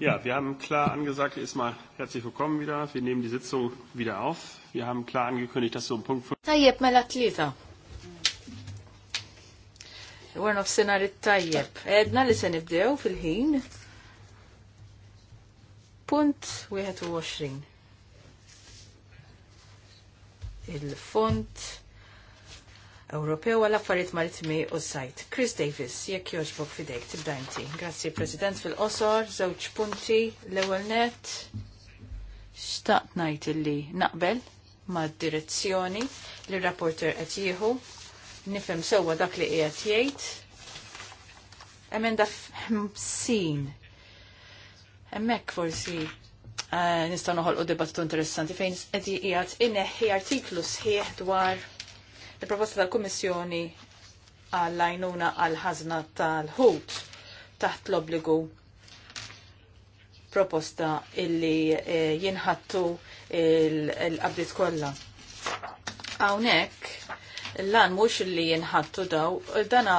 Ja, wir haben klar angesagt, erstmal herzlich willkommen wieder. Wir nehmen die Sitzung wieder auf. Wir haben klar angekündigt, dass so ein um Punkt 5. Tajjeb mela Wir Warna auf it-tajjeb. Edna li se nibdew fil-ħin. Punt 21. Il-font Ewropew għal affarijiet maltimi u sajt. Chris Davis, jekk jogħġbok fidejk, tibda inti. Grazzi President fil-qosor, żewġ punti, l-ewwel net. Xtaqt ngħid illi naqbel mad-direzzjoni li rapporter qed jieħu nifhem sewwa dak li qiegħed jgħid. Emenda ħsin. Hemmhekk forsi eh, nista' noħolqu dibattu interessanti fejn qed jgħid inneħħi artiklu sħiħ dwar il-proposta tal-Kummissjoni għall-għajnuna għal-ħazna tal-ħut taħt l-obligu proposta illi eh, jinħattu l-qabdiet kollha. Hawnhekk l-lan mux li jinħattu daw, dana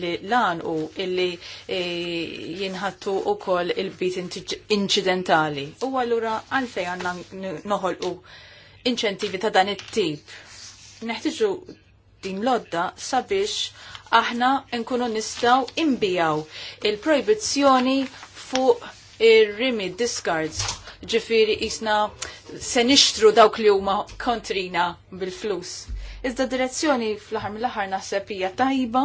li lan eh, u illi jinħattu u koll il-bit incidentali. U għallura għalfej għanna noħol u inċentivi ta' dan it-tip. Neħtiġu din lodda sabiex aħna nkunu nistaw imbijaw il-proibizzjoni fuq ir-rimi discards ġifiri jisna se nixtru dawk li huma kontrina bil-flus. Iżda direzzjoni fl-ħar mill-ħar naħseb hija tajba,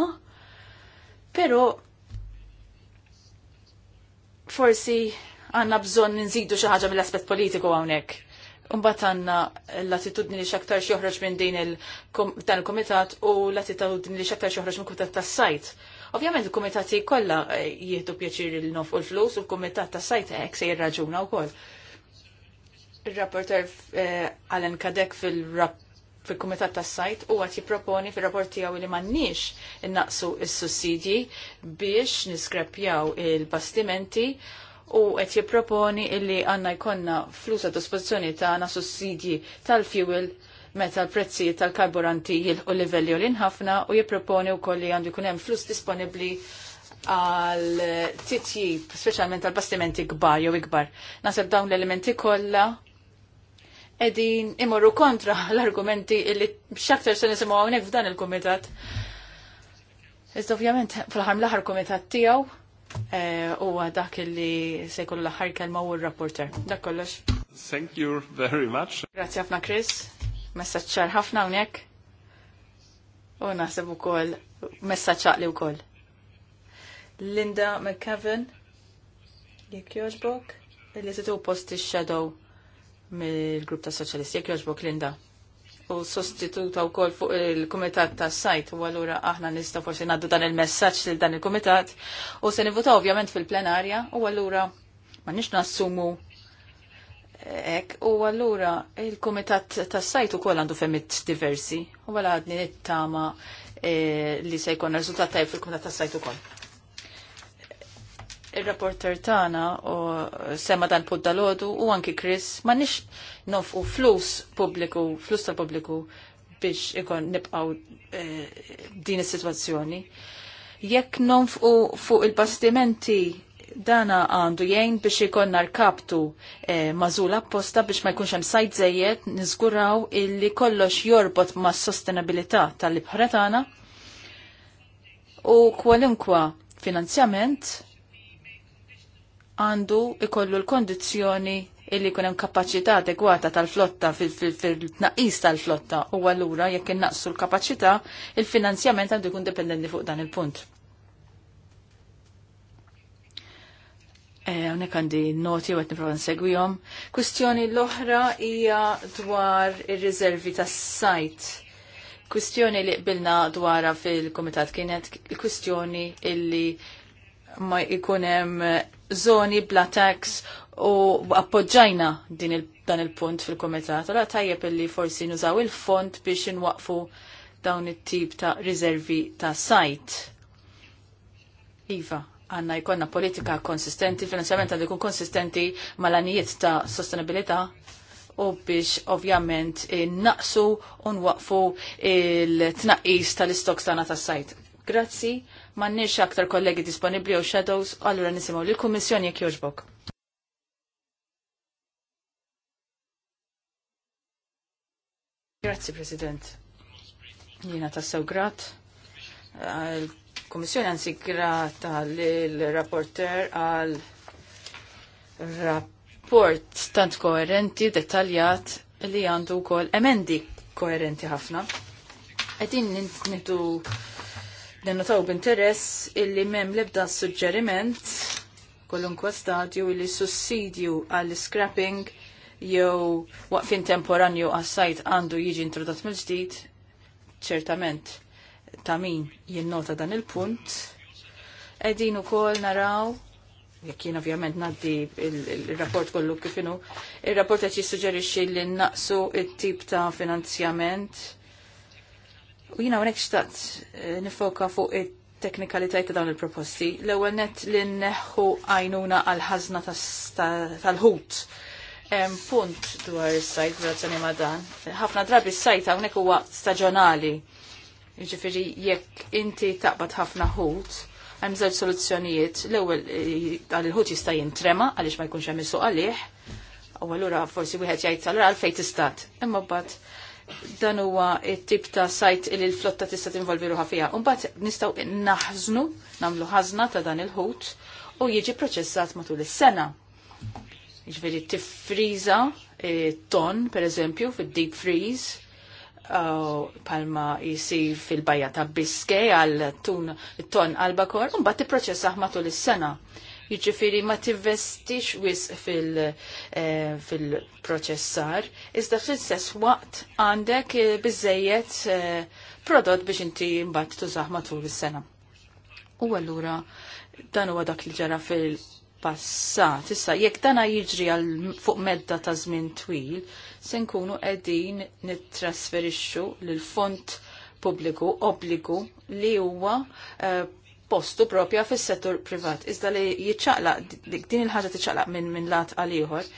pero forsi għanna bżon nżidu xi ħaġa mill-aspett politiku hawnhekk. Umbat għanna l-attitudni li xaktar xoħraċ minn din il-komitat u l-attitudni li xaktar xoħraċ minn komitat tas sajt. Ovvjament il-komitati kolla eh, jihdu pjaċir il-nof u l-flus u l-komitat tas sajt hekk se jirraġuna u koll. Il-rapporter eh, Alan Kadek fil-komitat tas sajt u għat jiproponi fil-rapport għaw li mannix innaqsu il-sussidji biex niskrepjaw il-bastimenti il bastimenti u qed jipproponi illi għandna jkollna flus għad ta' tagħna sussidji tal-fuel meta l prezzi tal-karburanti jilħu livelli u ħafna u jipproponi wkoll li għandu jkun hemm flus disponibbli għal titjib, speċjalment għal bastimenti kbar jew ikbar. Naseb dawn l-elementi kollha edin imorru kontra l-argumenti illi xaktar se nisimgħu hawnhekk f'dan il-kumitat. Iżda ovvjament fl-ħarm l-aħħar kumitat tiegħu Eh, huwa dak li se jkollu l-aħħar kelma u r-rapporter. Dak kollox. Thank you very much. Grazzi ħafna Chris, messaċ ċar ħafna hawnhekk. U naħseb ukoll messaċ ċaqli wkoll. Linda McKevin, jekk jogħġbok, li se post ix-shadow mill-grupp ta' soċjalisti. Jekk jogħġbok Linda u sostituta u kol fuq il-komitat ta' sajt u għallura aħna nista forsi naddu dan il-messagġ li dan il-komitat u se nivuta ovvjament fil-plenarja u għallura ma nix nassumu ek u għallura il-komitat ta' sajt u kol għandu femmit diversi u għalla għadni nittama eh, li se jkun rezultat tajf fil-komitat ta' sajt u kol il-rapporter tagħna u sema dan put lodu u anki Chris ma nix u flus pubbliku, flus tal-pubbliku biex ikon nibqaw eh, din is-sitwazzjoni. Jekk nonfqu fuq il-bastimenti dana għandu jgħin biex ikon rkaptu eh, apposta biex ma jkunx hemm sajt żejjed niżguraw illi kollox jorbot ma' sostenabilità tal-ibħra tagħna u kwalunkwa finanzjament għandu ikollu l-kondizjoni illi kunem kapacità adegwata tal-flotta fil-naqis tal-flotta u għallura jekk innaqsu l-kapacità il-finanzjament għandu jkun dipendenti fuq dan il-punt. Eh, għonek għandi noti u għet niprofa nsegwijom. Kwistjoni l-oħra hija dwar ir-riservi tas-sajt. Kwistjoni li qbilna dwarha fil-komitat kienet kwistjoni illi ma jkunem zoni bla tax u appoġġajna din il, dan il-punt fil-komitat. Għala tajjeb li forsi nużaw il-fond biex inwaqfu dawn it-tip ta' riservi ta' sajt. Iva, għanna jkonna politika konsistenti, finanzjament għandu jkun konsistenti mal-anijiet ta' sostenibilità u biex ovvjament naqsu u nwaqfu il-tnaqis tal-istoks tagħna tas-sajt. Grazzi, mannix aktar kollegi disponibli u shadows, allura nisimaw li kummissjoni jek joġbok. Grazzi, President. Jina tassaw grat. Kummissjoni għansi grata l-rapporter għal rapport tant koherenti, detaljat li għandu kol emendi koerenti ħafna. Għedin nintu Nennotaw b'interess illi mem lebda suġġeriment kolunkwa stadju illi sussidju għall-scrapping jew waqfin temporanju għas-sajt għandu jiġi introdott mill-ġdid, ċertament ta' min jinnota dan il-punt. Edin u kol naraw, jekk jien ovvjament naddi il-rapport kollu kifinu, il-rapport qed jissuġġerixxi li naqsu il tip ta' finanzjament U know, unek xtaqt eh, nifoka fuq it teknikalitaj ta' dawn il-proposti. l ewwel net li neħu għajnuna għal-ħazna tal-ħut. Punt dwar il-sajt relazzjoni ma' dan. ħafna drabi s-sajt għonek huwa staġjonali. Ġifiri, jekk inti taqbad ħafna ħut, għem zewġ soluzzjonijiet. L-ewel eh, għal-ħut jista' jintrema għaliex ma jkunx hemm isuq għalih. U allura forsi wieħed jgħid tal-għal fejt istat. Imma bat, dan huwa it-tip ta' sajt li l-flotta tista' tinvolvi ruħa fiha. Imbagħad nistgħu naħżnu, nagħmlu ħażna ta' dan il-ħut u jiġi proċessat matul is-sena. Jiġifieri tiffriża ton, per eżempju, fid-deep freeze, uh, palma jisir fil-bajja ta' Biskej għal tun ton bakor un bat t-proċessaħ matul is-sena jiġifieri ma tivvestix wis eh, fil-proċessar, fil iżda fl-istess waqt għandek eh, biżejjed eh, prodott biex inti mbagħad tużaħ matul is-sena. U allura dan huwa dak li ġara fil passat. Issa, jekk dana jiġri għal fuq medda ta' żmien twil, se nkunu qegħdin nittrasferixxu lil fond pubbliku obbligu li huwa postu propja fis-settur privat. Iżda li jiċċaqlaq, din il-ħaġa tiċċaqlaq minn min lat għal ieħor,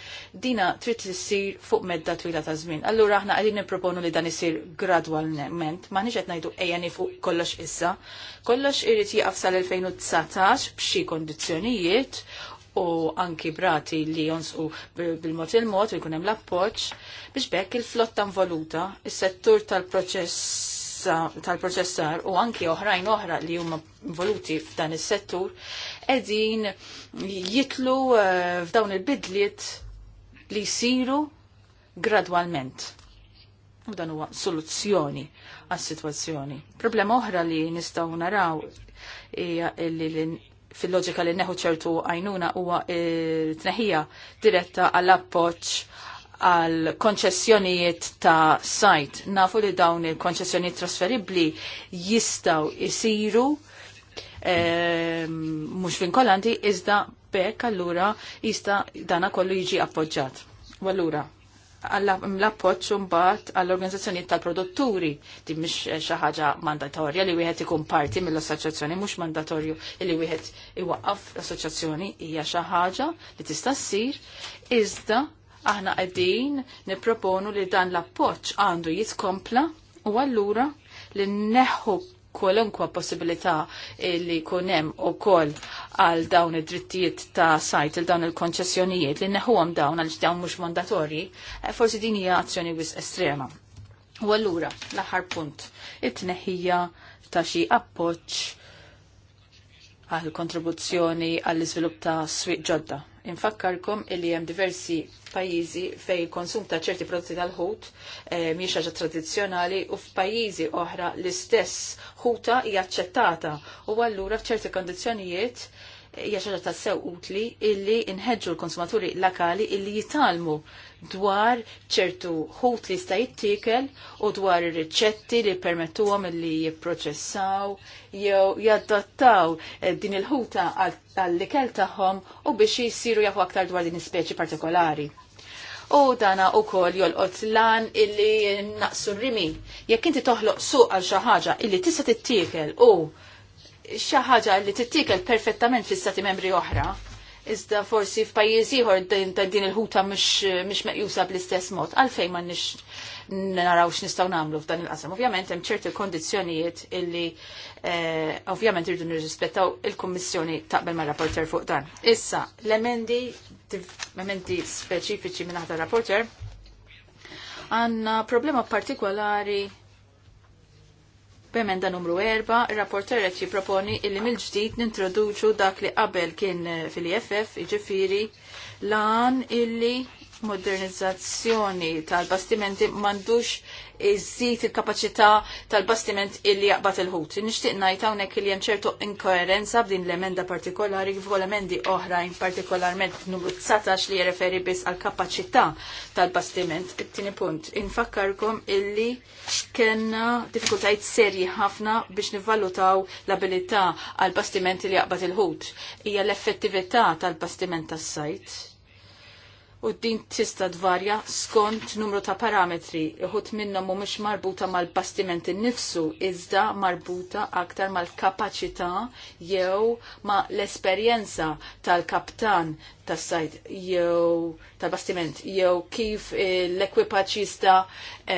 dina trid issir fuq medda twila ta' żmien. Allura aħna qegħdin nipproponu li dan isir gradwalment, ma qed ngħidu ejjani fuq kollox issa. Kollox irid jieqaf sal-2019 b'xi kondizzjonijiet u anki brati li jonsqu bil-mod il-mod u jkun hemm l biex bekk il-flotta involuta, is-settur tal-proċess tal-proċessar u anki oħrajn oħra li huma voluti f'dan is-settur qegħdin jitlu eh, f'dawn il-bidliet li jsiru gradwalment. U dan huwa soluzzjoni għas-sitwazzjoni. Problema oħra li nistgħu naraw hija li fil-loġika li neħu ċertu għajnuna huwa t neħija diretta għall appoġġ għal konċessjonijiet ta' sajt. Nafu li dawn il-konċessjonijiet trasferibbli jistaw jisiru e, ehm, mhux vinkolanti iżda bekk allura jista dana kollu jiġi appoġġat. Allura, l-appoġġ mbagħad għall-organizzazzjonijiet tal-produtturi di mhix eh, xi ħaġa mandatorja li wieħed ikun parti mill-assoċjazzjoni mhux mandatorju li wieħed iwaqqaf l-assoċjazzjoni hija xi ħaġa li tista' ssir iżda Aħna qegħdin nipproponu li dan l-appoġġ għandu jitkompla u allura li neħu kolonkwa possibilità li kunem u kol għal dawn id-drittijiet ta' sajt il dawn il-konċessjonijiet li għam dawn għal dawn mhux mandatorji, eh, forsi din hija azzjoni wis estrema. U allura, l-aħħar punt, it-tneħħija ta' xi appoġġ għal kontribuzzjoni għall iżvilupp ta' swieq ġodda infakkarkom illi hemm diversi pajjiżi fej konsum ta' ċerti prodotti tal-ħut e, mhijiex ħaġa tradizzjonali u f'pajjiżi oħra l-istess ħuta hija aċċettata u allura f'ċerti kondizzjonijiet eh, hija xi ta' sew utli illi inħeġġu l-konsumaturi lokali illi jitalmu dwar ċertu ħut li sta jittikel u dwar ir-riċetti li permettuhom li jipproċessaw jew jaddattaw eh, din il-ħuta għall-ikel tagħhom u biex jisiru jafu aktar dwar din ispeċi partikolari. U dana u kol jol lan illi naqsu rimi. Jekk inti toħloq suq għal xi ħaġa illi tista' tittikel u xi ħaġa li tittikel perfettament fis-stati membri oħra, Iżda forsi f'pajjiż ieħor din il-ħuta mhux meqjusa bl-istess mod. Għalfejn ma nix naraw x'nistgħu nagħmlu f'dan il-qasam. Ovvjament hemm ċerti kondizzjonijiet illi eh, ovvjament irridu nirrispettaw il-Kummissjoni taqbel mar rapporter fuq dan. Issa, l-emendi emendi speċifiċi minn aħda rapporter għandna problema partikolari B'emenda numru 4, il-rapporter qed jipproponi illi mill-ġdid nintroduċu dak li qabel kien fil-IFF, iġifiri, lan illi modernizzazzjoni tal-bastimenti mandux iżżid il-kapacità tal-bastiment illi jaqbad il-ħut. Nixtieq ngħid hawnhekk li ċertu inkoerenza b'din l-emenda partikolari kif emendi oħrajn partikolarment numru 19 li jereferi biss għal kapaċità tal-bastiment. It-tieni punt, infakkarkom illi kellna difikultajt serji ħafna biex nivvalutaw l-abilità għal bastiment li jaqbad il-ħut. Hija l-effettività tal-bastiment tas-sajt u din tista dvarja skont numru ta' parametri uħut mu mhumiex marbuta mal-bastiment innifsu iżda marbuta aktar mal-kapaċità jew ma l-esperjenza tal-kaptan tas-sajt jew tal-bastiment jew kif l ekwipaċista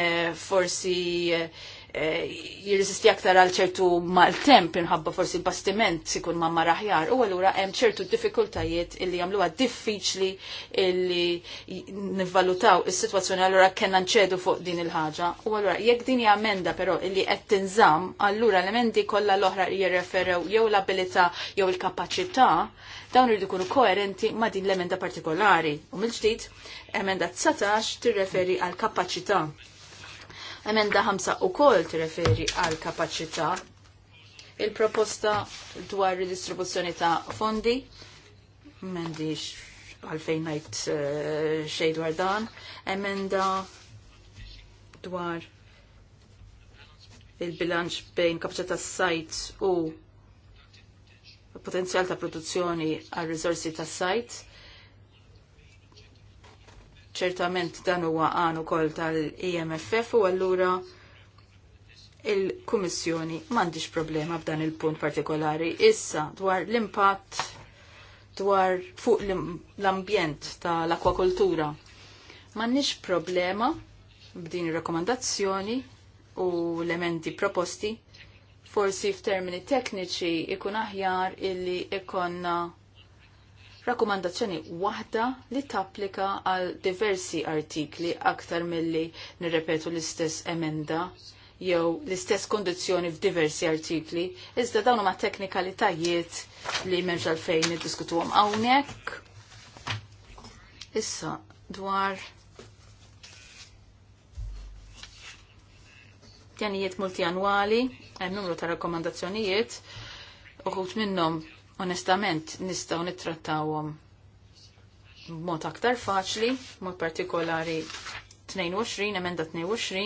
eh, forsi eh, Eh, Jirriżisti aktar għal ċertu mal-temp inħabba forsi bastiment sikun ma maraħjar u għallura hemm ċertu diffikultajiet illi jagħmluha diffiċli illi nivvalutaw is-sitwazzjoni allura kena nċedu fuq din il-ħaġa. U allura jekk din jgħamenda emenda però illi qed tinżamm, allura l-emendi kollha l-oħra jirreferew jew l-abilità jew il-kapaċità dawn irid ikunu koerenti ma' din l-emenda partikolari. U mill-ġdid, emenda 19 tirreferi għal kapaċità Emenda ħamsa u kol tireferi għal kapacità il-proposta dwar redistribuzzjoni ta' fondi mendiċ għalfejn najt uh, eh, xej dwar dan emenda dwar il-bilanċ bejn kapacità s-sajt u potenzjal ta' produzzjoni għal rizorsi ta' sajt ċertament dan huwa għan ukoll tal-IMFF u allura il-Kummissjoni m'għandix problema b'dan il-punt partikolari. Issa dwar l-impatt dwar fuq l-ambjent tal-akwakultura. M'għandix problema b'din ir-rekomandazzjoni u l-emendi proposti. Forsi f'termini tekniċi ikun aħjar illi ikonna rakkomandazzjoni waħda li tapplika għal diversi artikli aktar milli nirrepetu l-istess emenda jew l-istess kondizzjoni f'diversi artikli, iżda dawn ma' teknikalitajiet li memx għalfejn għom hawnhekk. Issa dwar pjanijiet multianwali, hemm numru ta' rakkomandazzjonijiet, uħut minnhom onestament nistgħu nittrattawhom b'mod aktar faċli, mod partikolari 22, emenda 22,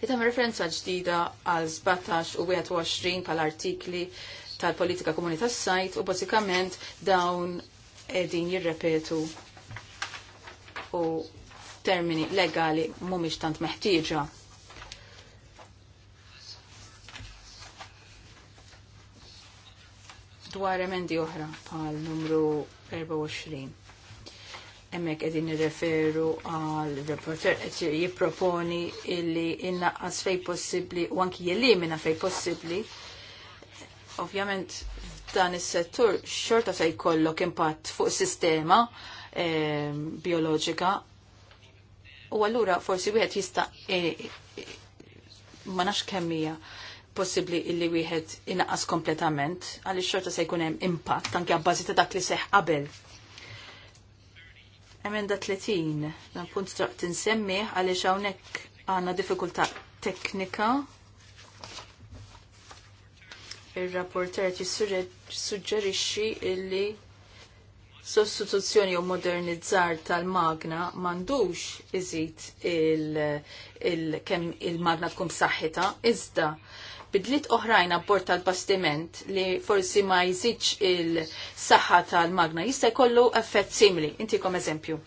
li tam referenza ġdida għal 17 u 21 tal-artikli tal-politika komunità sajt u bazzikament dawn edin jirrepetu u termini legali mumiex tant meħtieġa dwar emendi oħra għal numru 24. Emmek edin referu għal reporter qed jipproponi illi innaqqas fej possibbli u anki minna fej possibbli. Ovvjament f'dan is-settur xorta se jkollok impatt fuq sistema biologika ehm, bioloġika u allura forsi wieħed jista' e- e- ma nafx kemm hija possibbli illi wieħed inaqqas kompletament għaliex xorta se jkun hemm impatt anke abbażi ta' dak li seħ qabel. Emenda 30, dan punt straqt insemmi għaliex hawnhekk għandna diffikultà teknika. Ir-rapporter jissuġġerixxi illi sostituzzjoni u modernizzar tal-magna mandux iżid il-kem il-magna tkun b'saħħitha, iżda bidlit oħrajn abbord tal-bastiment li forsi ma jżidx il-saħħa tal-magna jista' jkollu effett simili. Inti kom eżempju.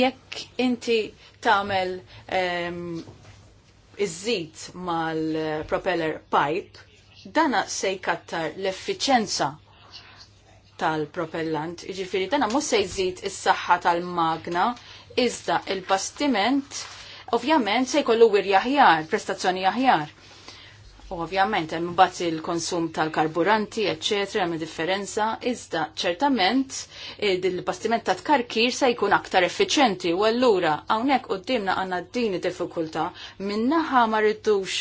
Jekk inti tagħmel ehm, iż-żid mal-propeller pipe, dana se jkattar l-effiċenza tal-propellant. Jiġifieri dana mhux se jżid is-saħħa tal-magna, iżda il-bastiment ovvjament se jkollu wirja aħjar, prestazzjoni aħjar. Ovvjament, hemm mbagħad il-konsum tal-karburanti, eċċetera, hemm differenza, iżda ċertament eh, il-bastiment ta' tkarkir se jkun aktar effiċenti. u allura hawnhekk qudiemna għandna din id-diffikultà minnaħa ma rridux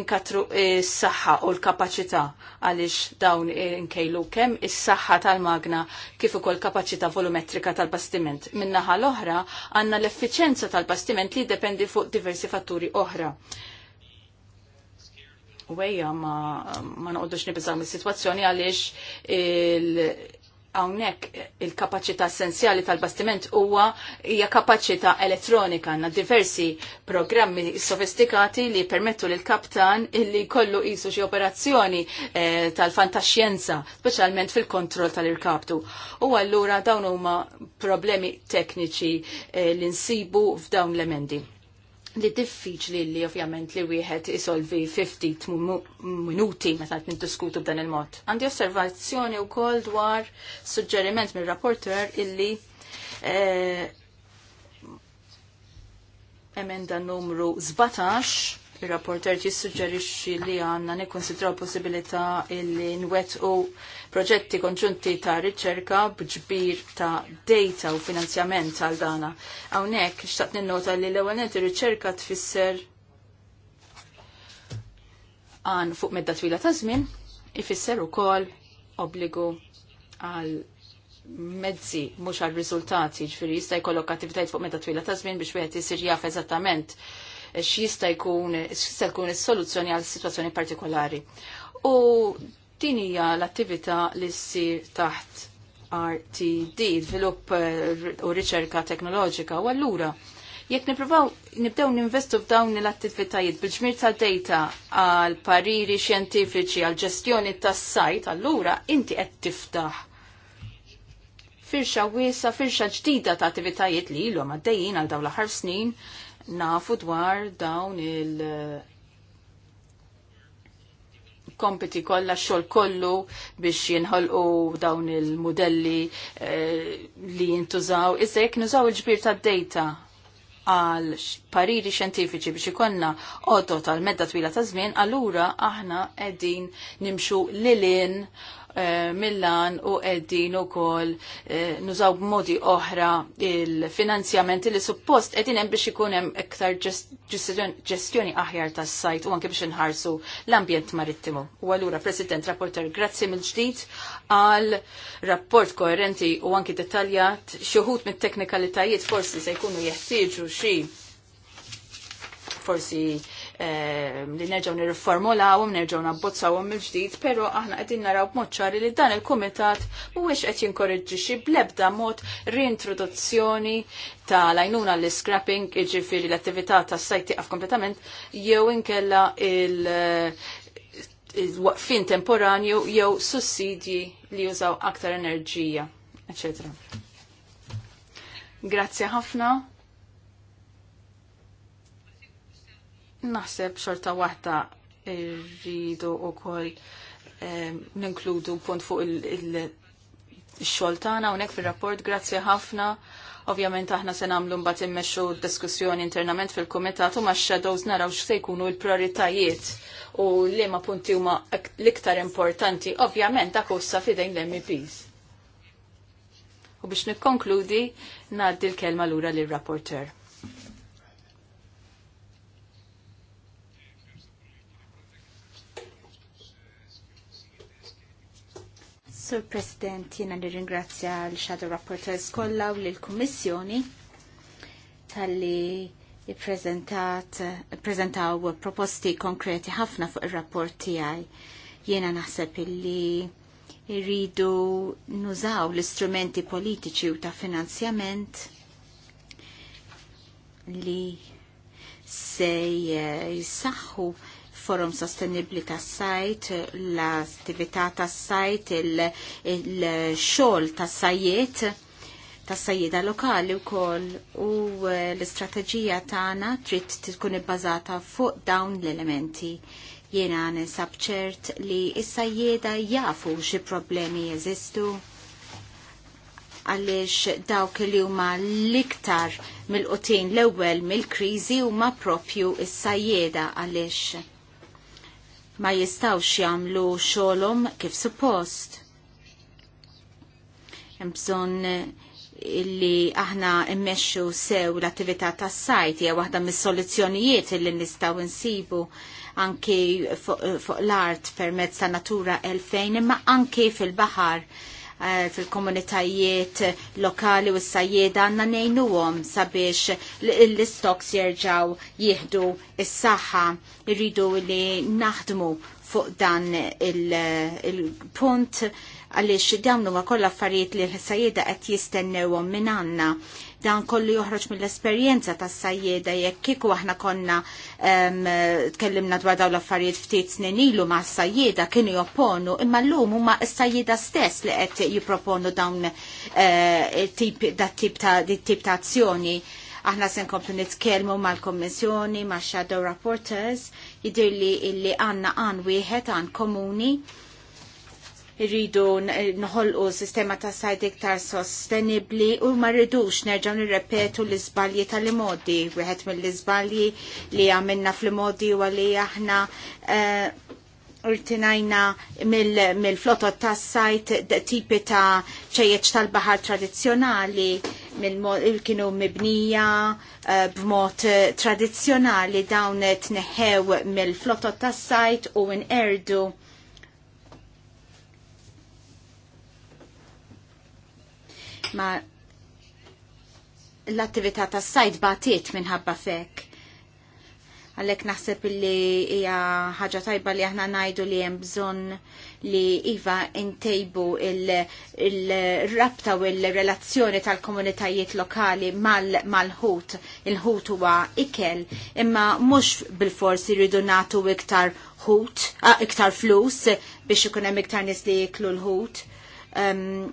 inkatru eh, s-saħħa u l-kapaċità għaliex dawn eh, inkejlu kemm is-saħħa tal-magna kif ukoll kapaċità volumetrika tal-bastiment. Minnaħa l-oħra għandna l-effiċjenza tal-bastiment li jiddependi fuq diversi fatturi oħra U um, ma, um, ma noqdux nibizzaw mis-situazzjoni għaliex il- hawnhekk il-kapaċità essenzjali tal-bastiment huwa hija kapaċità elettronika na diversi programmi sofistikati li permettu lil kaptan illi kollu qisu xi operazzjoni eh, tal-fantaxxjenza, speċjalment fil-kontroll tal-irkaptu. U allura dawn huma problemi tekniċi eh, li nsibu f'dawn l-emendi li diffiċli li ovvjament li wieħed isolvi 50 minuti meta qed niddiskutu b'dan il-mod. Għandi osservazzjoni wkoll dwar suġġeriment mir rapporter illi eh, emenda numru 17 il-rapporter suġġerixxi li għandna nikkonsidraw possibilità illi nwettqu proġetti konġunti ta' riċerka bġbir ta' data u finanzjament għal dana. Hawnhekk xtaqt ninnota li l-ewwel ir-riċerka tfisser għan fuq medda twila ta' żmien ifisser ukoll obbligu għal mezzi mhux għal riżultati, ġifieri jista' jkollok attivitajt fuq medda twila ta' żmien biex wieħed isir jaf eżattament x'jista' jkun x'jista' jkun is-soluzzjoni għal sitwazzjoni partikolari. U Din hija l-attività li ssir taħt RTD, svilupp eh, u riċerka teknoloġika, u allura jekk nipruvaw nibdew ninvestu f'dawn l-attivitajiet bil-ġmir ta' data għal pariri xjentifiċi għal ġestjoni tas sajt allura inti qed tiftaħ firxa wiesa, firxa ġdida ta' attivitajiet li ilhom għaddejjin għal dawn l-aħħar snin nafu dwar dawn il- kompiti kollha xogħol kollu biex jinħolqu dawn il-modelli eh, li jintużaw. Iżda jekk nużaw il-ġbir tad-data għal pariri xjentifiċi biex ikonna għodot tal medda twila ta' żmien, allura aħna qegħdin nimxu lilin Eh, Millan u qegħdin ukoll eh, nużaw b'modi oħra il-finanzjamenti li suppost qegħdin hemm biex ikun hemm iktar ġestjoni aħjar tas-sajt u anke biex inħarsu l-ambjent marittimu. U allura President Rapporter, grazzi mill-ġdid għal rapport koerenti u anki dettaljat xi wħud mit-teknikalitajiet forsi se jkunu jeħtieġu xi forsi Ehm, li nerġaw nirriformulawhom, nerġaw nabbozzawhom mill-ġdid, però aħna qegħdin naraw b'mod ċari li dan il-kumitat mhuwiex qed jinkoreġġixxi bl-ebda mod reintroduzzjoni ta' lajnuna l scrapping iġifiri l-attività ta' sajt tieqaf kompletament jew inkella il- eh, waqfin temporanju jew sussidji li jużaw aktar enerġija, eccetera. Grazzi ħafna. Naħseb xorta waħda rridu u koll ninkludu punt fuq il-xol tagħna hawnhekk fir-rapport grazzi ħafna. Ovvjament aħna se nagħmlu mbagħad immexxu diskussjoni internament fil-kumitat u x shadows naraw x'se jkunu l-prioritajiet u liema punti huma l-iktar importanti. Ovvjament dak hussa fidejn l-MEPs. U biex nikkonkludi ngħaddi l-kelma lura lir-rapporter. Sur President, jena nirringrazzja l-Shadow Rapporteurs kollha u l-Kummissjoni tal-li prezentaw proposti konkreti ħafna fuq il-rapport tiegħi. Jiena naħseb li rridu nużaw l-istrumenti politiċi u ta' finanzjament li se jisaxħu uh, forum sostenibli tas sajt, l-attività tas sajt, il-xol tas sajiet tas sajida lokali u koll eh, u l-istrateġija tagħna trid tkun ibbażata fuq dawn l-elementi. Jiena nisab ċert li is-sajjieda jafu xi problemi jeżistu għaliex dawk li huma l-iktar mill-qotin l-ewwel mill-kriżi huma propju is-sajjeda għaliex ma jistawx jagħmlu xogħolhom kif suppost. Hemm bżonn eh, illi aħna immexxu sew l-attività tas-sajt hija waħda mis-soluzzjonijiet illi nistgħu nsibu anki fuq eh, l-art permezz ta' Natura 2000 imma anki fil-baħar Eh, fil-komunitajiet lokali u s sajjed għanna għom sabiex l-istoks jirġaw jihdu s-saħħa irridu li naħdmu fuq dan il-punt għaliex dawn huma kollha affarijiet li l-ħsajjeda qed jistennewhom minn għandna Dan kollu joħroġ mill-esperjenza ta' sajjeda jekk kieku aħna konna tkellimna dwar dawn l-affarijiet ftit snin ilu ma' sajjeda kienu jopponu imma llum huma s-sajjeda stess li qed jipproponu dawn eh, tip ta' azzjoni aħna sen komplu nitkelmu mal-kommissjoni, ma' shadow rapporters, jidir li illi għanna għan wieħed għan komuni rridu nħolqu sistema ta' sajd iktar sostenibli u ma rridux nerġgħu nirrepetu l-iżbalji tal-imodi. Wieħed mill-iżbalji li għamilna fl-imodi u li aħna eh, urtinajna mill-flotot ta' tas sajt tipi ta' ċejjeċ tal-bahar tradizjonali kienu mibnija eh, b'mod tradizjonali dawn neħew mill-flotot tas sajt u n-erdu. ma l-attività ta' sajt batiet minħabba fek. Għalek naħseb li hija ħaġa tajba li aħna najdu li hemm bżonn li iva intejbu il-rabta il u il-relazzjoni tal-komunitajiet lokali mal-ħut. Mal Il-ħut huwa ikel, imma mhux bil-fors iridu nagħtu iktar ħut, iktar flus biex ikun hemm iktar nies li jiklu l-ħut. Um,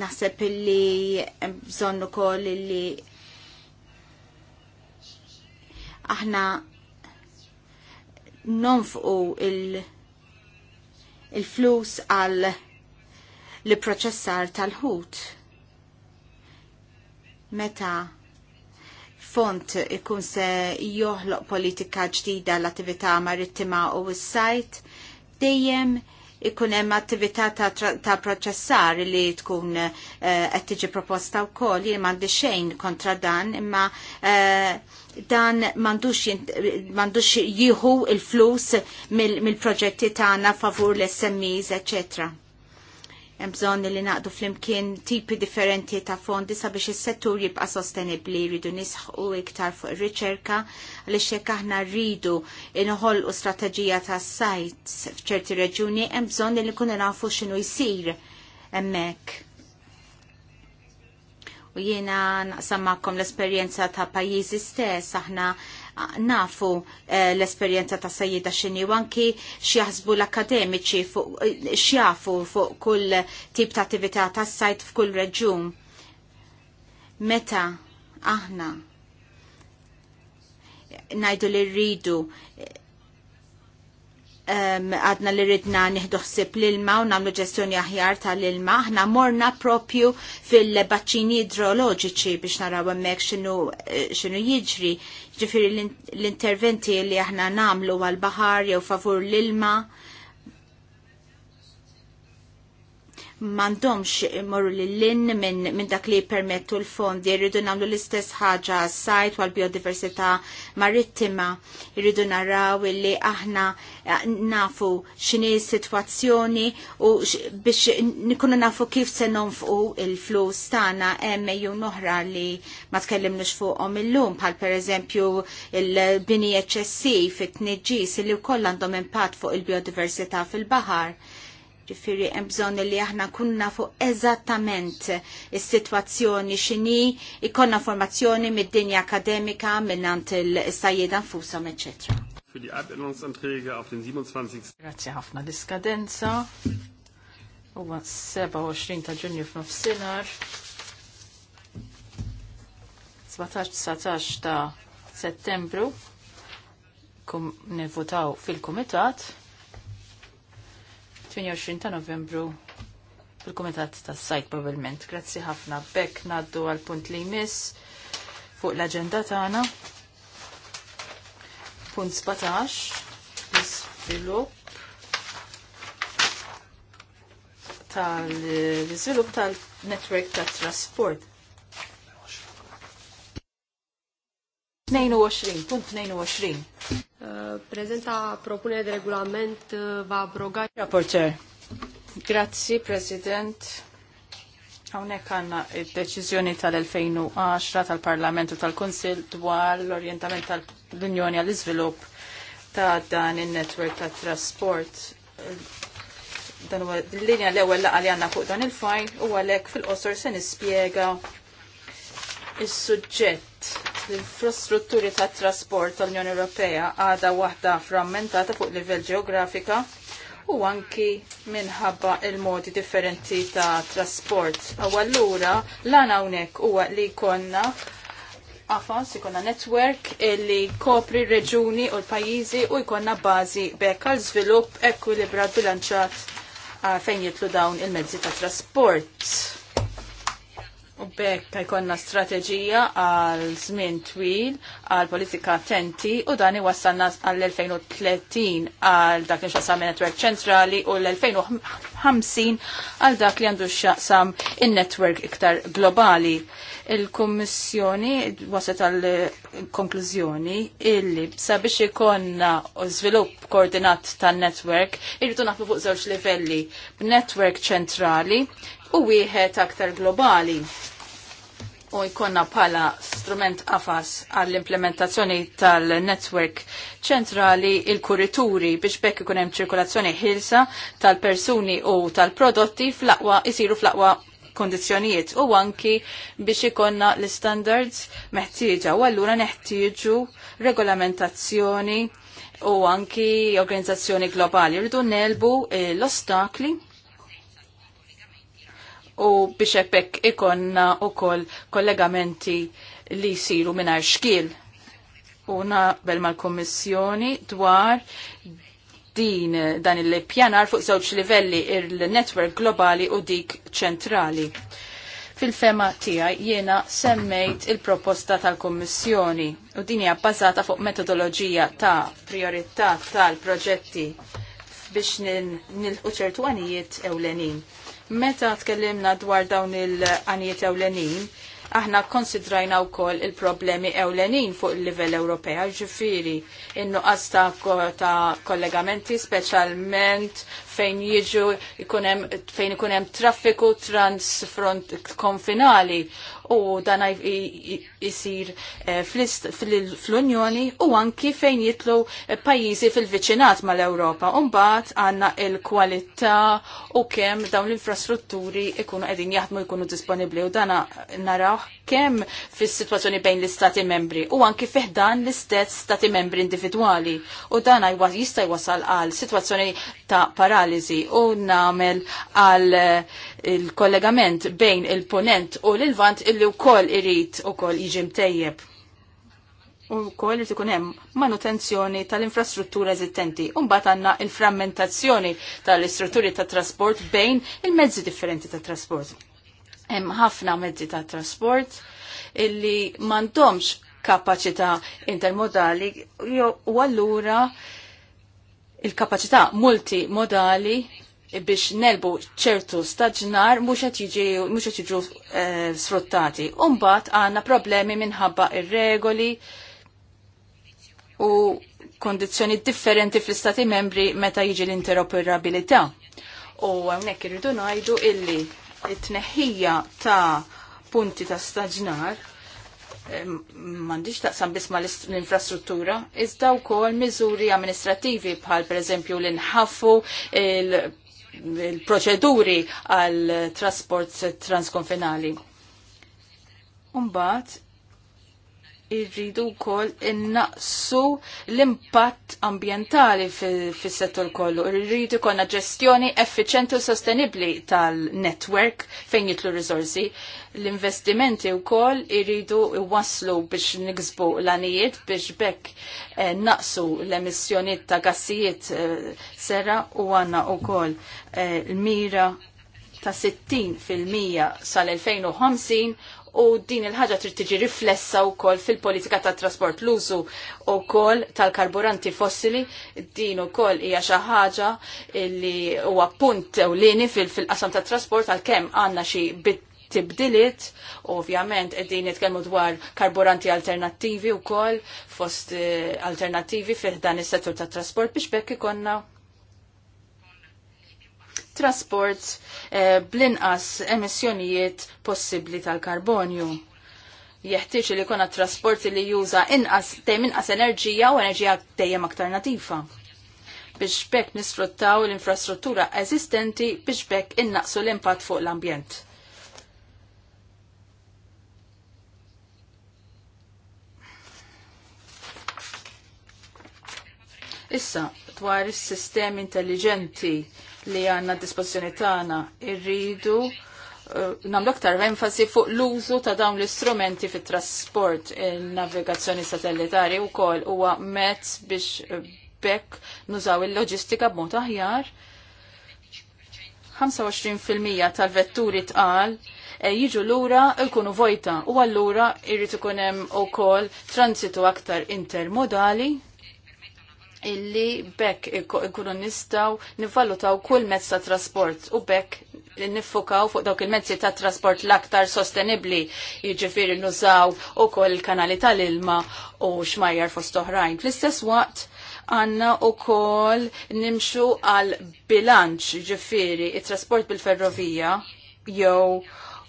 naħseb illi bżonn ukoll illi aħna nonfqu il- il-flus għal li proċessar tal-ħut. Meta font ikun se joħloq politika ġdida l-attività marittima u s-sajt, dejjem ikun hemm attività ta', ta proċessar li tkun eh, qed tiġi proposta wkoll jien m'għandi xejn kontra dan imma uh, dan m'għandux jieħu il-flus mill-proġetti mil tagħna favur l-SMEs, eċċetera. Hemm bżonn li naqdu flimkien tipi differenti ta' fondi sabiex is-settur jibqa' sostenibbli jridu nisħu iktar fuq ir-riċerka għaliex jekk aħna rridu inħolqu strateġija tas-sajt f'ċerti reġuni hemm bżonn li nkunu nafu x'inhu jsir hemmhekk. U jiena naqsam magħkom l-esperjenza ta' pajjiżi stess aħna nafu eh, l-esperjenza ta' sajjida xini u anki xjaħsbu l-akademiċi eh, xjafu fuq kull tip ta' attività ta' sajt f'kull reġun. Meta aħna najdu li rridu għadna li ridna nħiħduħsib l-ilma u namlu ġestjoni aħjar tal-ilma, aħna morna propju fil-baċċini idroloġiċi biex naraw hemmhekk x'inhu eh, jiġri, ġifiri l-interventi li aħna namlu għal-baħar jew favur l-ilma mandomx li l-lin minn min dak li permettu l-fondi, irridu namlu l-istess ħaġa sajt għal biodiversità marittima, irridu naraw li aħna eh, nafu xini situazzjoni u biex nikunu nafu kif se nonfqu il-flus tana ju noħra li ma tkellimnux fuqhom illum bħal per eżempju il-bini eċċessiv, it-tniġġis li wkoll għandhom impatt fuq il-biodiversità fil-baħar ġifiri bżon li aħna kunna fuq eżattament is-sitwazzjoni x'inhi, ikonna formazzjoni mid-dinja akademika minnant il sajjed nfushom, etc. Für die Abänderungsanträge auf den 27. Grazie ħafna diskadenza. Huwa 27 ta' Ġunju f'nofsinhar. 17-19 ta' Settembru kum nivvotaw fil komitat 28 ta' novembru fil-Kumitat tas sajt probabilment. Grazzi ħafna. Bekk naddu għal punt li jmiss fuq l-agenda tagħna. Punt 17 l-iżvilupp tal-iżvilupp tal-netwerk tat trasport. 22.22. Uh, prezenta propunere de regulament uh, va abroga. Rapporter. Grazzi, President. Hawnhekk għandna id-deċiżjoni tal-2010 tal-Parlamentu tal-Kunsill dwar l-orjentament tal-Unjoni għall-iżvilupp ta' dan in-netwerk tat trasport uh, dan l-linja l-ewwel laqali li għandna fuq dan il-fajn u għalek fil-qosor se nispjega is-suġġett l-infrastrutturi tat trasport tal-Unjoni Ewropea għadha waħda frammentata fuq livell ġeografika u anki minħabba il-modi differenti ta' trasport. U allura lan hawnhekk huwa li jkollna għafas, jkollna network li kopri reġuni u l-pajjiżi u jkollna bażi bekk għal żvilupp ekwilibrat bilanċat fejn jitlu dawn il-mezzi ta' trasport U bekk jkollna strateġija għal żmien twil għal politika attenti u dan iwassalna għal 2030 għal dak li xaqsam netwerk ċentrali u l-2050 għal dak li għandu xaqsam in-netwerk iktar globali. Il-Kummissjoni waset għal konklużjoni illi sabiex ikonna żvilupp koordinat tan-netwerk irridu naħdu fuq żewġ livelli b'netwerk ċentrali u wieħed aktar globali u jkonna pala strument afas għall-implementazzjoni tal-network ċentrali il-kurituri biex bekk ikun hemm ċirkolazzjoni ħilsa tal-persuni u tal-prodotti fl-aqwa isiru fl-aqwa kondizjonijiet u anki biex ikonna l-standards meħtieġa u allura neħtieġu regolamentazzjoni u anki organizzazzjoni globali. Rridu nelbu l-ostakli u biex epek ikonna u kol kollegamenti li jisiru minar xkil. U naqbel mal-Kommissjoni dwar din dan il-pjanar fuq żewġ livelli il-netwerk globali u dik ċentrali. Fil-fema tiegħi jiena semmejt il-proposta tal-Kommissjoni u din hija bbażata fuq metodoloġija ta' priorità tal-proġetti biex nilqu ċertu għanijiet ewlenin. Meta tkellimna dwar dawn il-għanijiet ewlenin, aħna konsidrajna wkoll il-problemi ewlenin fuq il-livell Ewropea, ġifiri, innuqqas ta', ta kollegamenti, speċjalment fejn jiġu fejn ikun hemm traffiku transfront konfinali u dan jisir eh, fl-Unjoni u anki fejn jitlu eh, pajjiżi fil-viċinat mal-Ewropa. Umbat għanna il-kwalità u kemm dawn l-infrastrutturi ikunu qegħdin jaħdmu jkunu disponibbli u dana naraw kemm fis-sitwazzjoni bejn l-istati membri u anki fiħdan l-istess stati membri individwali u dan jista' jwasal għal sitwazzjoni ta' paralizi u namel għal eh, il-kollegament bejn il-ponent u l-vant illi wkoll irid ukoll jiġi mtejjeb. U koll irid ikun hemm manutenzjoni tal-infrastruttura eżistenti. u mbagħad għandna il-frammentazzjoni tal-istrutturi tat trasport bejn il-mezzi differenti tat trasport. Hemm ħafna mezzi tat trasport illi m'għandhomx kapaċità intermodali u allura il-kapacità multimodali biex nelbu ċertu staġnar mhux qed jiġu eh, sfruttati. U mbagħad għandna problemi minħabba ir-regoli u kondizzjoni differenti fl-istati membri meta jiġi l-interoperabilità. U hawnhekk irridu ngħidu illi it-tneħħija ta' punti ta' staġnar eh, mandiġ taqsam bisma l-infrastruttura, iżda wkoll kol mizuri amministrativi bħal per eżempju l-inħaffu, il-proċeduri għal trasport transkonfinali. Umbat, irridu wkoll innaqsu l-impatt ambjentali fis-settur kollu. Irridu konna ġestjoni effiċenti u sostenibbli tal-network fejn jitlu rizorsi. L-investimenti wkoll irridu waslu biex niksbu l-anijiet biex bekk eh, naqsu l-emissjonijiet ta' gassijiet eh, sera serra u għandna wkoll kol eh, l-mira ta' 60% fil-mija sal-2050 u din il-ħaġa trid tiġi riflessa wkoll fil-politika tat trasport l-użu wkoll tal-karburanti fossili din ukoll hija xi ħaġa li huwa punt ewlieni fil-qasam tat trasport għalkemm għandna xi bit tibdiliet, ovvjament qegħdin jitkellmu dwar karburanti alternattivi wkoll fost eh, alternattivi fih dan is-settur tat trasport biex bekk ikonna trasport eh, blinqas emissjonijiet possibbli tal-karbonju. Jeħtieġ li jkun trasport li juża inqas dejjem inqas enerġija u enerġija dejjem aktar natifa biex bekk nisfruttaw l-infrastruttura eżistenti biex bekk innaqsu l-impatt fuq l-ambjent. Issa, dwar is-sistemi intelligenti li għanna disposizjoni tagħna irridu eh, namlu aktar enfasi fuq l-użu ta' dawn l-istrumenti fit trasport il-navigazzjoni satellitari u kol huwa mezz biex eh, bekk nużaw il-loġistika b'mod aħjar. 25% tal-vetturi tqal eh, jiġu l-ura jkunu vojta u għallura irrid ikun hemm ukoll transitu aktar intermodali illi bekk ikunu nistaw nivvalutaw kull mezz ta' trasport u bekk nifukaw fuq dawk il-mezzi ta' trasport l-aktar sostenibli jiġifieri nużaw ukoll kanali tal-ilma u xmajjar fost oħrajn. Fl-istess waqt għanna u kol nimxu għal bilanċ ġifiri it-trasport bil-ferrovija jew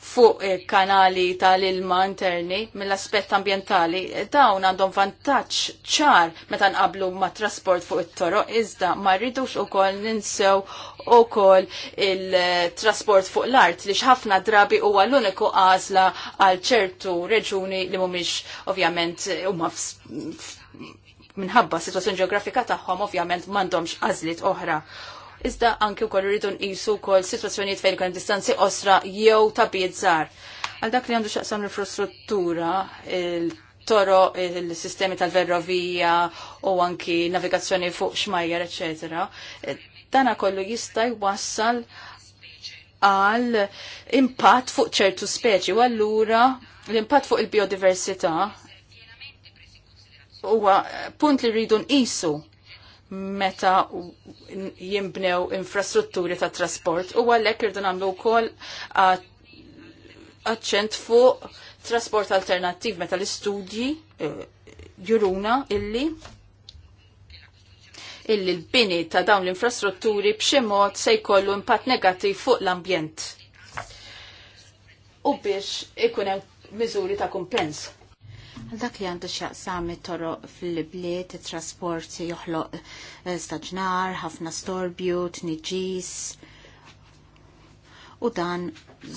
fuq eh, kanali tal-ilma interni mill-aspett ambientali eh, dawn għandhom vantaġġ ċar meta nqablu ma' trasport fuq it-toroq iżda ma rridux ukoll ninsew ukoll il-trasport fuq l-art li ħafna drabi huwa l-uniku għażla għal ċertu reġuni li mhumiex ovvjament huma minħabba situazzjoni ġeografika tagħhom ovvjament m'għandhomx għażliet oħra iżda anki wkoll iridu nqisu wkoll sitwazzjonijiet fejn kien distanzi osra jew tabiet żgħar. Għal dak li għandu xaqsam l-infrastruttura, il-toro, il-sistemi tal-verrovija u anki navigazzjoni fuq xmajjar, eċetera, dana kollu jista' jwassal għal impatt fuq ċertu speċi u allura l-impatt fuq il-biodiversità huwa punt li rridu nqisu meta jimbnew infrastrutturi ta' trasport u għallek irdu namlu kol għadċent fuq trasport alternativ meta l-istudji eh, juruna illi illi l-bini ta' dawn l-infrastrutturi b'xi mod se jkollu impatt negativ fuq l-ambjent. U biex ikun hemm miżuri ta' kumpens dak li għandu xaqsam toro fil-bliet, trasport joħloq eh, staġnar, ħafna storbju, t-nġis. U dan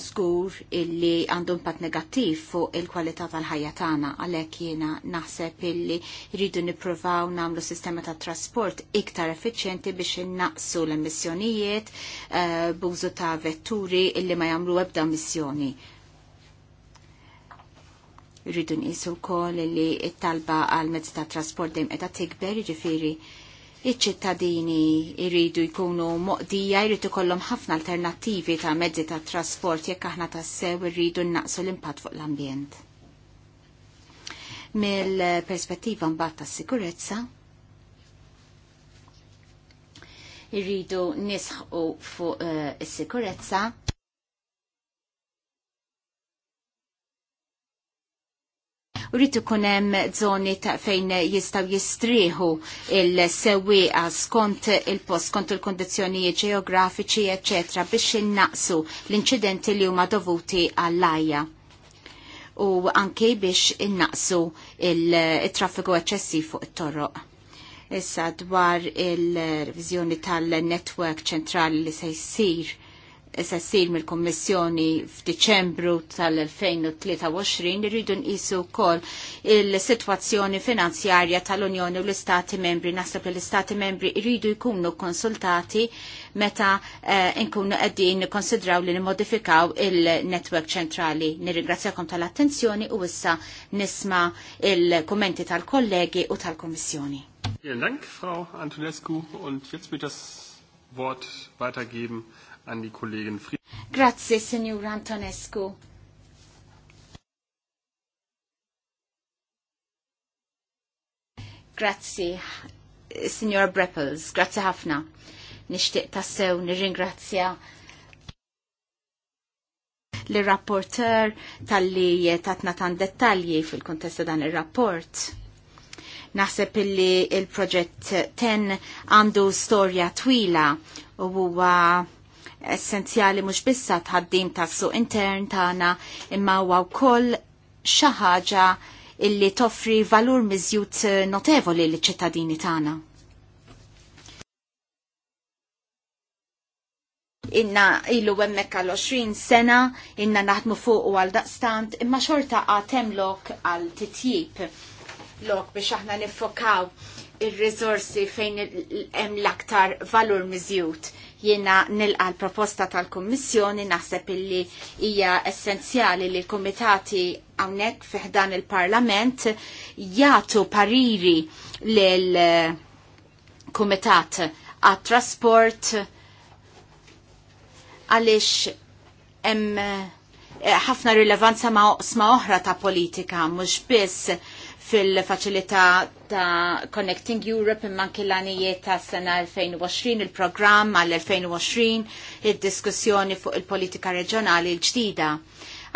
żgur illi għandu impatt negattiv fuq il-kwalità tal-ħajja tagħna għalhekk jiena naħseb illi jridu nippruvaw nagħmlu sistema ta' trasport iktar effiċjenti biex innaqsu l-emissjonijiet uh, b'użu ta' vetturi illi ma jagħmlu ebda missjoni Irridu nqisu wkoll li t-talba għal mezz ta' trasport dejjem qiegħda tikber, jiġifieri iċ-ċittadini rridu jkunu moqdija, jridu kollom ħafna alternattivi ta' mezzi ta' trasport jekk aħna tassew irridu nnaqsu l-impatt fuq l-ambjent. Mill-perspettiva mbagħad tas-sikurezza, irridu nisħu fuq eh, is-sikurezza rrit ikun hemm żoni ta' fejn jistgħu jistrieħu il-sewwieqa skont il-post skont il-kondizzjonijiet ġeografiċi eċetera biex innaqsu l-inċidenti li huma dovuti għall-ajja u anke biex innaqsu il-traffiku eċċessiv fuq it-torroq issa dwar il-revizjoni tal-network ċentrali li se jsir issa ssir mill-Kommissjoni f'Diċembru tal-2023 irridu nqisu wkoll il-sitwazzjoni finanzjarja tal-Unjoni u l-Istati Membri Naslu l-Istati Membri irridu jkunu konsultati meta uh, nkunu qegħdin nikkonsidraw li nimmodifikaw il-netwerk ċentrali. Nirringrazzjakom tal-attenzjoni u issa nisma' il-kummenti tal-kollegi u tal-Kommissjoni. Vielen Dank, Frau Antonescu, und jetzt wird das Wort weitergeben an Kollegin Grazie, Signor Antonescu. Grazie, Signor Breppels. Grazie ħafna. Nishtiq tassew, nirringrazzja l-rapporter tal-li tatna tan dettalji fil-kontesta dan il-rapport naħseb illi il-proġett 10 għandu storja twila u huwa essenzjali mhux bissa tħaddim tas-suq intern tagħna imma huwa wkoll xi ħaġa illi toffri valur miżjud notevoli liċ ċittadini tagħna. Inna ilu hemmhekk għal 20 sena, inna naħdmu fuq u għal daqstant, imma xorta għatem lok għal titjib lok biex aħna nifokaw ir rizorsi fejn hemm l-aktar valur miżjud Jiena nilqa l-proposta tal-Kommissjoni naħseb illi hija essenzjali li l-Komitati hawnhekk fiħdan il-Parlament jagħtu pariri lil Kumitat għat-trasport għaliex hemm eh, ħafna rilevanza ma' oħra ta' politika mhux biss fil-faċilità ta' Connecting Europe imma l-għanijiet ta' sena 2020, il-programm għall 2020 il-diskussjoni fuq il-politika reġjonali l-ġdida.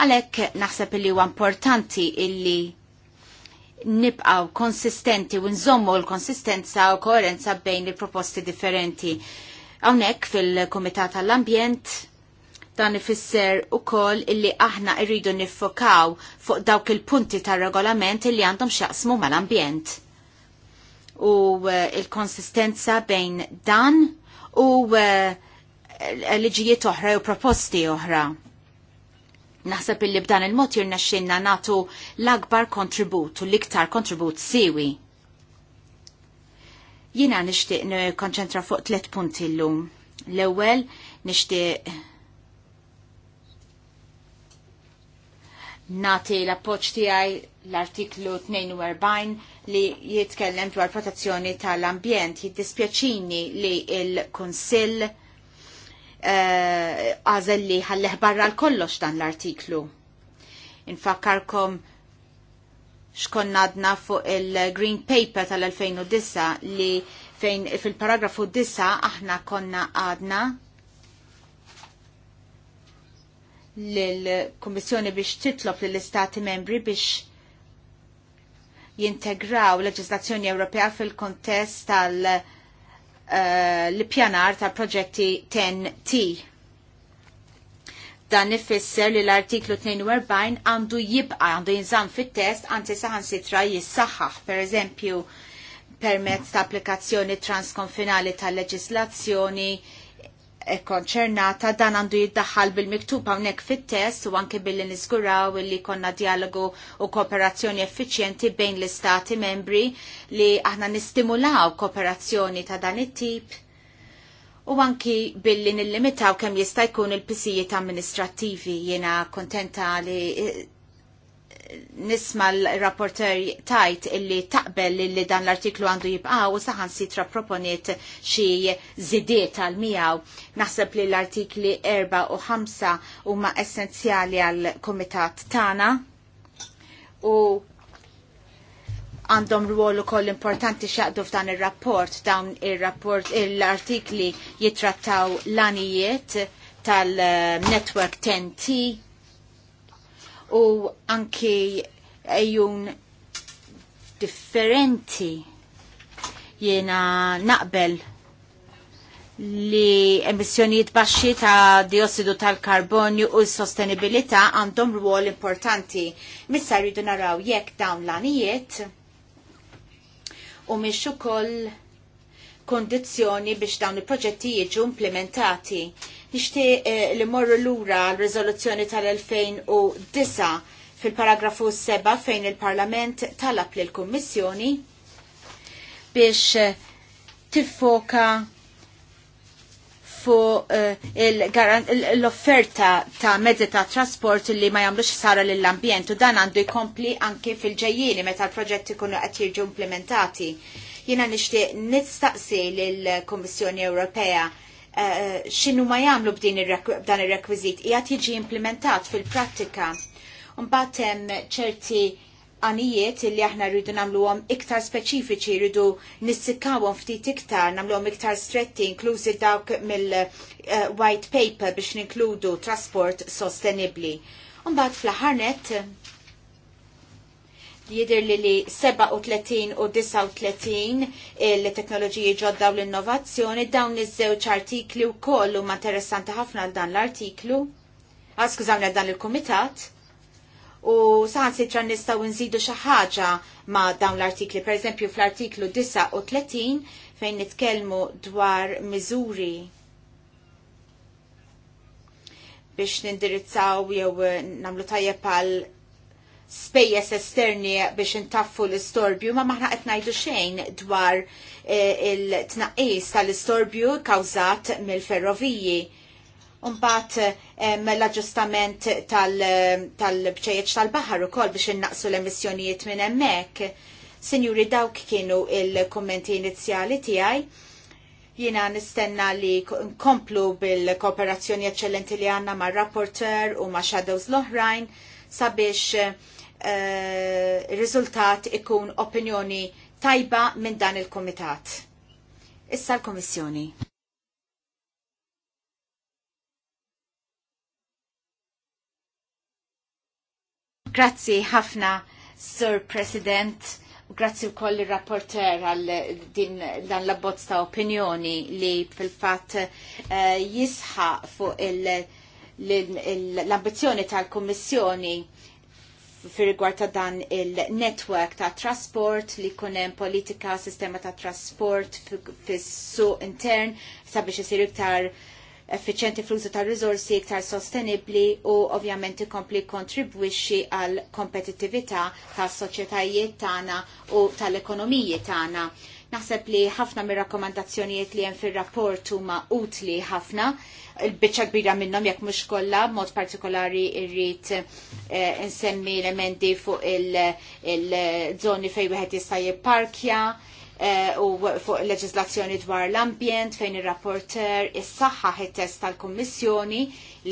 Għalek naħseb li huwa importanti illi nibqaw konsistenti u nżommu l-konsistenza u koerenza bejn il-proposti differenti. Hawnhekk fil-Kumitat tal-Ambjent dan ifisser u koll illi aħna irridu niffokaw fuq dawk il-punti tar regolament illi għandhom xaqsmu mal-ambjent u eh, il-konsistenza bejn dan u eh, liġijiet oħra u proposti oħra. Naħseb illi b'dan il-mod jirna xinna natu l-akbar kontribut u l-iktar kontribut siwi. Jina nishtiq konċentra fuq tlet punti l-lum. L-ewel nishtiq nati l-appoċ tijaj l-artiklu 42 li jitkellem dwar protezzjoni tal-ambjent. Jiddispjaċini li il konsil eh, għazel li ħalleħ barra l-kollox dan l-artiklu. Infakkarkom xkonnadna fuq il-Green Paper tal-2009 li fejn fil-paragrafu 9 aħna konna għadna l-Kommissjoni biex titlob l-Istati membri biex jintegraw leġislazzjoni Ewropea fil-kontest tal-pjanar eh, uh, tal-proġetti 10T. Dan ifisser li l-artiklu 42 għandu jibqa, għandu jinżam fit-test, għanti saħan sitra jissaħħaħ, per eżempju, permezz ta' applikazzjoni transkonfinali tal-leġislazzjoni, E konċernata dan għandu jiddaħħal bil-miktub hawnhekk fit-test u anke billi niżguraw li konna dialogu u kooperazzjoni effiċjenti bejn l-istati membri li aħna nistimulaw kooperazzjoni ta' dan it-tip u anki billi nillimitaw kemm jista' jkun il-pisijiet amministrattivi jiena kontenta li nisma l-rapporter tajt illi taqbel illi dan l-artiklu għandu jibqaw u saħan sitra proponiet xie zidiet għal miaw. Naħseb li l-artikli 4 u 5 huma essenzjali għal komitat tana u għandhom ruolu koll importanti xaqdu f'dan il-rapport, dawn il-rapport, l-artikli jitrattaw l-anijiet tal-network 10T, u anki ejjun differenti jiena naqbel li emissjonijiet baxxi ta' diossidu tal-karbonju u s-sostenibilità għandhom rwol importanti. Missa rridu naraw jekk dawn l-anijiet u miex ukoll kondizzjoni biex dawn il-proġetti jiġu implementati. Nixtieq eh, li morru lura l-riżoluzzjoni tal-2009 fil-paragrafu 7 fejn il-Parlament talab l kummissjoni biex eh, tiffoka fu eh, l-offerta ta' mezzi ta' trasport li ma jamlux sara l-ambjent u dan għandu jkompli anke fil-ġejjini meta l-proġetti kunu qed jiġu implementati. Jiena nixtieq nistaqsi lill-Kummissjoni Ewropea Eh, xinu ma jagħmlu b'dan ir-rekwiżit qiegħed jiġi implementat fil-prattika. Mbagħad hemm ċerti għanijiet li aħna rridu għom iktar speċifiċi, rridu nissikkawhom ftit iktar, għom iktar stretti, inklużi dawk mill-white eh, paper biex ninkludu trasport sostenibli. Umbat fl-ħarnet, jidir li li 37 u 39 il-teknoloġiji ġodda u l-innovazzjoni dawn iż-żewġ artikli u koll huma interessanti ħafna għal dan l-artiklu. Ah, skużawni għal dan il-kumitat. U saħansi ġan nistaw nżidu xi ħaġa ma' dawn l-artikli. Per eżempju fl-artiklu 39 fejn nitkellmu dwar miżuri biex nindirizzaw jew namlu tajjeb għal spejjes esterni biex intaffu l-istorbju, ma maħna qed ngħidu xejn dwar eh, il-tnaqqis tal-istorbju kawzat mill-ferroviji. Umbat eh, l-aġġustament tal-bċejjeċ tal-baħar ukoll biex innaqsu l-emissjonijiet minn hemmhekk. Sinjuri dawk kienu il-kommenti inizjali tiegħi jina nistenna li nkomplu bil-kooperazzjoni eccellenti li għanna ma' rapporter u ma' shadows l-oħrajn sabiex eh, Eh, rizultat riżultat ikun opinjoni tajba minn dan il-Komitat. Issa l-Komissjoni. Grazzi ħafna, Sir President. Grazzi u koll rapporter għal din dan l-abbozz ta' opinjoni li fil-fat eh, jisħa fuq l-ambizjoni tal-Kommissjoni fir rigward ta' dan il-network ta' trasport li kunem politika, sistema ta' trasport fis-su intern sabiex jisir iktar effiċenti fl-użu ta' rizorsi iktar sostenibli u ovvjament ikompli kontribwixi għal kompetittività tas soċjetajiet tagħna u tal-ekonomiji tagħna. Naħseb li ħafna mir rakkomandazzjonijiet li hemm fir-rapport huma utli ħafna, il-biċċa kbira minnhom jekk mhux kollha, mod partikolari rrid eh, insemmi elementi fuq il-żoni fejn wieħed jista' jipparkja eh, u fuq leġislazzjoni dwar l-ambjent fejn ir-rapporter is it-test tal-Kummissjoni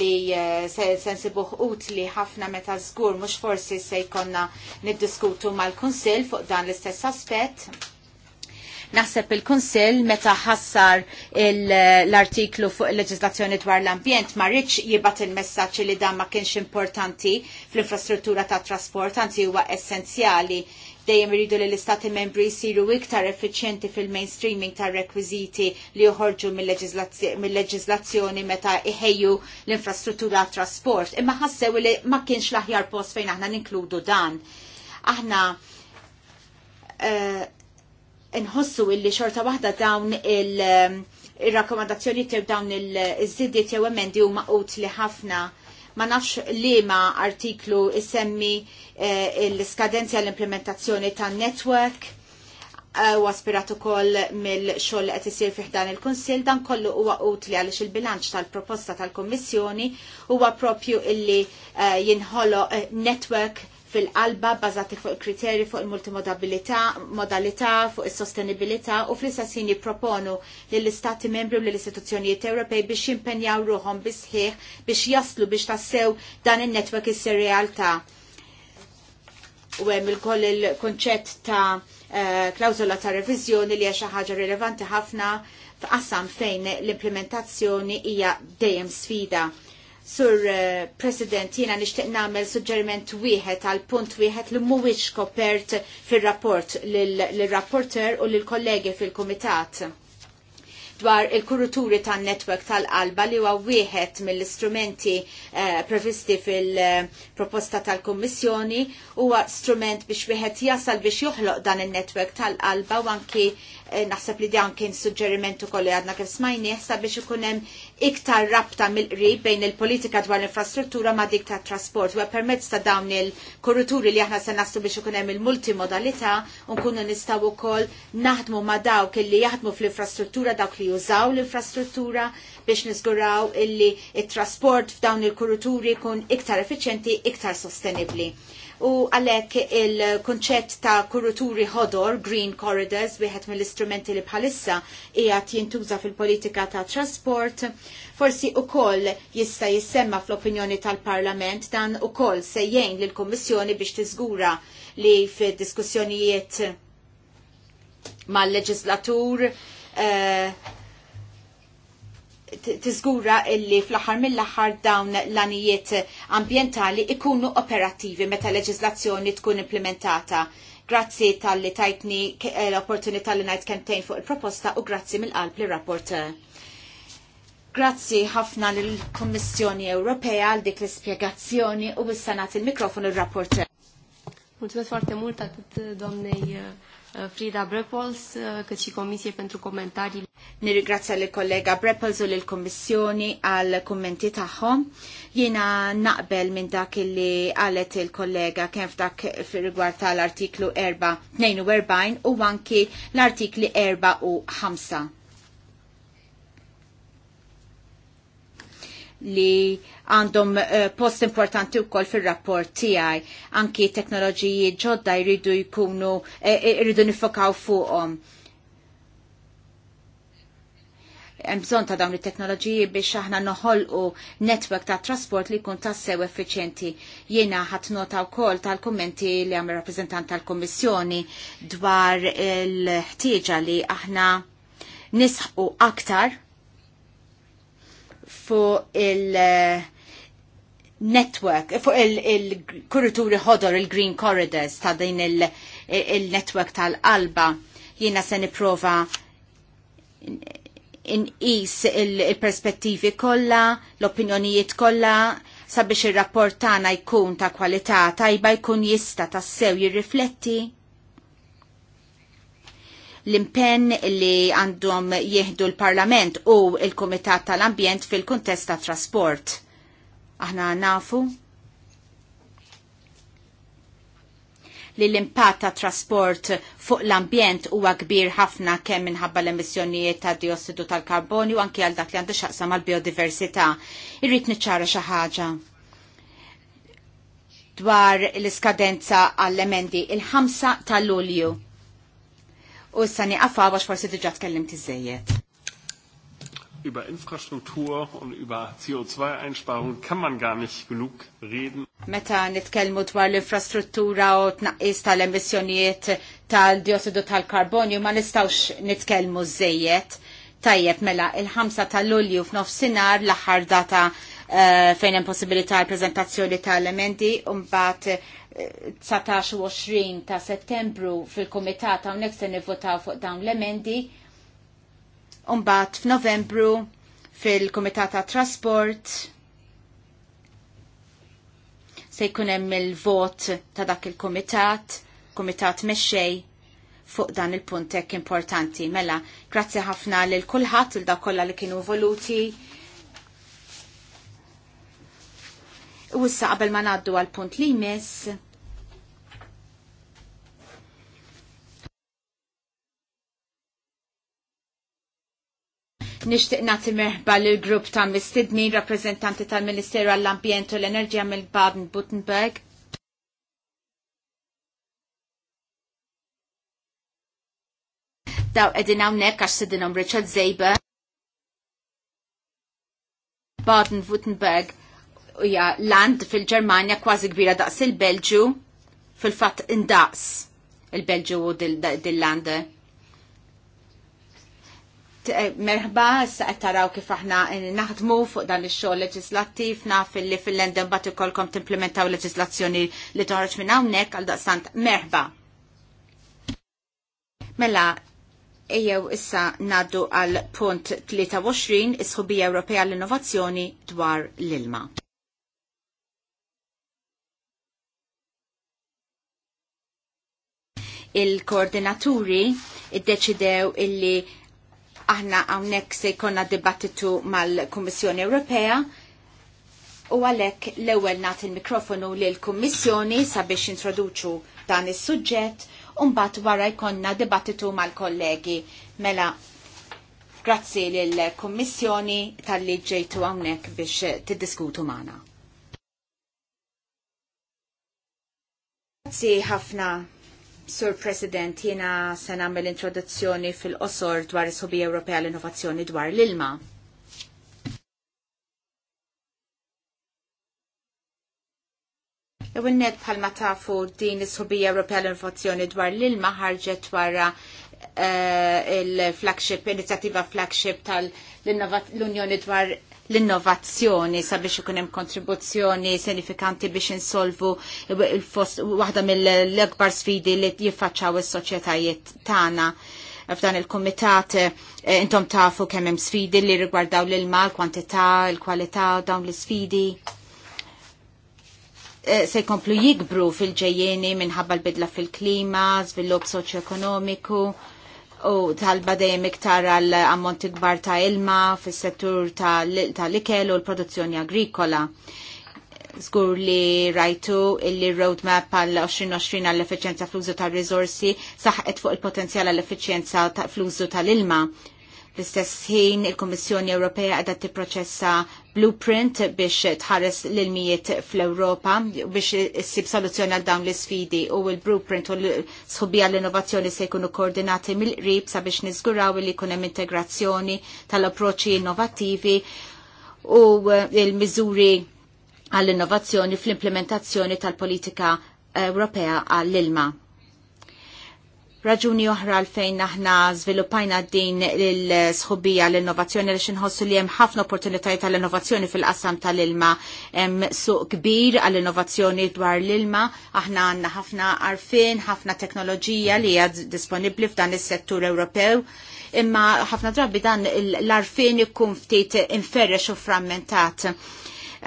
li eh, sensibuħ utli ħafna meta żgur mhux forsi se jkollna niddiskutu mal-Kunsill fuq dan l-istess aspett Naħseb il-Kunsill meta ħassar l-artiklu fuq il-leġislazzjoni dwar l-ambjent ma rridx jibgħat il-messaġġ li dan ma kienx importanti fl-infrastruttura ta' trasport, anzi huwa essenzjali dejjem iridu li l-istati membri jsiru iktar effiċjenti fil-mainstreaming tar rekwiżiti li joħorġu mill-leġiżlazzjoni meta iħejju l-infrastruttura trasport. Imma ħassew li ma kienx l-aħjar post fejn aħna ninkludu dan. Aħna uh, nħossu illi xorta waħda dawn um, il-rakkomandazzjoni il dawn il zidiet jew emendi huma utli ħafna ma nafx eh, eh, li ma artiklu issemmi eh, l-skadenzi l implementazzjoni ta' network u aspiratu kol mill-xogħol qed isir fih dan il-Kunsill dan kollu huwa utli għaliex il-bilanċ tal-proposta tal-Kommissjoni huwa propju illi eh, jinħolo eh, network fil-qalba bazati fuq il-kriterji fuq il-multimodalità, fuq il-sostenibilità u fl-istess ħin jipproponu lill istati membri u lill-istituzzjonijiet Ewropej biex jimpenjaw ruhom bisħieħ biex jaslu biex tassew dan in-netwerk issir realtà. U hemm il-koll il kunċett ta' eh, klawzola ta' reviżjoni li hija xi ħaġa rilevanti ħafna f'qasam fejn l-implementazzjoni hija dejjem sfida Sur eh, President, jiena nixtieq nagħmel suġġeriment wieħed għal punt wieħed li mhuwiex kopert fir-rapport lill-rapporter u lill-kollegi fil-kumitat dwar il-kuruturi tan netwerk tal-qalba li huwa wieħed mill-istrumenti eh, previsti fil-proposta tal-Kummissjoni huwa strument biex wieħed jasal biex joħloq dan in netwerk tal-qalba u anki Eh, naħseb li dan kien suġġerimentu kolli għadna kif smajni jessa biex ikunem iktar rabta mill-qrib bejn il-politika dwar l-infrastruttura ma dik ta' trasport u permezz ta' dawn il-korruturi li aħna se naslu biex ikunem il-multimodalità u nkunu nistaw ukoll naħdmu ma dawk li jaħdmu fl-infrastruttura dawk li jużaw l-infrastruttura biex nizguraw illi il trasport f'dawn il-korruturi kun iktar effiċenti, iktar sostenibli u għalhekk il-konċett ta' kuruturi ħodor, Green Corridors, wieħed mill-istrumenti li bħalissa ijat jintuża fil-politika ta' trasport, forsi ukoll jista' jissemma fl-opinjoni tal-Parlament dan ukoll se jgħin lill-Kummissjoni biex tiżgura li fid-diskussjonijiet mal-leġislatur uh, tiżgura illi fl-aħħar mill-aħħar dawn l-anijiet ambientali ikunu operattivi meta leġislazzjoni tkun implementata. Grazzi tal-li tajtni eh, l-opportunità li najt kentejn fuq il-proposta u grazzi mill-qalb li rapport. Grazzi ħafna l-Kommissjoni Ewropea għal dik l-ispjegazzjoni u bissanat il-mikrofon il rapport Multi foarte mult domnej. Eh, Uh, Frida Brepols, uh, cât și Comisiei pentru comentarii. Nirigrazzja li kollega Brepols u l komissjoni għal kommenti tagħhom. Jiena naqbel minn dak li għalet il-kollega kemm f'dak rigward tal-artiklu 42 u anki l-artikli 4 u 5. li għandhom eh, post importanti u koll fil-rapport tijaj. Anki teknoloġiji ġodda jridu jkunu, eh, eh, jridu nifokaw fuqom. Mżon ta' dawn it-teknoloġiji biex aħna noħolqu netwerk ta' trasport li jkun tassew effiċjenti. Jiena ħat nota wkoll tal-kummenti li għam rappresentant tal-Kummissjoni dwar il-ħtieġa li aħna nisħu aktar fuq il- eh, network, fuq il-kurituri il ħodor, il-Green Corridors, ta' din il-network il tal-qalba, jiena se niprofa in-is il-perspettivi il kollha, l-opinjonijiet kollha, sabiex ir rapport tagħna jkun ta' kwalità tajba jkun jista' tassew jirrifletti l-impenn li għandhom jieħdu l-Parlament u l-Kumitat tal-Ambjent fil-kuntest ta' trasport. Aħna nafu li l-impatt ta' trasport fuq l-ambjent huwa kbir ħafna kemm minħabba l-emissjonijiet ta' diossidu tal-karbonju anke għal dak li għandu xaqsa mal biodiversità. Irrid niċċara xi ħaġa dwar l-iskadenza għall-emendi il-5 tal-Lulju u s-sani għaffa għax forsi t-ġat kellim t iżejjed. Über Infrastruktur und über CO2-Einsparungen kann man gar nicht genug reden. Meta nitkelmu dwar l-infrastruttura u tnaqqis tal-emissjonijiet tal diossidu tal-karbonju ma nistawx nitkelmu zzejiet Tajjeb mela il-5 tal Lulju f'nofsinhar l-aħħar data Eh, fejn hemm possibilità l-preżentazzjoni ta' elementi eh, u mbagħad 19 u 20 ta' settembru fil-kumitat hawnhekk se nivvotaw fuq dawn l-emendi. u mbagħad f'Novembru fil-Kumitat ta' Trasport se jkun hemm il-vot ta' dak il-kumitat, kumitat mexxej fuq dan il-puntek importanti. Mela, grazzi ħafna lil kulħadd il daw kollha li kienu voluti U issa qabel ma naddu għal punt li jmiss. Nishtiq nagħti merħba l grupp ta' mistidni rappreżentanti tal-Ministeru għall-Ambjent u l-Enerġija baden buttenberg Daw qegħdin hawnhekk għax sidinhom Richard Zeber. Baden-Württemberg hija land fil-Ġermanja kważi kbira daqs il-Belġu fil-fatt indaqs il-Belġu u dil-land. Eh, merħba, sa' taraw kif aħna naħdmu fuq dan il-xogħol leġislattiv naf li fil-London bat ikolkom timplementaw leġislazzjoni li toħroġ minn hawnhekk għal daqsant. merħba. Mela, ejjew issa naddu għal punt 23 isħubija Ewropea l-innovazzjoni dwar l-ilma. il-koordinaturi id-deċidew illi aħna għawnek se jkonna dibattitu mal-Kommissjoni Ewropea u għalek l-ewel nat il-mikrofonu li l-Kommissjoni sabiex introduċu dan is suġġett un-bat wara jkonna dibattitu mal-kollegi. Mela, grazzi l-Kommissjoni tal-li ġejtu għawnek biex tiddiskutu maħna. Grazzi ħafna Sur President, jiena se nagħmel introduzzjoni fil-qosor dwar is-Sobi Ewropea l-Innovazzjoni dwar l-ilma. Ewinnet palma tafu din is-Sobi Ewropea l-Innovazzjoni dwar l-ilma ħarġet wara Eh, il-flagship, inizjattiva flagship tal-Unjoni dwar l-innovazzjoni sabiex ikun hemm kontribuzzjoni sinifikanti biex insolvu waħda mill-akbar sfidi li jiffaċċaw is-soċjetajiet tagħna f'dan il-komitat eh, intom tafu kemm hemm sfidi li rigwardaw l-ilma, l-kwantità, l-kwalità, dawn l-sfidi. Eh, se jkomplu jikbru fil-ġejjeni minħabba l-bidla fil-klima, żvilupp soċjoekonomiku, u talba dejjem iktar għal ammonti kbar ta' ilma fis-settur tal-ikel u l-produzzjoni agrikola. Zgur li rajtu illi roadmap għal 2020 għall effiċjenza fl-użu tal-rizorsi saħqet fuq il-potenzjal għall effiċjenza fl-użu tal-ilma l istess ħin il-Kommissjoni Ewropea għadha tipproċessa blueprint biex tħares l-ilmijiet fl-Ewropa biex issib soluzzjoni għal dawn l-sfidi u l-blueprint u l-sħubija l-innovazzjoni se jkunu koordinati mill-qrib sabiex niżguraw li jkun hemm integrazzjoni tal-approċċi innovattivi u l-miżuri għall-innovazzjoni fl-implementazzjoni tal-politika Ewropea għall-ilma. Raġuni oħra għalfejn aħna żviluppajna din l-sħubija l-innovazzjoni li xinħossu li hemm ħafna opportunitajiet tal-innovazzjoni fil-qasam tal-ilma. Hemm suq kbir għall-innovazzjoni dwar l-ilma, aħna għandna ħafna arfin, ħafna teknoloġija li hija disponibbli f'dan is-settur Ewropew. Imma ħafna drabi dan l-arfin ikun ftit inferrex u frammentat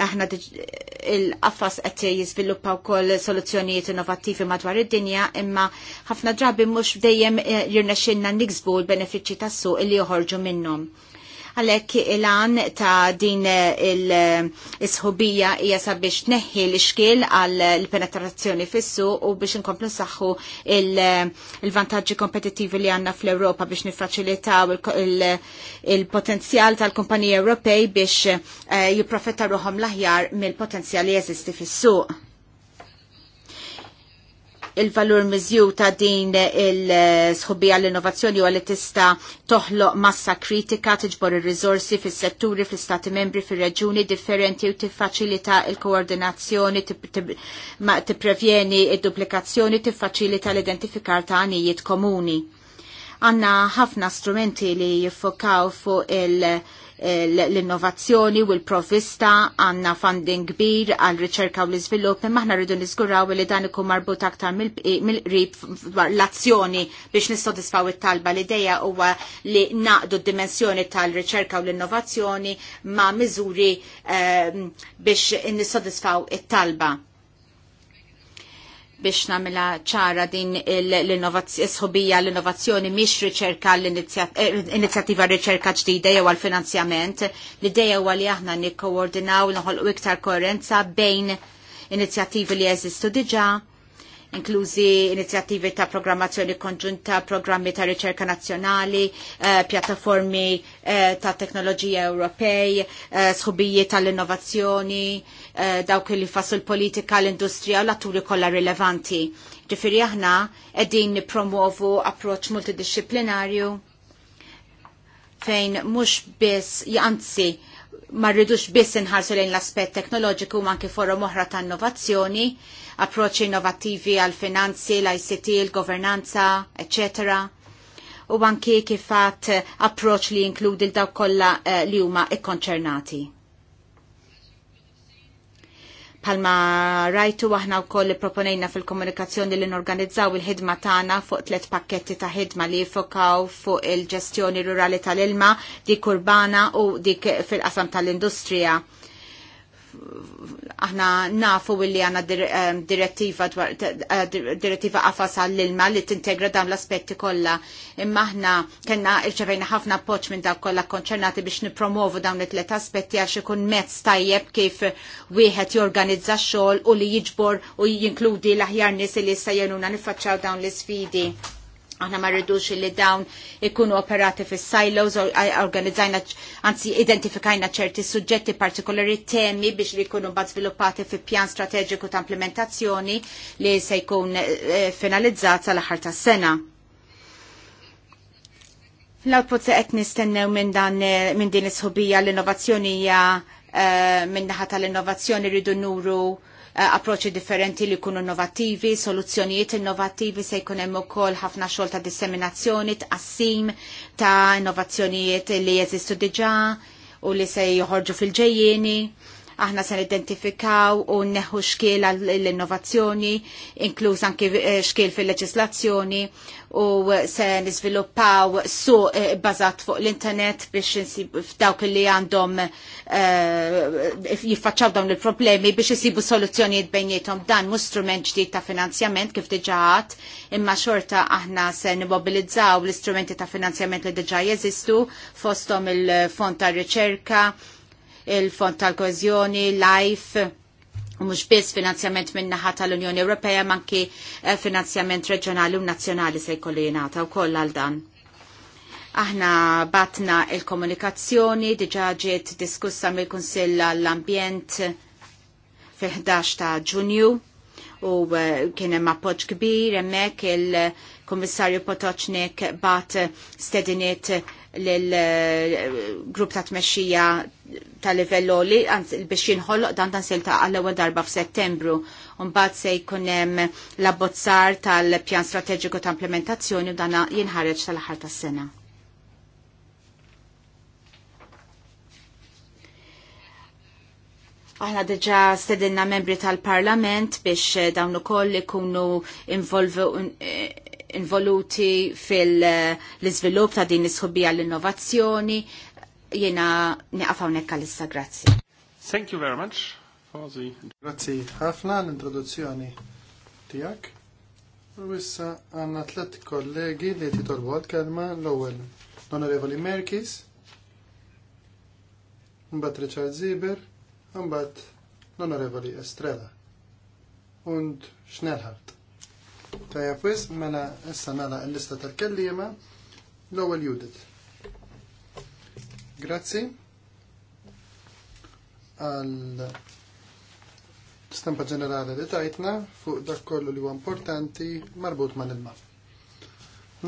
Aħna il-qaffas qed jiżviluppa wkoll soluzzjonijiet innovattivi madwar id-dinja, imma ħafna drabi mhux dejjem eh, jirnexxinna niksbu l-benefiċċji tas-suq li joħorġu minnhom Għalek il-għan ta' din il-sħubija hija sabiex neħi l-xkil għal-penetrazzjoni fissu u biex nkomplu saħħu il-vantagġi kompetitivi li għanna fl-Europa biex nifraċilitaw il-potenzjal tal-kumpaniji Ewropej biex eh, jiprofetta ruħom laħjar mill-potenzjal li jeżisti fis-suq il-valur mizju ta' din il-sħubija l-innovazzjoni u għalli tista toħloq massa kritika tiġbor il-rizorsi fis setturi fl stati membri fil-reġuni differenti u tiffaċilita il-koordinazzjoni, tipprevjeni il duplikazzjoni tiffaċilita l-identifikar ta' għanijiet komuni Għanna ħafna strumenti li jiffokaw fuq il- l-innovazzjoni u l-provista għanna funding kbir għal riċerka u l izvilup imma aħna rridu niżguraw li dan ikun marbut aktar mill-qrib l-azzjoni biex nissodisfaw it-talba l-ideja huwa li naqdu d-dimensjoni tal-riċerka u l-innovazzjoni ma' miżuri ehm, biex nissodisfaw it-talba biex namela ċara din l-innovazzjoni, l-innovazzjoni miex riċerka l-inizjattiva eh, riċerka ġdida jew għal-finanzjament. L-ideja huwa li aħna nikkoordinaw noħolqu iktar koerenza bejn inizjattivi li jeżistu diġà, inklużi inizjattivi ta' programmazzjoni konġunta, programmi ta' riċerka nazzjonali, eh, pjattaformi eh, ta' teknoloġija Ewropej, eh, sħubijiet tal-innovazzjoni, Eh, dawk li fassu l-politika, l-industrija u l-atturi kollha rilevanti. Ġifieri aħna qegħdin nippromovu approċċ multidisciplinarju fejn mhux biss janzi ma rridux biss inħarsu lejn l-aspett teknoloġiku ma anke forum oħra ta' innovazzjoni, approċċi innovattivi għal finanzi, l-ICT, l-governanza, eccetera u anki kifat approċ li jinkludi l-daw kolla eh, li huma ikkonċernati. Palma rajtu aħna wkoll proponejna fil-komunikazzjoni li norganizzaw il-ħidma tagħna fuq tliet pakketti ta' ħidma li jifokaw fuq il-ġestjoni rurali tal-ilma, dik urbana u dik fil-qasam tal-industrija aħna nafu li għanna direttiva eh, direttiva għafas għall-ilma li t-integra dawn l-aspetti kolla imma aħna kena irċevejna ħafna poċ minn dak kolla konċernati biex nipromovu dawn it let aspetti għax ikun mezz tajjeb kif wieħed jorganizza xogħol u li jiġbor u jinkludi l-aħjar nies li jista' jenuna nifaċċaw dawn l-isfidi. Aħna ma rridux li dawn ikunu operati fis silos organizzajna, anzi identifikajna ċerti suġġetti partikolari temi biex li jkunu bad sviluppati fi pjan strateġiku ta' implementazzjoni li se jkun eh, finalizzat sal aħħar tas sena. L-output se qed nistennew minn eh, min din is-sħubija l-innovazzjoni hija eh, minn naħa tal-innovazzjoni rridu nuru Eh, approċċi differenti li jkunu innovattivi, soluzzjonijiet innovattivi se jkun hemm ukoll ħafna xogħol ta' disseminazzjoni, tqassim ta' innovazzjonijiet li jeżistu diġà u li se joħorġu fil-ġejjieni aħna se identifikaw u neħu xkiel l-innovazzjoni, inkluż anki eh, xkiel fil-leġislazzjoni u se niżviluppaw su eh, bazat fuq l-internet biex f'dawk li għandhom Eh, jiffaċċaw dawn il-problemi biex isibu soluzzjonijiet bejnietom dan mhux strument ġdid ta' finanzjament kif diġà imma xorta aħna se nimmobilizzaw l-istrumenti ta' finanzjament li diġà jeżistu fosthom il-fond tar-riċerka, il-fond tal kozjoni, life, u mhux biss finanzjament min-naħa tal-Unjoni Ewropea manki eh, finanzjament reġjonali u nazzjonali se jkollu jingħata wkoll għal dan. Aħna batna il-komunikazzjoni diġaġiet ġiet diskussa mill-Kunsill l-Ambjent fil-11 ta' Ġunju u eh, kien hemm appoġġ kbir hemmhekk il-Kummissarju Potoċnik bat stediniet l-grupp eh, ta' tmexxija ta' livelloli li biex jinħolloq dan dan silta għall-ewwel darba f'Settembru. Mbagħad se jkun hemm l-abbozzar tal-pjan strateġiku ta' implementazzjoni u dan jinħareġ tal-aħħar tas-sena. Aħna diġa stedinna membri tal-parlament biex eh, dawn ukoll ikunu eh, involuti fil-izvilup ta' din isħubija l-innovazzjoni. Jena neqafaw nekka l-issa, grazzi. Thank you very much. Grazzi, ħafna l-introduzzjoni tijak. U issa għanna tlet kollegi li titolbu għal-kelma l-ewel. l Merkis, Mbat Richard Mbagħad l-Onorevoli Estrella. und Schnellhardt. Tajja pwis, mela issa nagħlaq l lista tal-kellima l-ewwel Judith. Grazzi għal stampa ġenerali li tajtna fuq dak kollu li huwa importanti marbut ma' l-ilma.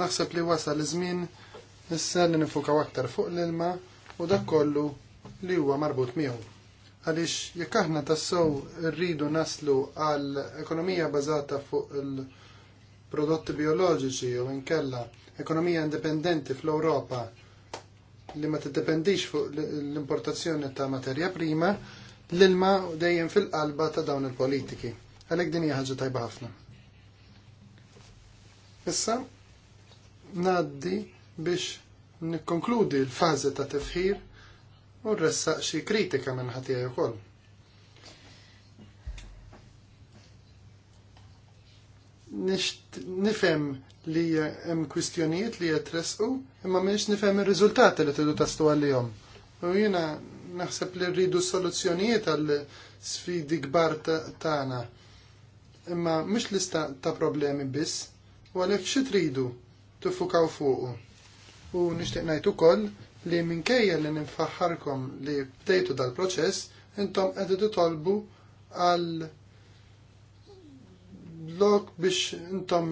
Naħseb li wasal iż-żmien issa li nifukaw aktar fuq l-ilma u dak kollu li huwa marbut miegħu għaliex jekk aħna tassew rridu naslu għal ekonomija bażata fuq il-prodotti bioloġiċi u inkella ekonomija indipendenti fl-Ewropa li ma tiddependix fuq l-importazzjoni ta' materja prima, l-ilma dejjem fil-qalba ta' dawn il-politiki. Għalhekk din hija ħaġa tajba ħafna. Issa ngħaddi biex nikkonkludi l-fażi ta' tefħir u rressaq xi kritika minn ħatijaj ukoll. Nifhem li hemm kwistjonijiet li jitresqu imma minx nifhem ir-riżultati li tidu tastu għal-jom. U jiena naħseb li rridu soluzzjonijiet għal sfidi kbar tagħna. Imma mhux lista ta' problemi biss, u għalek xi tridu tiffukaw fuqu. U nixtieq ngħid ukoll li minkejja li ninfaħħarkom li bdejtu dal-proċess intom għeddu tolbu għal blok biex intom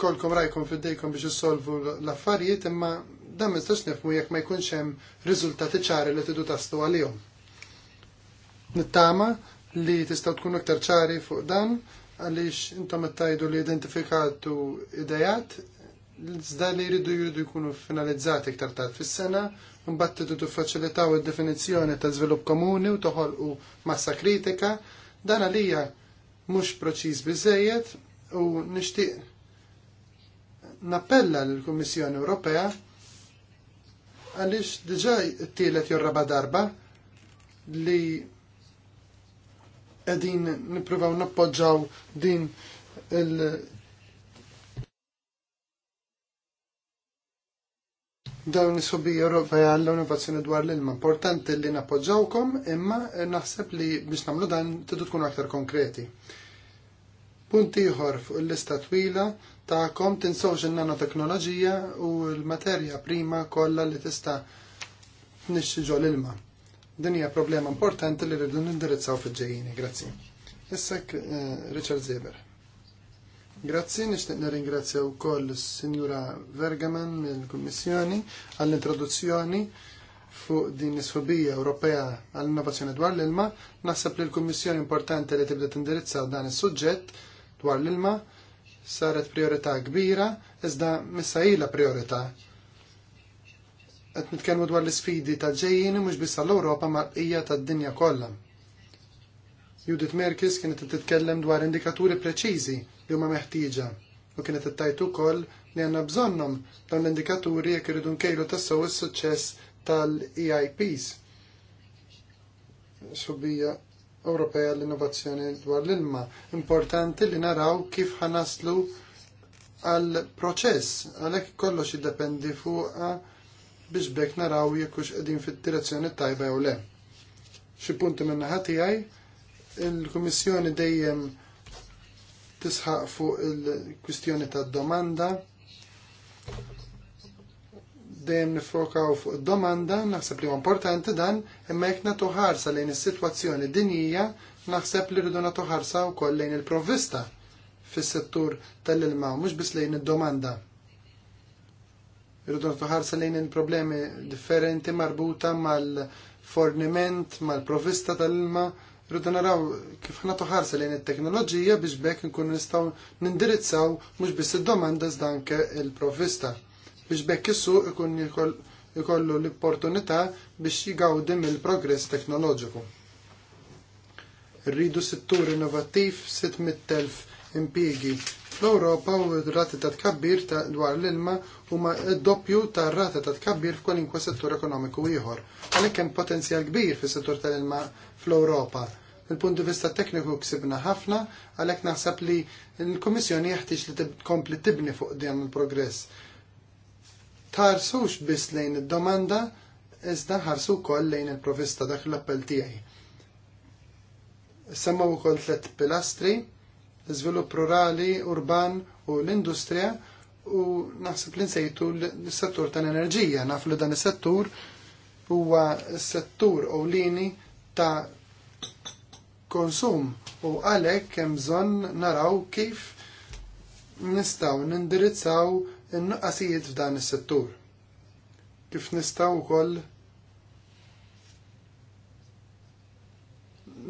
kolkom rajkom f'iddejkom biex jissolvu l-affarijiet imma dan istax nifmu jekk ma jkunx hemm riżultati ċari li tidu tastu għalihom. Nittama li tistgħu tkun iktar ċari fuq dan għaliex intom qed tajdu li identifikatu idejat iżda li jridu jridu jkunu finalizzati iktar tard fis-sena, mbagħad tidu tiffaċilitaw id-definizzjoni ta' żvilupp komuni u toħolqu massa kritika, dan għalija mhux proċiż biżejjed u nixtieq nappella lill-Kummissjoni Ewropea għaliex diġà tielet jorraba darba li qegħdin nippruvaw nappoġġaw din il- dawn is-subija Ewropea l-innovazzjoni dwar l-ilma. Importanti li nappoġġawkom imma naħseb li biex nagħmlu dan tidu tkunu aktar konkreti. Punt ieħor fuq il-lista twila tagħkom tinsewx in-nanoteknoloġija u l-materja prima kollha li tista' tnixxi l-ilma. Din hija problema importanti li rridu nindirizzaw fil-ġejjini. Grazzi. Issa eh, Richard Zeber. Grazzi, nishtiq nirringrazzja wkoll s sinjura Vergaman mill-Kummissjoni għall-introduzzjoni fuq din nisfobija Ewropea għall-innovazzjoni dwar l-ilma. Naħseb li l-Kummissjoni importanti li tibda tindirizza dan is-suġġett dwar l-ilma saret priorità kbira, iżda missa ilha priorità. Qed nitkellmu dwar l-isfidi ta' ġejjin mhux biss għall-Ewropa ma' l tad-dinja kollha Judith Merkis kienet titkellem dwar indikaturi preċiżi li huma meħtieġa u kienet ittajt ukoll li għandna bżonnhom dawn l-indikaturi jekk iridu nkejlu tassew is-suċċess tal-EIPs. Subija Ewropea l-innovazzjoni dwar l-ilma. Importanti li naraw kif ħanaslu għal proċess, għalhekk kollox jiddependi fuqha biex bekk naraw jekk hux qegħdin fid-direzzjoni tajba jew le. Xi punti minn naħa tiegħi il-Kummissjoni dejjem tisħaq fuq il-kwistjoni ta' domanda dejjem nifokaw fuq domanda naħseb li huwa importanti dan imma jekk nagħtu ħarsa lejn is-sitwazzjoni dinjija, naħseb li rridu nagħtu ħarsa wkoll lejn il-provvista fis-settur tal-ilma mhux biss lejn id-domanda. Irridu nagħtu ħarsa lejn il-problemi differenti marbuta mal-forniment, mal-provvista tal-ilma, Rridu naraw kif ħna toħarsa lejn it-teknoloġija biex bekk nkunu nistgħu nindirizzaw mhux biss id-domanda danke il-provvista. Biex bekk is ikun ikollu l-opportunità biex jigawdim il-progress teknoloġiku. Rridu settur innovattiv 600.000 impjiegi fl-Europa u r-rati ta' tkabbir ta' dwar l-ilma huma d-doppju ta' rata ta' tkabbir f'kwalinkwa settur ekonomiku ieħor. Għalhekk hemm potenzjal kbir fis-settur tal-ilma fl-Ewropa. Il-punt vista tekniku ksibna ħafna, għalhekk naħseb li l-Kummissjoni jeħtieġ li tkompli tibni fuq din il-progress. Tarsux biss lejn id-domanda, iżda ħarsu wkoll lejn il-provista dak l-appell tiegħi. Semmaw ukoll tliet pilastri, iżvilupp rurali, urban u l-industrija u naħseb li nsejtu l-settur tal-enerġija, naf li dan is-settur huwa s-settur ewlieni ta' konsum u għalek hemm bżonn naraw kif nistgħu nindirizzaw in-nuqqasijiet f'dan is-settur. Kif nistgħu wkoll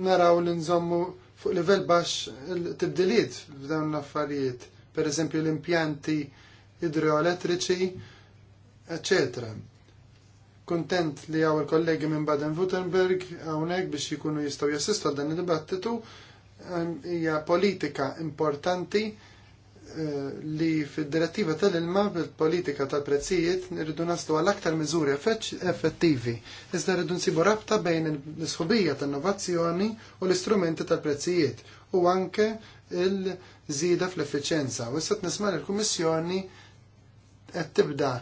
naraw li nżommu fuq livell baxx tibdiliet f'dawn l-affarijiet, pereżempju l-impjanti idroelettriċi, eccetera Kontent li għaw il-kollegi minn Baden-Württemberg għawnek biex jikunu jistaw jassistu dan il-dibattitu hija politika importanti eh, li fil-direttiva tal-ilma bil-politika tal-prezzijiet nirridu nastu għal aktar miżuri effettivi. Iżda rridu nsibu rabta bejn l-sħubija tal-innovazzjoni u l-istrumenti tal-prezzijiet u anke il-żida fl efficienza U issa nisman il kummissjoni qed tibda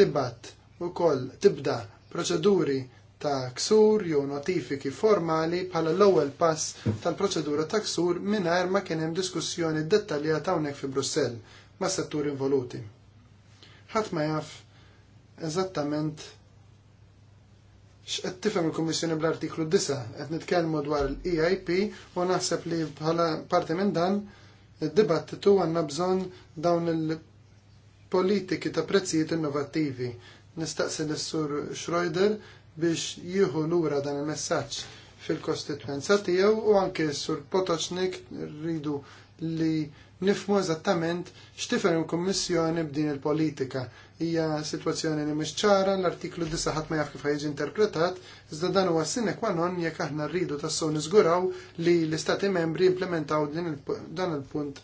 tibat koll tibda proċeduri ta' ksur jew notifiki formali bħala l-ewwel pass tal-proċedura ta' ksur mingħajr ma kien hemm diskussjoni dettaljata hawnhekk fi Brussell ma' settur involuti. Ħadd ma jaf eżattament x'qed tifhem il-Kummissjoni bl-artiklu 9 qed nitkellmu dwar l-EIP u naħseb li bħala parti minn dan id-dibattitu għandna bżonn dawn il-politiki ta' prezzijiet innovattivi nistaqsi l-sur Schroeder biex jieħu lura dan il-messaġġ fil-kostituenza tiegħu u anke sur Potoċnik rridu li nifmu eżattament x'tifer il-Kummissjoni b'din il-politika. Hija sitwazzjoni li mhix ċara l-artiklu 9 ħadd ma jaf kif ħajġi interpretat, iżda dan huwa sine qua non jekk aħna rridu tassew niżguraw li l-Istati membri implementaw dan il-punt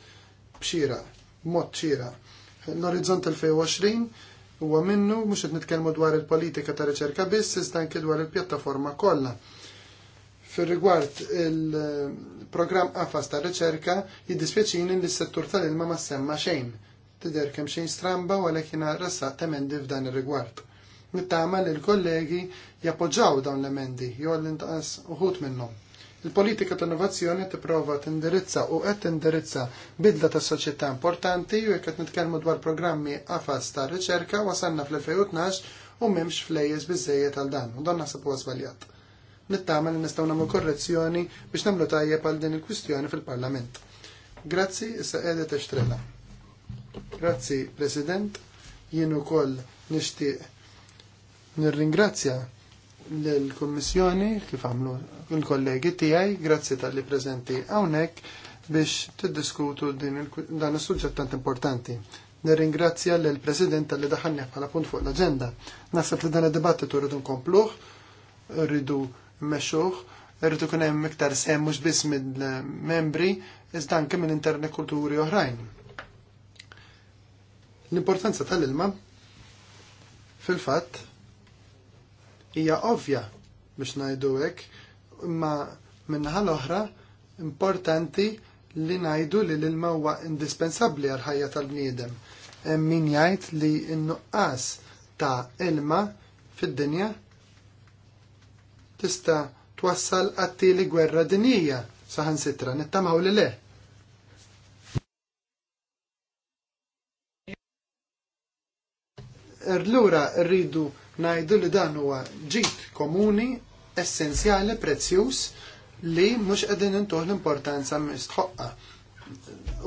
b'xira, b'mod xira. L-orizzont 2020 Huwa minnu mhux qed nitkellmu dwar il-politika ta' riċerka biss iżda anke dwar il-pjattaforma kollha. Fir-rigward il-programm qafas ta' riċerka jiddispjaċini li s-settur tal-ilma ma semma xejn. Tidher kemm xejn stramba għalhekk jiena ressaq temendi f'dan ir-rigward. Nittama li l-kollegi jappoġġaw dawn l-emendi, jew l-inqas uħut minnhom. Il-politika ta' innovazzjoni tipprova tindirizza u qed tindirizza bidla ta' soċjetà importanti u jekk qed nitkellmu dwar programmi afas ta' riċerka wasanna fl-2012 u m'hemmx flejjeż biżejjed għal dan u donna sabu żbaljat. Nittama li nistgħu nagħmlu korrezzjoni biex nagħmlu tajjeb għal din il-kwistjoni fil-Parlament. Grazzi, issa qiegħda tixtrela. Grazzi, President, jien ukoll nixtieq nirringrazzja l-Kommissjoni kif għamlu l-kollegi tiegħi, grazzi tal-li prezenti hawnhekk biex tiddiskutu dan is-suġġett tant importanti. Nirringrazzja l president tal-li daħalni bħala punt fuq l-agenda. Naħseb li dan id-dibattitu rridu nkompluh, rridu mmexxuh, rridu kun hemm iktar sem mhux biss mill-membri, iżda anke minn interni kulturi oħrajn. L-importanza tal-ilma fil-fatt hija ovvja biex ngħidu hekk imma minħa l-oħra importanti li ngħidu li l-ilma huwa indispensabbli għal ħajja tal-bniedem. Min jgħid li n-nuqqas ta' ilma fid-dinja tista' twassal għattili gwerra dinija saħan sitra, nittamaw li le. Erlura rridu ngħidu li dan huwa ġid komuni essenzjali prezzjuż li mhux qegħdin intuħ l-importanza mistħoqqa.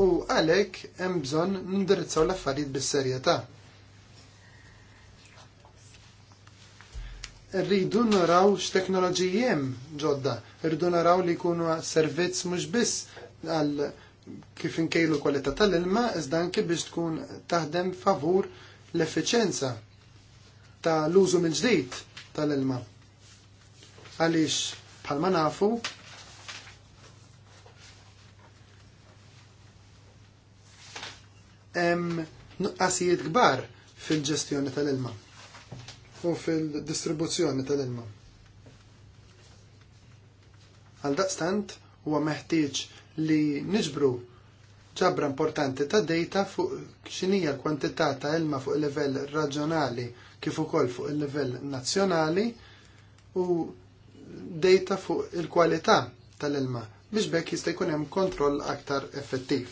U għalhekk hemm bżonn nindirizzaw l-affarijiet bis-serjetà. rridu naraw x'teknoloġiji hemm ġodda, rridu naraw li jkunu servizz mhux biss għal kif inkejlu kwalità tal-ilma iżda anke biex tkun taħdem favur l effiċjenza ta' l-użu mill-ġdid tal-ilma. Għaliex bħalma nafu hemm nuqqasijiet kbar fil-ġestjoni tal-ilma u fil-distribuzzjoni tal-ilma. Għal daqstant huwa meħtieġ li niġbru ġabra importanti ta' data fuq xinija l-kwantità ta' ilma fuq il-level raġjonali kif ukoll fuq il-level nazzjonali u data fuq il-kwalità tal-ilma biex bekk jista' jkun hemm kontroll aktar effettiv.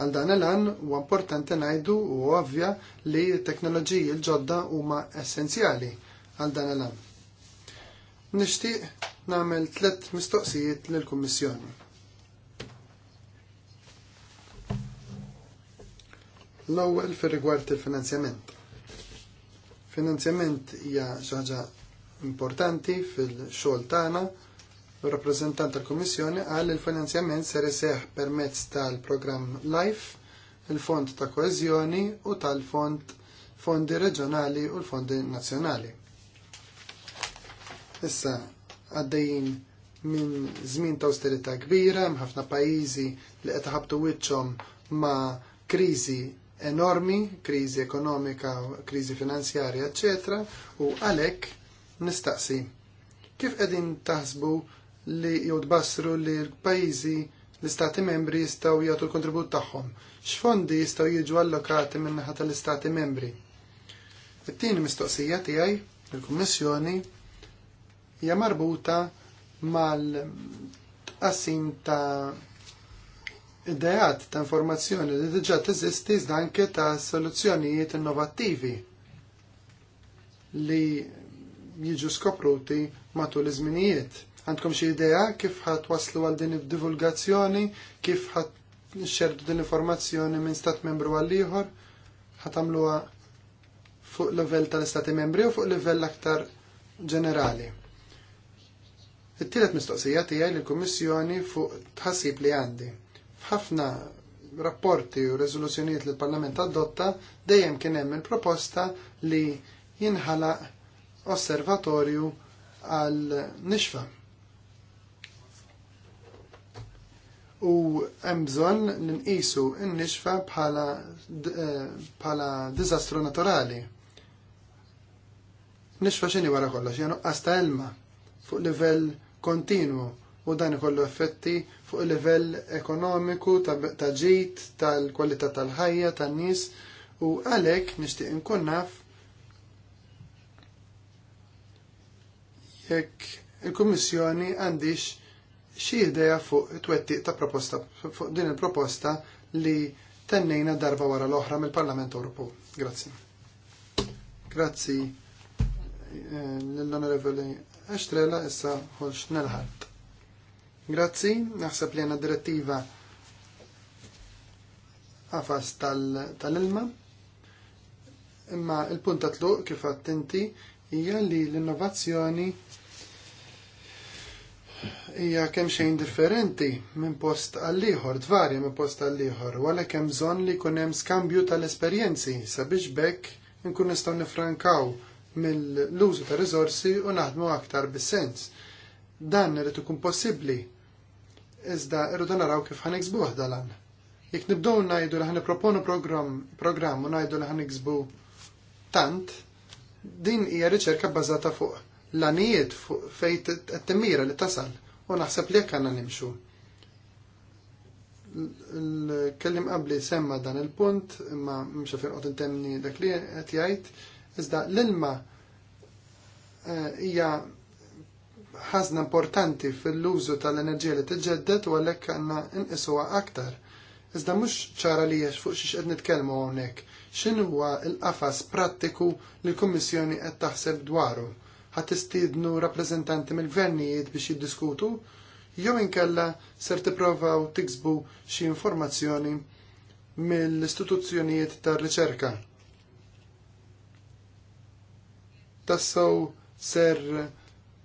Għal dan il-għan u importanti ngħidu u ovvja li t-teknoloġiji l-ġodda huma essenzjali għal dan il-għan. Nixtieq nagħmel tliet mistoqsijiet lill-Kummissjoni. L-ewwel fir-rigward il-finanzjament. Finanzjament hija xi ħaġa importanti fil-xogħol tagħna. Il-rappreżentant tal-Kummissjoni qal li l-finanzjament ser iseħħ permezz tal-programm LIFE, il-Fond ta' Koeżjoni u tal-Fond Fondi Reġjonali u l-Fondi Nazzjonali. Issa għaddejjin minn żmien ta' austerità kbira, hemm ħafna pajjiżi li qed ħabtu wiċċhom ma' kriżi enormi, kriżi ekonomika, kriżi finanzjarja, etc. u għalhekk nistaqsi. Kif qegħdin taħsbu li jew tbassru li l-pajjiżi l-istati membri jistgħu jagħtu l-kontribut tagħhom? X'fondi jistgħu jiġu allokati minn naħa tal-istati membri? It-tieni mistoqsija tiegħi il-Kummissjoni hija marbuta mal-tqassim ta' id-dejat ta' informazzjoni li diġa teżisti iżda anke ta' soluzzjonijiet innovattivi li jiġu skopruti matul iż-żminijiet. Għandkom xi idea kif ħadd waslu għal din id-divulgazzjoni, kif ħadd xerdu din informazzjoni minn stat membru għal ieħor, ħat għamluha fuq level tal-istati membri u fuq level aktar ġenerali. It-tielet mistoqsija tiegħi lill kummissjoni fuq tħassib li għandi ħafna rapporti u rezoluzjoniet li l-Parlament adotta dejjem kien hemm il-proposta li jinħalaq osservatorju għal nixfa. U hemm bżonn li nqisu n-nixfa bħala eh, bħala diżastru naturali. Nixfa x'inhi wara kollox, hija nuqqas ta' ilma fuq livell kontinu u dan ikollu effetti fuq il-livell ekonomiku, ta' ġid, tal-kwalità tal-ħajja, tan-nies u għalhekk nixtieq inkun naf jekk il-Kummissjoni għandix xi idea fuq it-twettiq ta' proposta fuq din il-proposta li tennejna darba wara l-oħra mill-Parlament Ewropew. Grazzi. Grazzi eh, l-Onorevoli Estrella issa ħolx nelħart. Grazzi, naħseb li għanna direttiva għafas tal-ilma. Tal Imma il-punta tluq kif attenti hija li l-innovazzjoni hija kemm xejn differenti minn post għal ieħor, tvarja minn post għal ieħor, u għalhekk bżonn li jkun hemm skambju tal-esperjenzi sabiex bekk nkun nistgħu nifrankaw mill-użu ta' riżorsi u naħdmu aktar bis-sens. Dan irid ikun possibbli iżda irridu naraw kif ħaniksbuh dalan. Jekk nibdow ngħidu li ħaniproponu program u ngħidu li iksbu tant, din hija riċerka bbażata fuq l-anijiet fejn t-temmira li tasal u naħseb li jekk nimxu l-kellim qabli semma dan il-punt, imma mxa firqot intemni dak li qed jgħid, iżda l-ilma eh, hija ħazna importanti fil lużu tal-enerġija li tiġġedded u għalhekk għandna nqisuha aktar. Iżda mhux ċara li fuq xiex qed nitkellmu hawnhekk. X'in huwa l-qafas prattiku li l-Kummissjoni qed taħseb dwaru? Ħadd tistiednu rappreżentanti mill-gvernijiet biex jiddiskutu jew inkella ser tipprovaw tiksbu xi informazzjoni mill-istituzzjonijiet tar-riċerka. Tassew ser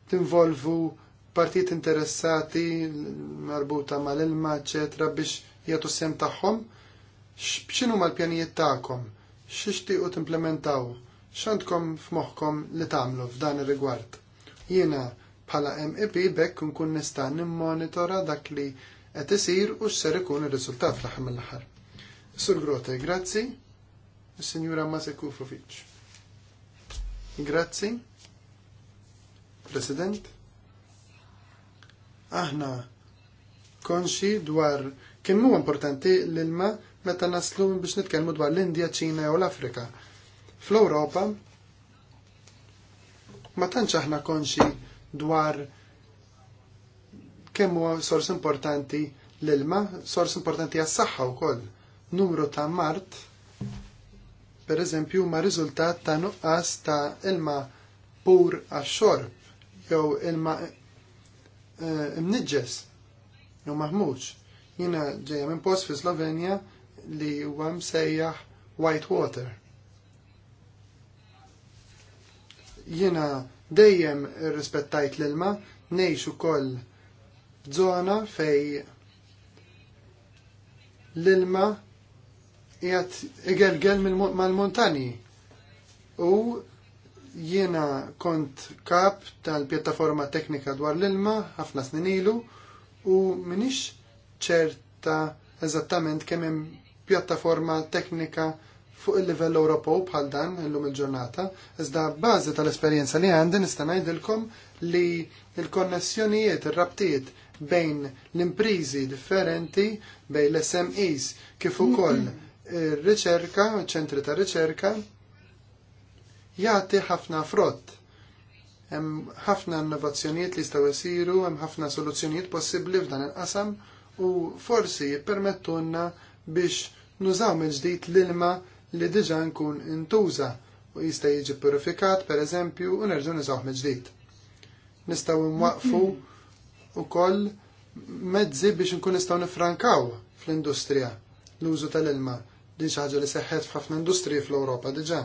tinvolvu partijiet interessati marbuta mal-ilma, eċetera, biex jgħatu sem tagħhom, xinu mal-pjanijiet tagħkom, implementaw timplementaw, x'għandkom f'moħħkom li tagħmlu f'dan ir-rigward. Jiena bħala MEP bekk nkun nista' nimmonitora dak li qed isir u x'ser ikun ir-riżultat fl-aħħar mill-aħħar. Sur Grote, grazzi. Signora Masekufovic. Grazzi. President. Aħna konxi dwar kemm huwa importanti l-ilma meta naslu biex nitkellmu dwar l-Indja, Ċina u l-Afrika. Fl-Ewropa ma tantx aħna konxi dwar kemm huwa sors importanti l-ilma, sors importanti għas-saħħa wkoll. Numru ta' mart, per eżempju, ma riżultat ta' nuqqas ta' ilma pur għax-xorb jew ilma eh, imnidġes jew maħmuġ. Jiena ġeja minn post fi Slovenja li huwa msejjaħ Whitewater. Jiena dejjem irrispettajt l-ilma, ngħix ukoll żona fej l-ilma jgħat igelgel mal-montani u Jiena kont kap tal-pjattaforma teknika dwar l-ilma ħafna snin ilu u minix ċerta eżattament kemm hemm pjattaforma teknika fuq il-livell Ewropew bħal dan illum il-ġurnata, iżda bażi tal-esperjenza li għandi nista' ngħidilkom li l-konnessjonijiet, ir-rabtiet bejn l-imprizi differenti bejn l-SMEs kif ukoll ir-riċerka, ċentri ta' riċerka jagħti ħafna frott. Hemm ħafna innovazzjonijiet li jistgħu jsiru, hemm ħafna soluzzjonijiet possibbli f'dan il-qasam u forsi jippermettunna biex nużaw mill-ġdid l-ilma li diġa' nkun intuża u jista' jiġi purifikat pereżempju u nerġgħu niżgħu mill-ġdid. Nistgħu nwaqfu ukoll mezzi biex nkun nistgħu nifrankaw fl-industrija l-użu tal-ilma din xi ħaġa li seħħet f'ħafna industriji fl-Ewropa diġà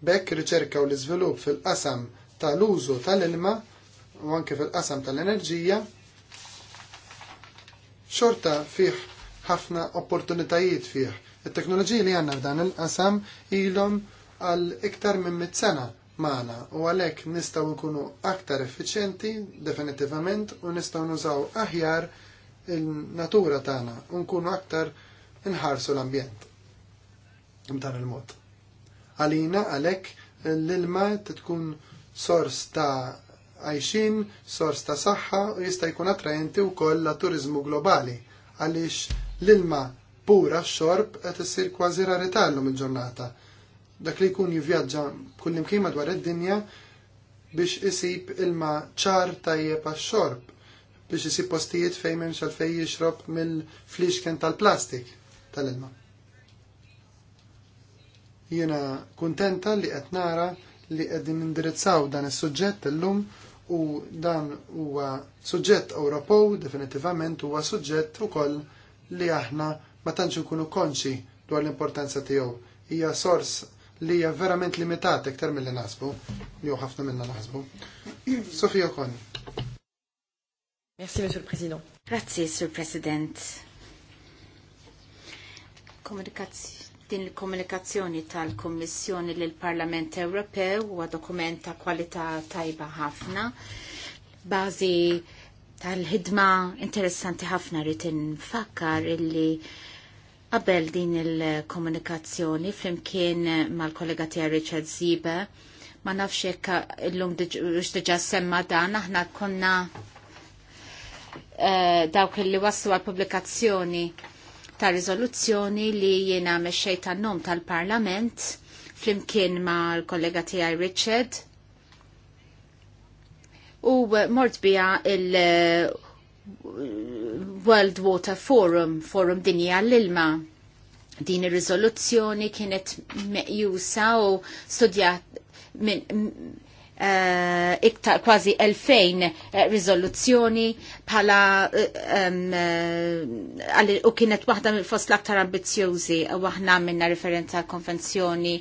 Bekk riċerka u l-iżvilupp fil-qasam tal-użu tal-ilma u anke fil-qasam tal-enerġija xorta fih ħafna opportunitajiet fih. Il-teknoloġija li għanna f'dan il-qasam ilhom għal iktar minn mit sena maħna u għalek nistaw nkunu aktar effiċenti definitivament u nistaw nużaw aħjar il-natura tagħna u nkunu aktar nħarsu l-ambjent. Mtan il-mod. Għalina għalhekk l-ilma tkun sors ta' għajxin, sors ta' saħħa u jista' jkun attrajenti wkoll la turizmu globali għaliex l-ilma pura x-xorb qed issir kważi rarità llum il-ġurnata. Dak li jkun jivvjaġġa kullimkien madwar id-dinja biex isib ilma ċar tajjeb għax-xorb biex isib postijiet fejn m'hemmx għalfejn jixrob mill-fliexken tal-plastik tal-ilma. Jiena kuntenta li qed nara li qegħdin indirizzaw dan is-suġġett illum u dan huwa suġġett Ewropew definitivament huwa suġġett ukoll li aħna ma tantx nkunu konxi dwar l-importanza tiegħu. Hija sors li hija verament limitat iktar mill-li nasbu, jew ħafna minna naħsbu. Sofija Kon. Merci, Monsieur le Président. Grazie, Sur President. Komunikazzjoni Din il-komunikazzjoni tal-Kommissjoni l parlament Ewropew huwa dokument ta' kwalità tajba ħafna, bażi tal-ħidma interessanti ħafna rrid infakkar illi qabel din il-komunikazzjoni flimkien mal-kollega tiegħi Richard Ziba ma nafx jekk illum diġà semma dan aħna konna eh, dawk li waslu għal pubblikazzjoni ta' rizoluzzjoni li jiena mexxej tan-nom tal-Parlament flimkien ma' l-kollega tijaj Richard. U mort bija il- uh, World Water Forum, Forum Dinja l-ilma. Din ir rizoluzzjoni kienet meqjusa u studjat uh, iktar kważi 2000 eh, rizoluzzjoni bħala uh, um, u kienet waħda mill fost l-aktar ambizjużi u aħna minna referenza konvenzjoni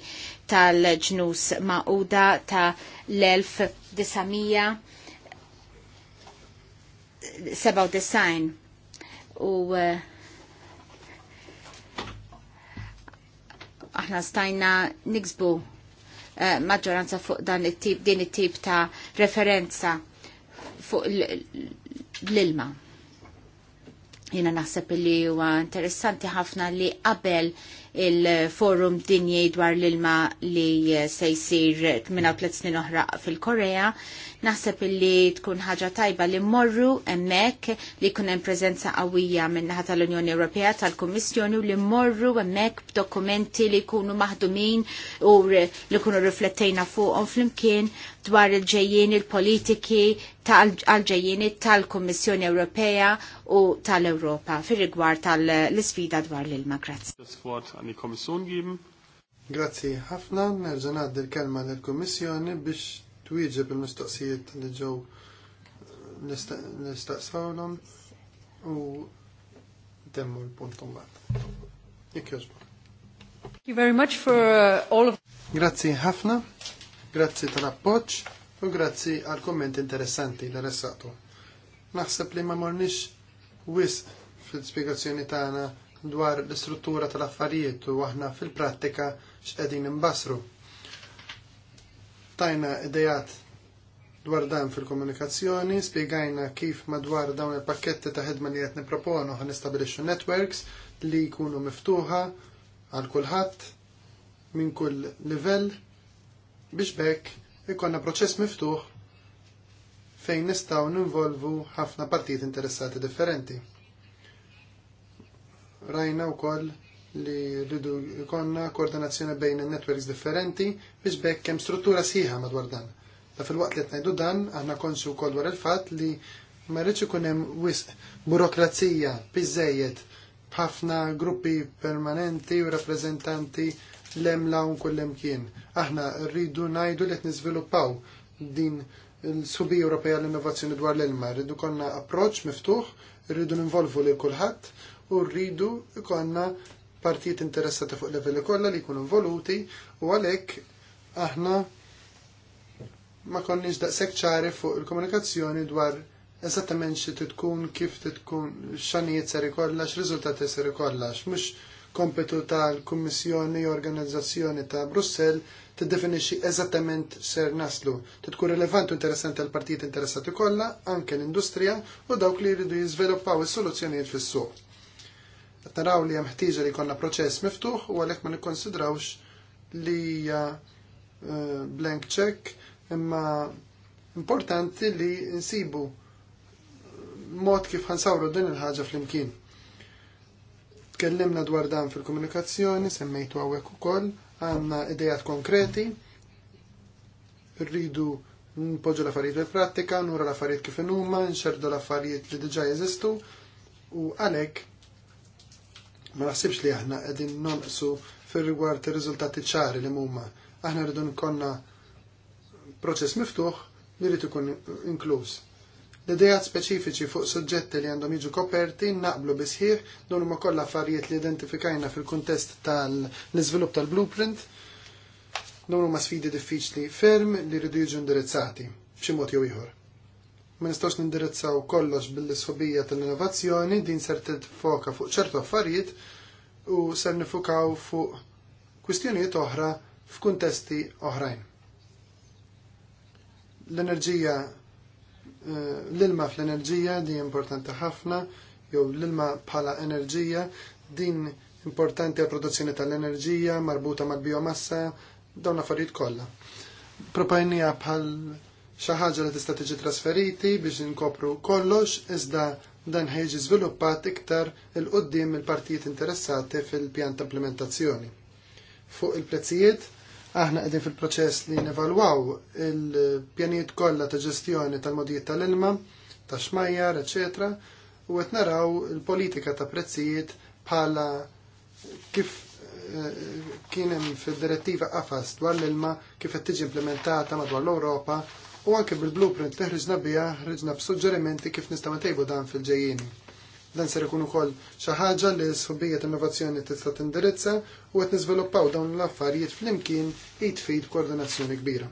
tal-ġnus ma'uda ta' l-1997 u aħna stajna niksbu Eh, maġġoranza fuq dan it-tip din it-tip ta' referenza fuq l-ilma. Jina naħseb li huwa interessanti ħafna li qabel il-forum dinji dwar l-ilma li eh, se jsir 38 snin oħra fil-Korea. Naħseb illi tkun ħaġa tajba li morru emmek li kunem prezenza qawwija minnaħa tal-Unjoni Ewropea tal-Kummissjoni u li morru emmek b'dokumenti li kunu maħdumin u li kunu riflettejna fuqhom flimkien dwar il-ġejjien il-politiki tal ġejjien tal komissjoni Ewropea u tal-Ewropa fir rigward tal-sfida dwar l-ilma. Grazzi an die Kommission geben. Grazzi ħafna, nerġa' ngħaddi l-kelma lill-Kummissjoni biex twieġeb il-mistoqsijiet li ġew eh, nistaqsawhom u temmu l-punt mbagħad. Jekk jogħġbok. Thank you very much for uh, all of Grazzi ħafna, grazzi tal-appoġġ u grazzi għal kommenti interessanti li ressaqtu. Naħseb li ma mornix wisq fil-spjegazzjoni tagħna dwar l-istruttura tal-affarijiet u aħna fil-prattika x'qegħdin imbasru. Tajna idejat dwar dan fil-komunikazzjoni, spiegajna kif madwar dawn il-pakketti ta' ħedma li qed nipproponu ħan nistabilixxu networks li jkunu miftuħa għal kulħadd minn kull livell biex bekk ikonna proċess miftuħ fejn nistgħu ninvolvu ħafna partijiet interessati differenti rajna wkoll li rridu jkollna koordinazzjoni bejn in-networks differenti biex bekk kem struttura sħiħa madwar dan. Ta' fil-waqt li tnajdu dan, aħna konxu wkoll dwar il-fatt li ma rridx ikun hemm wisq burokrazija biżejjed b'ħafna gruppi permanenti u rappreżentanti lem lawn kullem kien. Aħna rridu ngħidu li t-nizviluppaw din il-subi Ewropea l-innovazzjoni dwar l-ilma. Rridu konna approċ miftuħ, rridu ninvolvu li kulħadd u rridu ikonna partijiet interessati fuq livelli kollha li jkunu involuti u għalhekk aħna ma konniex daqshekk ċari fuq il-komunikazzjoni dwar eżattament xi tkun kif titkun x'anijiet ser ikollha, x'riżultati ser ikollha, mhux kompetu tal-Kummissjoni Organizzazzjoni ta' Brussell tiddefinixxi eżattament ser naslu. Titkun rilevanti u interessanti għal partijiet interessati kollha, anke l-industrija u dawk li jridu jiżviluppaw is-soluzzjonijiet fis-suq. Qed naraw li hemm ħtieġa li jkollna proċess miftuħ u għalhekk ma nikkonsidrawx li hija eh, blank check imma importanti li nsibu mod kif ħansawru din il-ħaġa fl-imkien. Tkellimna dwar dan fil-komunikazzjoni, semmejtu għawek ukoll, għandna idejat konkreti, rridu npoġġu l-affarijiet fil-prattika, nura l-affarijiet kif inhuma, nxerdu l-affarijiet li diġà jeżistu u għalhekk ma naħsibx li aħna qegħdin nonqsu fir-rigward ir-riżultati ċari li huma. Aħna rridu nkonna proċess miftuħ li rrid ikun inkluż. L-idejat speċifiċi fuq suġġetti li għandhom jiġu koperti naqblu bisħiħ dawn huma kollha affarijiet li identifikajna fil-kuntest tal-iżvilupp tal-blueprint. Dawn huma sfidi diffiċli ferm li rridu jiġu indirizzati b'xi mod jew ieħor ma nistax nindirizzaw kollox bil-sħobija tal-innovazzjoni, din ser tfoka fuq ċertu affarijiet u ser nifukaw fuq kwistjonijiet oħra f'kuntesti oħrajn. L-enerġija, eh, l-ilma fl-enerġija di importanti ħafna, jew l-ilma bħala enerġija, din importanti għal produzzjoni tal-enerġija marbuta mal-biomassa, dawn affarijiet kollha. Propajnija bħal xaħġa ħaġa li tista' tiġi trasferiti biex inkopru kollox iżda dan ħejġi żviluppat iktar il qudiem il-partijiet interessati fil-pjan ta' implementazzjoni. Fuq il-prezzijiet, aħna qegħdin fil-proċess li nevalwaw il-pjanijiet kollha ta' ġestjoni tal-modijiet tal-ilma, ta' xmajjar, eċetera, u qed naraw il-politika ta' prezzijiet bħala kif eh, kien hemm fid-direttiva qafas dwar l-ilma kif qed tiġi implementata madwar l-Ewropa u anke bil-blueprint li ħriġna bija ħriġna b'suġġerimenti kif nistgħu ntejbu dan fil-ġejjieni. Dan ser ikun ukoll xi ħaġa li s-subbijiet innovazzjoni tista' tindirizza u qed niżviluppaw dawn l-affarijiet flimkien tfid koordinazzjoni kbira.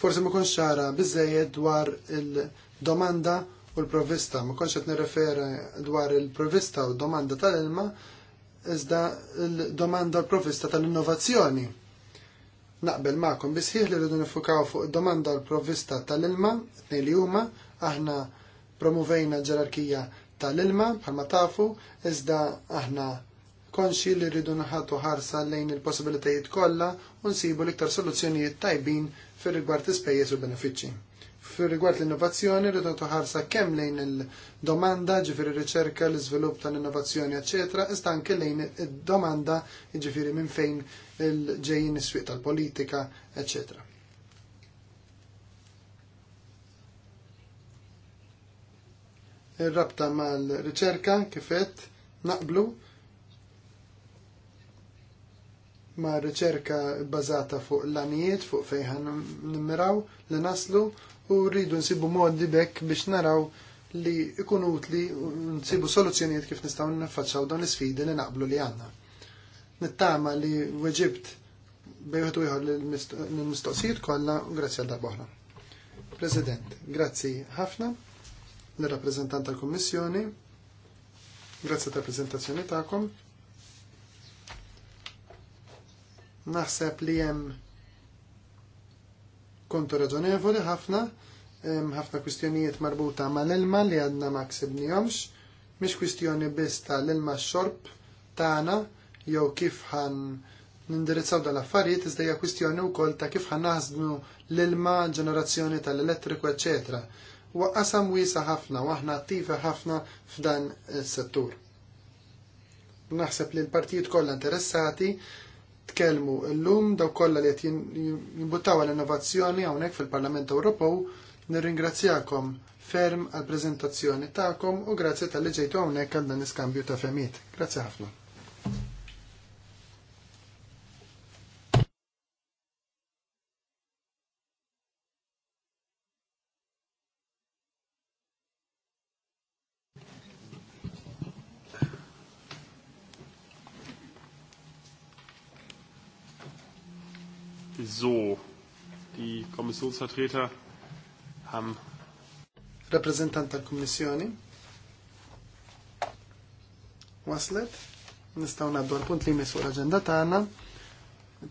Forsi ma konx ċara biżejjed dwar il-domanda u l-provista, ma konx qed nirrefera dwar il-provista u d-domanda tal-ilma, iżda l-domanda l-provista tal-innovazzjoni Naqbel ma'kom bisħiħ li rridu nifukaw fuq domanda l-provvista tal-ilma, tnej li huma, aħna promuvejna ġerarkija tal-ilma bħalma tafu, iżda aħna konxi li rridu nħatu ħarsa lejn il-possibilitajiet kollha u nsibu l-iktar soluzzjonijiet tajbin fir rigward ispejjeż u benefiċċji. Fil-rigward l-innovazzjoni, rridu toħarsa kemm lejn il-domanda, ġifiri riċerka, l-izvilupp tal-innovazzjoni, eċetera, iżda anke lejn il-domanda, ġifiri minn fejn il-ġejjin is-swieq tal-politika, eccetera. Ir-rabta mal-riċerka kifet naqblu ma' riċerka bazata fuq l-anijiet, fuq fejħan nimmiraw li naslu u rridu nsibu modi bekk biex naraw li ikun utli u nsibu soluzzjonijiet kif nistgħu niffaċċaw dawn l sfidi li naqblu li għandna. Nittama li weġibt bejħet u jħor l-mistoqsijiet kollha grazzi għal darbohra. President, grazzi ħafna l-rappresentant tal-Kommissjoni, grazzi tal-prezentazzjoni tagħkom. Naħseb li hemm kontu raġonevoli ħafna, ħafna kwistjonijiet marbuta ma l-ilma li għadna ma ksibnijomx, mish kwistjoni biss ta' l-ilma xorb tagħna jew kif ħan nindirizzaw dal-affarijiet iżda kwistjoni wkoll ta' kif ħan naħsbnu l-ilma ġenerazzjoni tal-elettriku, eċetera. Huwa qasam wiesa ħafna u aħna attivi ħafna f'dan is-settur. Naħseb li l-partijiet kollha interessati tkellmu llum daw kollha li qed jinbuttaw għall-innovazzjoni hawnhekk fil-Parlament Ewropew nirringrazzjakom ferm għal prezentazzjoni ta'kom u grazzi tal-li ġejtu hawnhekk għal dan iskambju ta' Femit. Grazzi ħafna. So, die Kommissionsvertreter haben. Repräsentant der kommissjoni Waslet, nistaw naddu għal-punt li jmiss l-agenda tagħna.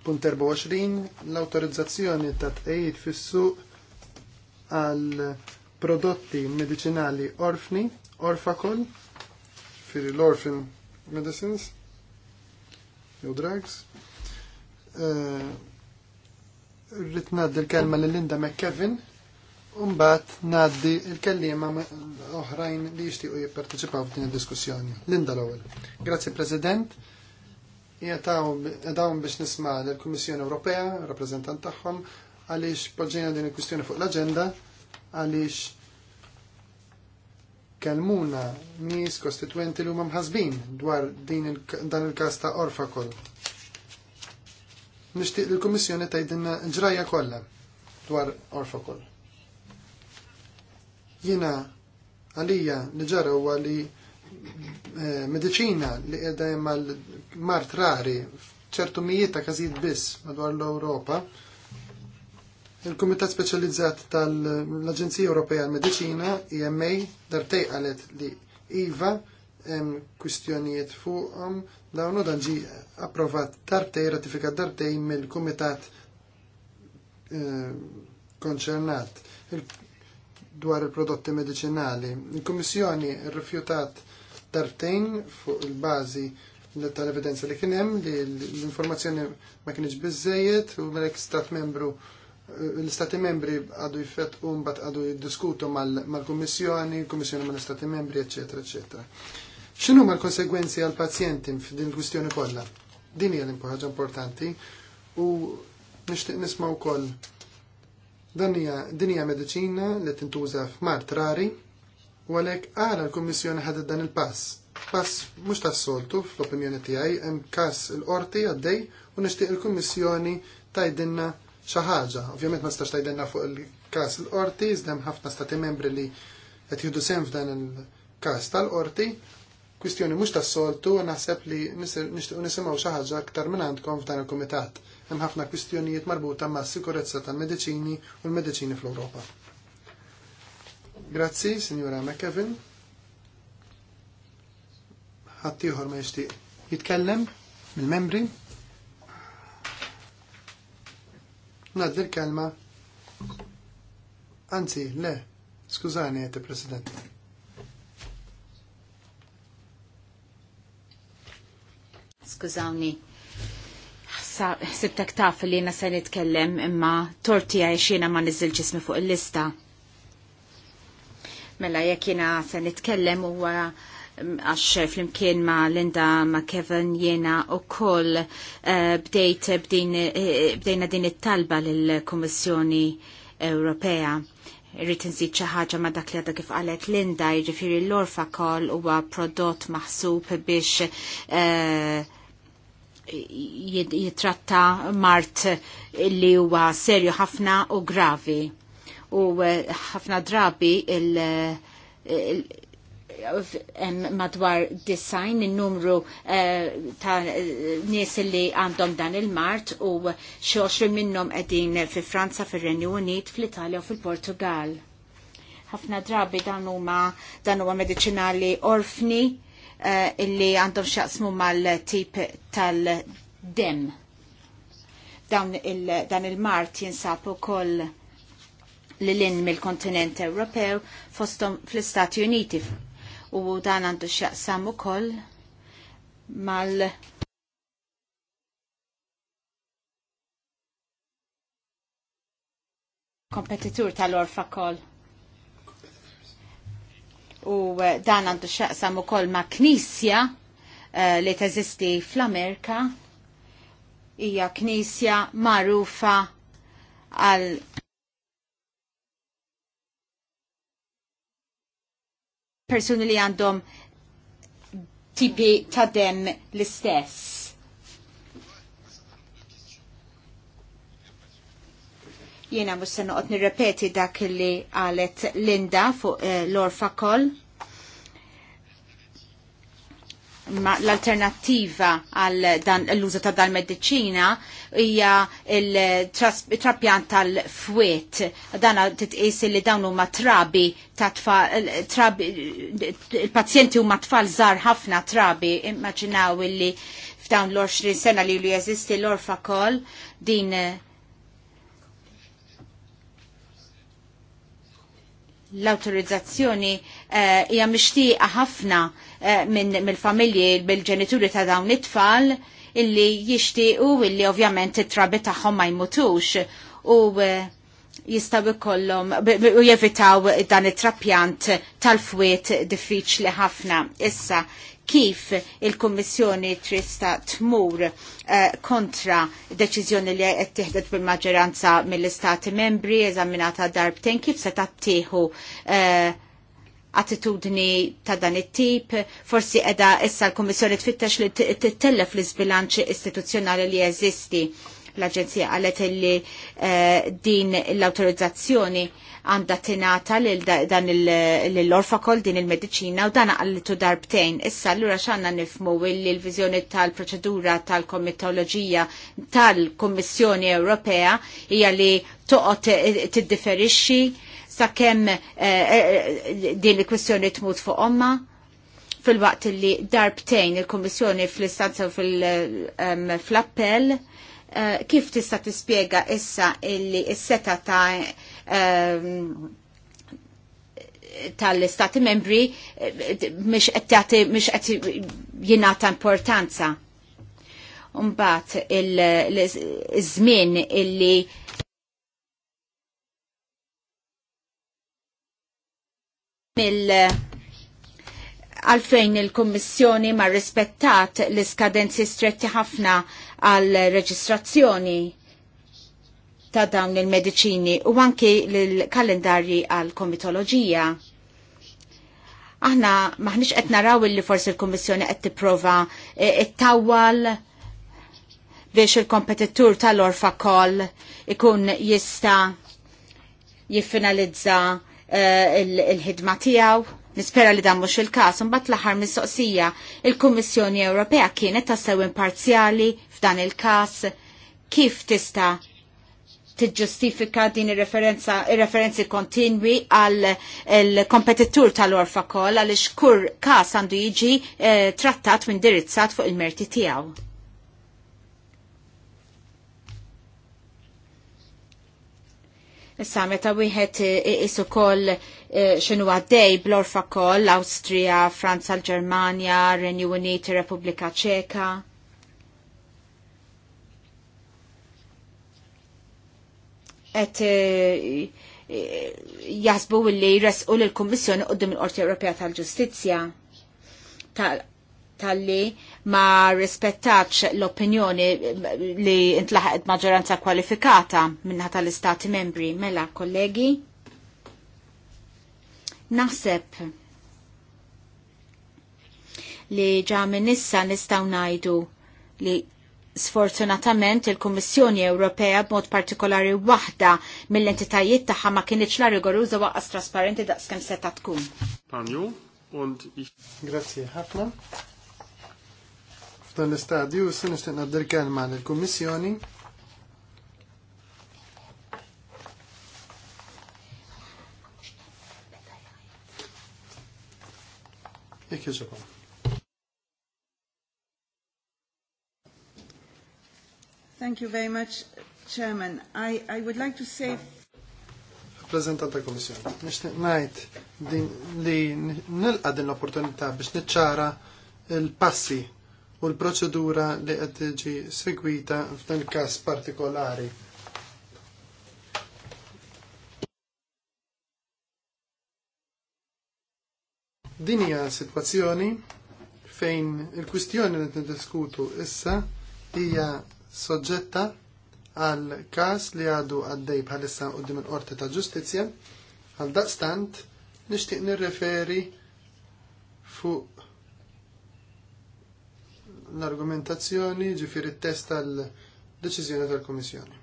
Punt 24, l-autorizzazzjoni ta' tqejjid fis-suq għal prodotti medicinali orfni, orfakol, firi l orfin medicines, jew drugs, eh, rrit naddi l-kelma li Linda McKevin, unbat naddi l-kellima oħrajn li jishtiqu jipparteċipaw f'din il-diskussjoni. Linda l-ewel. Grazie, President. Jgħatawn biex nisma l-Kommissjoni Ewropea, rappresentant tagħhom, għaliex poġġejna din il-kwistjoni fuq l-agenda, għaliex kelmuna nies kostituenti l huma mħasbin dwar din dan il-każ ta' Orfakol nixtieq li l-Kummissjoni tgħidilna l-ġrajja kollha dwar Orfakol. Jiena għalija li ġara huwa li eh, medicina li qiegħda mal mart rari ċertu mijiet ta' każijiet biss madwar l-Ewropa Il-Kumitat Speċjalizzat tal-Aġenzija Ewropea għal Mediċina, EMA, dartej qalet li IVA hemm kwistjonijiet fuqhom dawn u dan ġi approvat darbtej, ratifikat darbtej mill-kumitat eh, konċernat dwar il-prodotti medicinali. Il-Kummissjoni rrifjutat darbtejn fuq il-bażi tal-evidenza li kien hemm li l-informazzjoni ma kienx biżejjed u l stat membru eh, l-istati membri għadu jfett un bat għadu jiddiskutu mal-Kommissjoni, Kommissjoni mal-Istati membri, eccetera, eccetera. X'inhu ma l-konsegwenzi għal pazjenti f'din il-kwistjoni kollha? Din hija l-impoħaġa importanti u nixtieq nisma' wkoll dan hija din hija mediċina li tintuża f'mart rari u għalhekk ara l-Kummissjoni ħadet dan il-pass. Pass mhux tas-soltu fl-opinjoni tiegħi hemm każ il-qorti għaddej u nixtieq il-Kummissjoni tajdinna xi ħaġa. Ovvjament ma stax tajdinna fuq il-każ il-qorti, iżda hemm ħafna stati membri li qed jieħdu sehem f'dan il-każ tal-qorti kwistjoni mhux tas-soltu naħseb li nixtiequ nisimgħu xi ħaġa aktar minn għandkom f'dan il-kumitat. Hemm ħafna kwistjonijiet marbuta mas sikurezza tal-mediċini u l-mediċini fl-Ewropa. Grazzi, Signora McKevin. Ħadd ieħor ma jixtieq jitkellem mill-membri. Naddi l-kelma. Anzi, le, skużani, President. skużawni. Sibtek taf li jena se nitkellem imma torti għax ma nizzil ġismi fuq il-lista. Mela jek jena se nitkellem u mm, għax flimkien ma Linda ma Kevin jena u koll eh, bdejt eh, bdejna din it-talba l komissjoni Ewropea irrit nżid xi ħaġa ma' dak li għadha kif qalet Linda, jiġifieri l-orfa kol huwa prodott maħsub biex uh, jitratta mart li huwa serju ħafna u gravi. U eh, ħafna drabi il-, madwar design il-numru uh, eh, ta' nies li għandhom dan il-mart u xoxri minnom edin fi Franza, fi renju Unit, fl-Italja u fil-Portugal. ħafna drabi dan huma dan huwa medicinali orfni Eh, illi għandhom xaqsmu mal-tip tal-dem. Dan il-mart jinsab u koll l-lin mill-kontinent Ewropew fostom fl-Istati Uniti u dan għandu xaqsam u koll mal- kompetitur tal-orfa koll u eh, dan għandu xaqsam ukoll ma' knisja eh, li teżisti fl-Amerika hija knisja magħrufa għal persuni li għandhom tipi ta' dem l-istess Jiena mhux se noqgħod nirrepeti dak li qalet Linda fuq eh, l-orfa koll. Ma l-alternativa għal dan l-użu ta' dan medicina hija il-trapjant tal-fwet. Dan titqis li dawn huma trabi ta' tfal trabi il-pazjenti huma tfal żar ħafna trabi. Immaġinaw illi f'dawn l-20 sena li li jeżisti l-orfa koll din l-autorizzazzjoni eh, hija uh, mixtieqa ħafna uh, minn mill-familji bil-ġenituri ta' dawn it-tfal illi jixtiequ illi ovvjament it-trabi tagħhom ma jmutux u jistgħu eh, jistaw ikollhom u jevitaw dan it trapjant tal-fwiet diffiċli ħafna. Issa kif il-Kummissjoni trista tmur uh, kontra deċiżjoni li qed tieħdet bil-maġġoranza mill-Istati membri eżaminata darbtejn kif se tattieħu uh, attitudni ta' dan it-tip, forsi edha issa l-Kommissjoni tfittex li t-tellef l izbilanċi istituzzjonali li jeżisti L-Aġenzija għalet li eh, din l-autorizzazzjoni għanda tinata dan l-orfakol din il-medicina u dan għallitu darbtejn. Issa l-ura xanna nifmu illi l-vizjoni tal-proċedura tal-komitologija tal-Kommissjoni Ewropea hija li toqgħod tiddiferixxi sakemm eh, eh, din il-kwistjoni tmut fuq omma fil-waqt li darbtejn il-Kommissjoni fl-istanza u fil-appell Eh, kif tista tispjega issa illi s-seta ta' ehm, tal-istati membri eh, mhix qed jingħata importanza. Mbagħad il-żmien illi mill għalfejn il-Kommissjoni ma rispettat l-iskadenzi stretti ħafna għal reġistrazzjoni ta' dawn il-medicini u anki l-kalendarji għal komitoloġija. Aħna maħniex qed naraw li forsi l-Kummissjoni qed tipprova e, it-tawwal biex il-kompetittur tal-orfa koll ikun jista jiffinalizza e, il-ħidma tiegħu Nispera li dan mhux il-każ, imbagħad l-aħħar mistoqsija il-Kummissjoni Ewropea kienet tassew imparzjali f'dan il-każ kif tista' tiġġustifika din ir-referenzi kontinwi għal il tal orfakol kol għal xkur kas għandu jiġi eh, trattat u indirizzat fuq il-merti tiegħu. Issa meta wieħed is ukoll e, x'inhu għaddej blorfa koll l-Awstrija, Franza, l-Ġermanja, Renju Uniti, Repubblika Ċeka. Et e, jasbu li resqu l-Kummissjoni qudiem il-Qorti Ewropea tal-Ġustizzja tal-li ma rispettax l-opinjoni li intlaħed maġġoranza kwalifikata minna tal-istati membri. Mela, kollegi, naħseb li ġa minissa nistaw najdu li sfortunatament il-Kummissjoni Ewropea b'mod partikolari waħda mill-entitajiet tagħha ma kienitx la rigoruża waqqas trasparenti daqskemm seta' tkun. Panju, und ich... Grazie, ħafna dan l-istadju, s nishtiq naddil kelma l-Kummissjoni. Jek jġibom. Thank you very much, Chairman. I, I would like to say rappresentant tal-Komissjoni. Nixtieq ngħid li nilqa' din l-opportunità biex niċċara l-passi u l-proċedura li qed tiġi segwita f'dan każ partikolari. Din hija sitwazzjoni fejn il-kwistjoni li niddiskutu issa hija soġġetta għal każ li għadu għaddej bħalissa qudiem il-Qorti ta' Ġustizzja għal daqstant nixtieq nirreferi fuq l-argumentazzjoni ġifir il test tal deċizjoni tal-Komissjoni.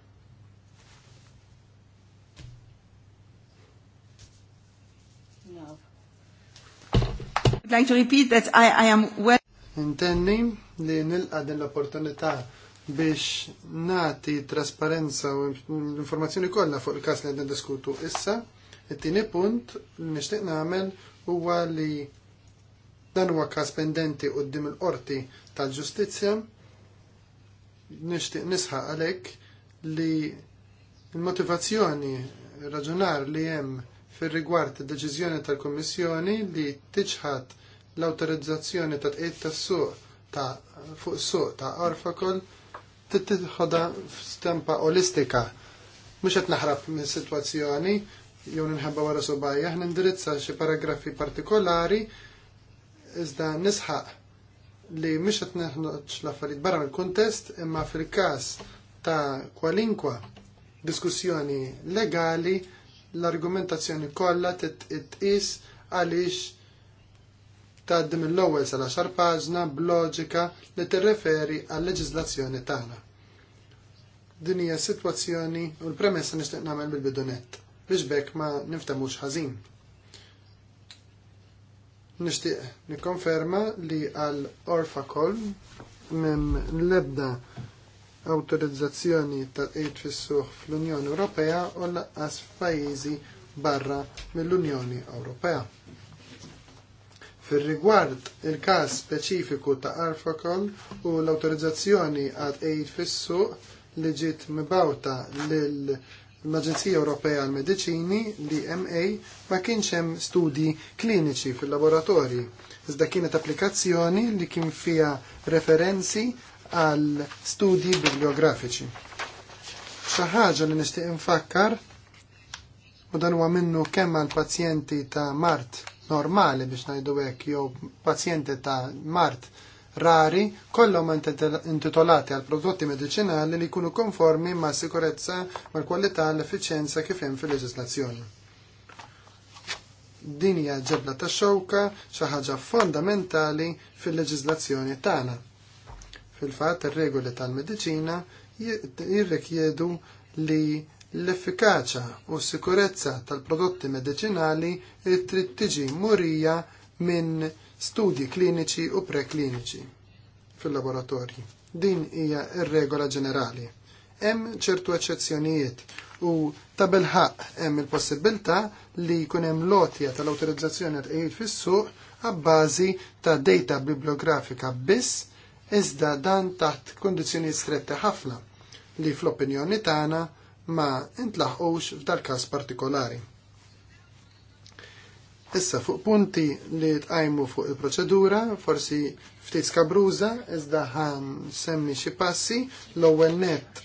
I'd like to repeat that I, I am well... Intenni li nilqa din l-opportunità biex nati trasparenza u l-informazzjoni kollha fuq il-każ li għedna diskutu issa. it tieni punt li nixtieq nagħmel huwa li Dan huwa każ pendenti quddiem il-qorti tal-ġustizzja. Nixtieq nisħaq għalhekk li l-motivazzjoni raġunar li hemm fir-rigward id-deċiżjoni tal-Kummissjoni li tiċħat l-awtorizzazzjoni ta' tqiet tas-suq ta' fuq suq ta' Orfakol titħodha f'stampa olistika. Mhux qed naħrab minn sitwazzjoni jew ninħabba wara subajja, nindirizza xi paragrafi partikolari iżda nisħaq li mhix qed neħnoġ l-affarijiet barra mill-kuntest imma fil-każ ta' kwalinkwa diskussjoni legali l-argumentazzjoni kollha titqis għaliex tgħaddi mill-ewwel sal għaxar paġna b'loġika li tirreferi għal leġiżlazzjoni tagħna. Din hija s-sitwazzjoni u l-premessa nixtieq nagħmel bil-bidunett biex bekk ma niftemux ħażin. Nixtieq nikkonferma li għal Orfa Kolm minn l-ebda autorizzazzjoni ta' qid fis fl-Unjoni Ewropea u laqqas f'pajjiżi barra mill-Unjoni Ewropea. Fir-rigward il-każ speċifiku ta' Arfakol u l-autorizzazzjoni għad qid fis li ġit mibawta lil l-Aġenzija Ewropea għal mediċini l ema ma kienx hemm studji kliniċi fil-laboratorji, iżda kienet applikazzjoni li kien fiha referenzi għal studji bibliografiċi. Xi ħaġa li nixtieq infakkar u dan huwa minnu kemm għal pazjenti ta' Mart normali biex ngħidu hekk jew pazjenti ta' Mart rari kollhom intitolati għal prodotti medicinali li jkunu konformi ma' sikurezza, mal kwalità l-effiċjenza kif hemm fil-leġislazzjoni. Din hija ġebla ta' xewka xi ħaġa fondamentali fil-leġislazzjoni tagħna. Fil-fatt ir-regoli tal-mediċina jirrikjedu li l-effikaċa u s sikurezza tal-prodotti medicinali trid tiġi murija minn studji kliniċi u prekliniċi fil-laboratorji. Din hija r-regola ġenerali. Hemm ċertu eċċezzjonijiet u ta' belħaq hemm il-possibilità li jkun hemm lotja tal-awtorizzazzjoni tqejjed fis-suq għabbażi ta' data bibliografika biss iżda dan taħt kundizzjonijiet stretti ħafna li fl-opinjoni tagħna ma intlaħqux f'dal każ partikolari. Issa fuq punti li tqajmu fuq il-proċedura, forsi ftit skabruża, iżda ħan semmi xi passi l-ewwel net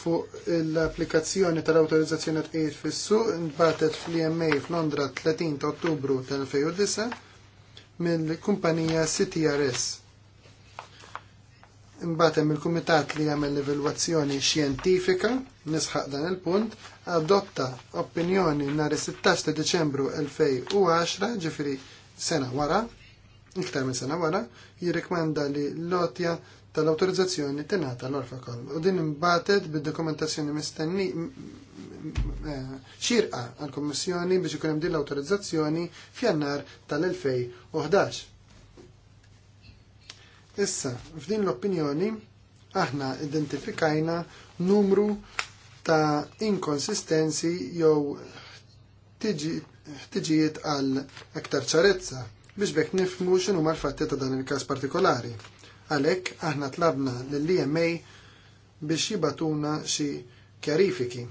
fuq l-applikazzjoni tal-autorizzazzjoni tqiet fis-suq nbatet fl-EMA f'Londra 30 ta' Ottubru tal-2009 mill-kumpanija CTRS Imbatem il-kumitat li jagħmel evalwazzjoni xjentifika, nisħaq dan il-punt, adotta opinjoni nhar is-16 ta' Deċembru 2010, ġifieri sena wara, iktar minn sena wara, jirrekmanda li l-lotja tal-autorizzazzjoni tenata l-orfa U din imbatet bid-dokumentazzjoni mistenni eh, xirqa għal-Kommissjoni biex ikun hemm din l-autorizzazzjoni f'jannar tal-2011. Issa, f'din l-opinjoni, aħna identifikajna numru ta' inkonsistenzi jew ħtiġijiet għal aktar ċarezza biex bekk nifmu x'inhu mal-fatti ta' dan il-każ partikolari. Għalhekk aħna tlabna lill-EMA biex jibatuna xi kjarifiki.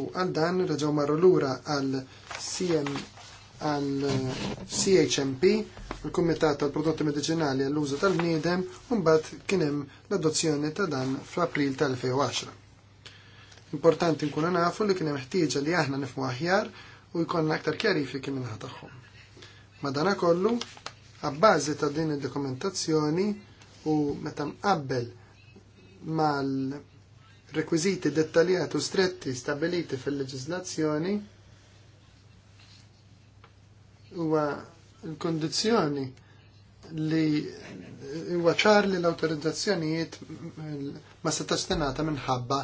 U għal dan reġgħu marru lura għal CM għal CHMP, il-Kumitat tal-Prodotti Medicinali għall-Użu tal-Bniedem, mbagħad kien hemm l-adozzjoni ta' dan fl-April tal-2010. Importanti nkunu nafu li kien hemm ħtieġa li aħna nifmu aħjar u jkollna aktar kjarifiki minn tagħhom. Madana kollu, għabbażi ta' din id-dokumentazzjoni u meta mqabbel mal-rekwiziti dettaljati u stretti stabiliti fil-leġislazzjoni, huwa l kondizjoni li huwa ċar li l-awtorizzazzjonijiet ma setax tingħata minħabba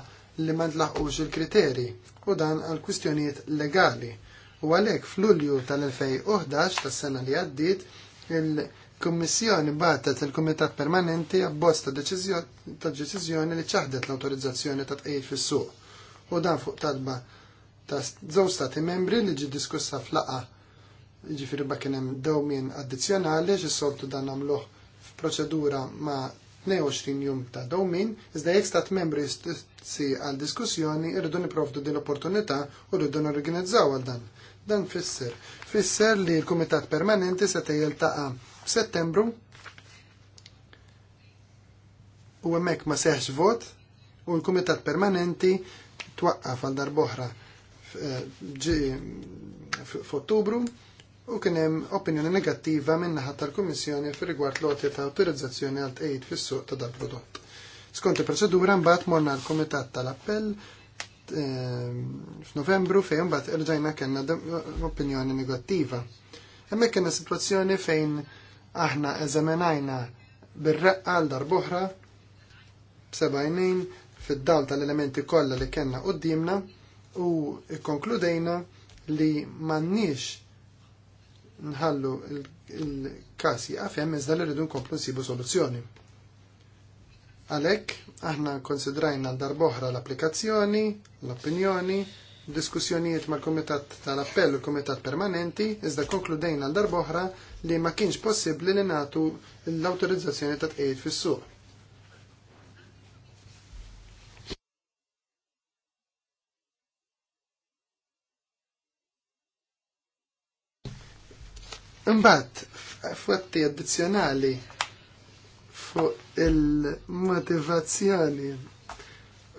li ma ntlaħqux il-kriteri u dan għal kwistjonijiet legali. U għalhekk f'Lulju tal-2011 tas-sena li għaddiet il- Kummissjoni batet il-Kumitat Permanenti abbosta ta' deċiżjoni li ċaħdet l-autorizzazzjoni ta' tqejjed fis-suq u dan fuq talba ta' żewġ stati membri li ġi diskussa flaqa ġifiri ba' kienem dawmin addizjonali ġis-soltu dan namluħ f'proċedura ma' 22 jum ta' dawmin, iżda jek stat membri si għal diskussjoni irridu niprofdu din l-opportunità u rridu n-organizzaw għal dan. Dan fisser. Fisser li l-Kumitat Permanenti se tejjel taqa f'Settembru u hemmhekk ma seħx vot u l-Kumitat Permanenti twaqqaf għal darboħra eh, f'Ottubru u kien hemm opinjoni negattiva min-naħa tal-Kummissjoni fir rigward loti ta' autorizzazzjoni għal tqejjid fis-suq ta' dal-prodott. Skont il-proċedura mbagħad morna l-Kumitat tal-Appell ehm, f'Novembru fejn mbagħad irġajna kellna opinjoni negattiva. Hemmhekk kienna sitwazzjoni fejn aħna eżaminajna bir-reqqa għal darb'oħra b'sebajnejn fid-dal tal-elementi kollha li kellna qudiemna u kkonkludejna li m'għandniex nħallu il-kasi għafem iżda li rridu nkomplu nsibu soluzzjoni. Għalek, aħna konsidrajna darboħra l-applikazzjoni, l-opinjoni, diskussjonijiet mal-Komitat tal-Appell u l-Komitat Permanenti, iżda konkludejna l-darboħra li ma kienx possibli li natu l-autorizzazzjoni ta' tqejjed fis-suq Imbagħad, fatti addizzjonali fuq il-motivazzjoni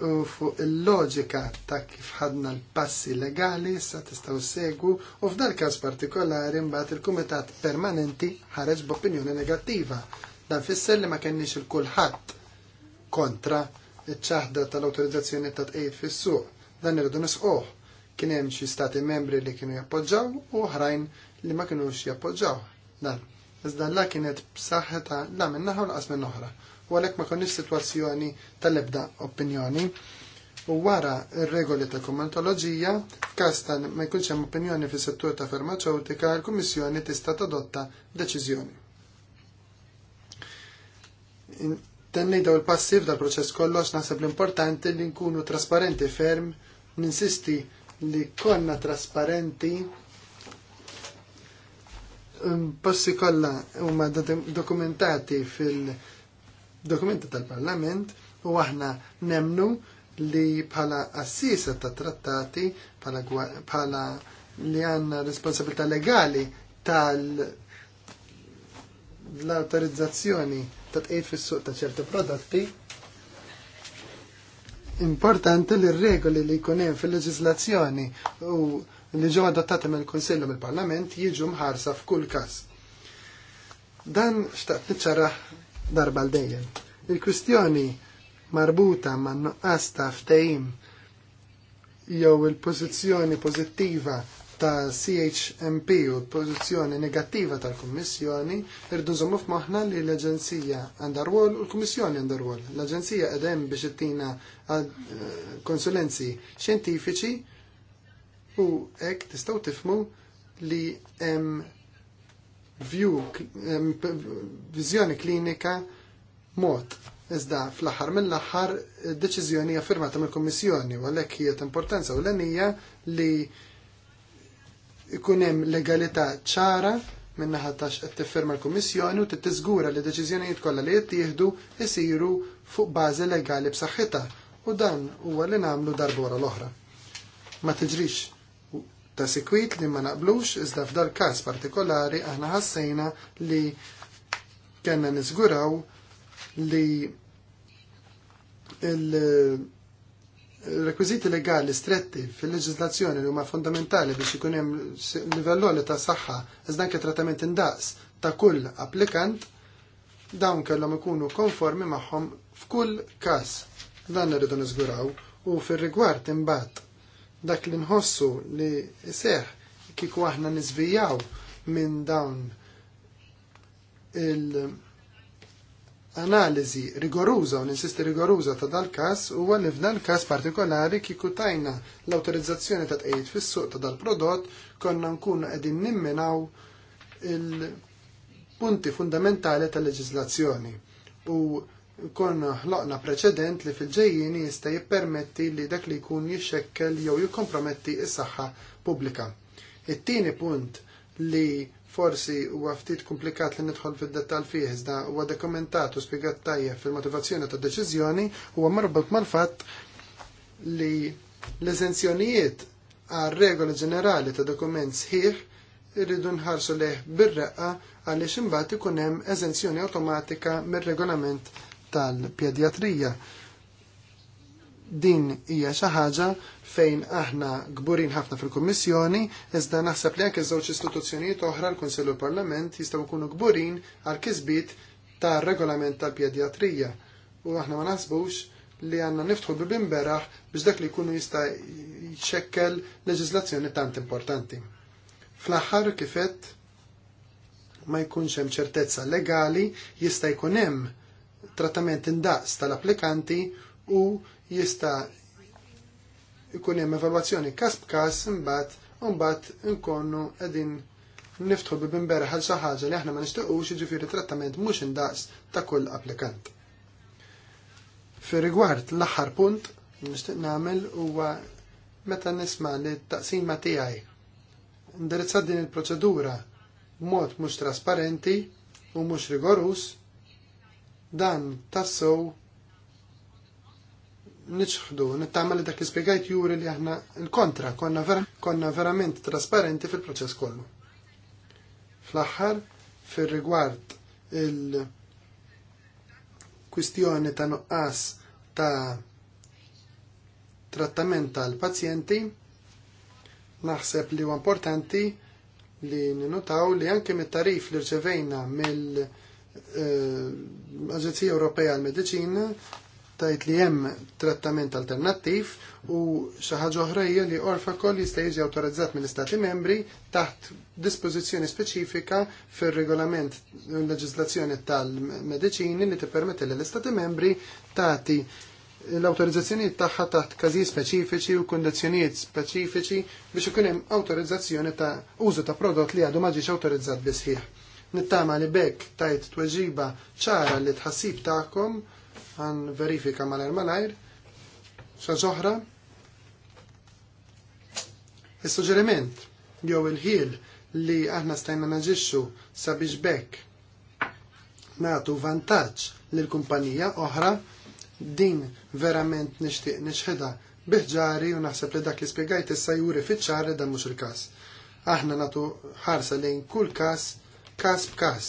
u fuq il-loġika ta' kif ħadna l-passi legali sa tistgħu segu u f'dal każ partikolari mbagħad il-Kumitat Permanenti ħareġ b'opinjoni negattiva. Dan fisser li ma kenniex il-kulħadd kontra iċ-ċaħda tal-awtorizzazzjoni ta' tqejt fis-suq. Dan irridu nisquh. Kien hemm xi stati membri li kienu jappoġġaw u oħrajn li ma kinux jappoġġaw dan. Iżda la kienet b'saħħetha la minn naħa u laqas minn oħra. U għalhekk ma konniex sitwazzjoni tal-ebda opinjoni. U wara r-regoli ta' kommentoloġija, f'każ ta' ma jkunx hemm opinjoni fis-settur ta' farmaceutika, l-Kummissjoni tista' tadotta deċiżjoni tennejdaw daw il-passif dal-proċess kollox naħseb l-importanti li nkunu trasparenti ferm, ninsisti li konna trasparenti passi kollha huma dokumentati fil-dokumenti tal-Parlament u aħna nemnu li bħala assisa ta' trattati bħala li għanna responsabilità legali tal-autorizzazzjoni ta' tqejt fis-suq ta' ċerti prodotti importanti li r regoli li jkun hemm fil-leġiżlazzjoni u li ġew adottati mill kunsillu mill-Parlament jiġu mħarsa f'kull każ. Dan xtaqt niċċara darba l dejjem Il-kwistjoni marbuta ma' nuqqas ta' ftehim jew il-pożizzjoni pożittiva ta' CHMP u l-pożizzjoni negattiva tal-Kummissjoni irdu żommu f'moħħna li l-Aġenzija għandha rwol u l-Kummissjoni għandha rwol. L-Aġenzija qegħdem biex ittina eh, konsulenzi xjentifiċi u hekk tistgħu tifmu li hemm view viżjoni klinika mod Iżda fl-aħħar mill-aħħar eh, deċiżjoni hija firmata mill-Kummissjoni u għalhekk hija importanza u l għanija li ikun hemm legalità ċara naħa tax qed tiffirma l-Kummissjoni u tittiżgura li deċiżjonijiet kollha li jittieħdu isiru fuq bażi legali b'saħħitha u dan huwa li nagħmlu darbora l-oħra. Ma tiġrix ta' sikwit li ma naqblux iżda f'dal każ partikolari aħna ħassejna li kellna niżguraw li il-rekwiziti legali stretti fil-leġizlazzjoni li huma fondamentali biex ikun hemm livell ta' saħħa iżda anke trattament indaqs ta' kull applikant dawn kellhom ikunu konformi magħhom f'kull każ dan irridu niżguraw u fir-rigward imbagħad dak li nħossu li seħ kieku aħna nizvijaw minn dawn il-analizi rigoruza u insisti rigoruza ta' dal-kas u għan f'dan dal-kas partikolari kieku tajna l-autorizzazzjoni ta' tqejt fis-suq ta' dal-prodott konna nkunu qegħdin nimminaw il-punti fundamentali tal-leġizlazzjoni u konna ħloqna preċedent li fil-ġejjini jista' jippermetti li dak li jkun jixxekkel jew jikkomprometti s-saħħa pubblika. It-tieni punt li forsi huwa ftit komplikat li nidħol fid-dettall fih iżda huwa dokumentat u spjegat tajjeb fil-motivazzjoni ta' deċiżjoni huwa marbut mal-fatt li l-eżenzjonijiet għal regoli ġenerali ta' dokument sħiħ irridu nħarsu leħ bir-reqqa għaliex imbagħad ikun hemm eżenzjoni awtomatika mir-regolament tal-pjediatrija. Din hija xi ħaġa fejn aħna gburin ħafna fil-Kummissjoni, iżda naħseb li anke żewġ istituzzjonijiet oħra l-Kunsill u l-Parlament jistgħu jkunu gburin għal kisbiet tar-regolament tal-pjediatrija. U aħna ma naħsbux li għanna niftħu bibimberaħ biex dak li jkunu jista' jxekkel leġiżlazzjoni tant importanti. Fl-aħħar kifet ma jkunx hemm ċertezza legali jista' jkun hemm trattament indaqs tal-applikanti u jista' ikun hemm evalwazzjoni każ b'każ imbagħad u mbagħad nkunu qegħdin niftħu bi ħal xi ħaġa li aħna ma nixtiequx jiġifieri trattament mhux indaqs ta' kull applikant. Fi rigward l-aħħar punt li nixtieq nagħmel huwa meta nisma' li t-taqsima tiegħi indirizzat din il-proċedura b'mod mhux trasparenti u mhux rigorus Dan tassow niċħdu, nittama li dak li juri li aħna il-kontra, konna, vera, konna verament trasparenti fil-proċess kollu. Fl-axħar, fil-rigward il-kwistjoni ta' nuqqas ta' trattament tal-pazjenti, naħseb li huwa importanti li ninutaw li anke mit-tarif li rċevejna mill- Aġenzija Ewropea għal-Mediċina tajt li hemm trattament alternattiv u xi ħaġa oħrajja li orfa koll jista' jiġi awtorizzat mill-Istati membri taħt dispożizzjoni speċifika fir-regolament l-leġislazzjoni tal-mediċini li tippermetti lill-Istati membri tagħti l-autorizzazzjoni tagħha taħt każijiet speċifiċi u kundizzjonijiet speċifiċi biex ikun hemm awtorizzazzjoni ta' użu ta' prodott li għadu ma ġiex awtorizzat bisħieħ. Nittama li bekk tajt tweġiba ċara li tħassib tagħkom għan verifika malajr malajr xa ġoħra. Is-suġġeriment jew il-ħil li aħna stajna naġixxu sabiex bekk nagħtu vantaġġ lill kumpanija oħra din verament nixtieq nixħida biħġari u naħseb li dak li spiegajt issa juri fiċ-ċar da mhux il-każ. Aħna nagħtu ħarsa lejn kull każ każ b'każ,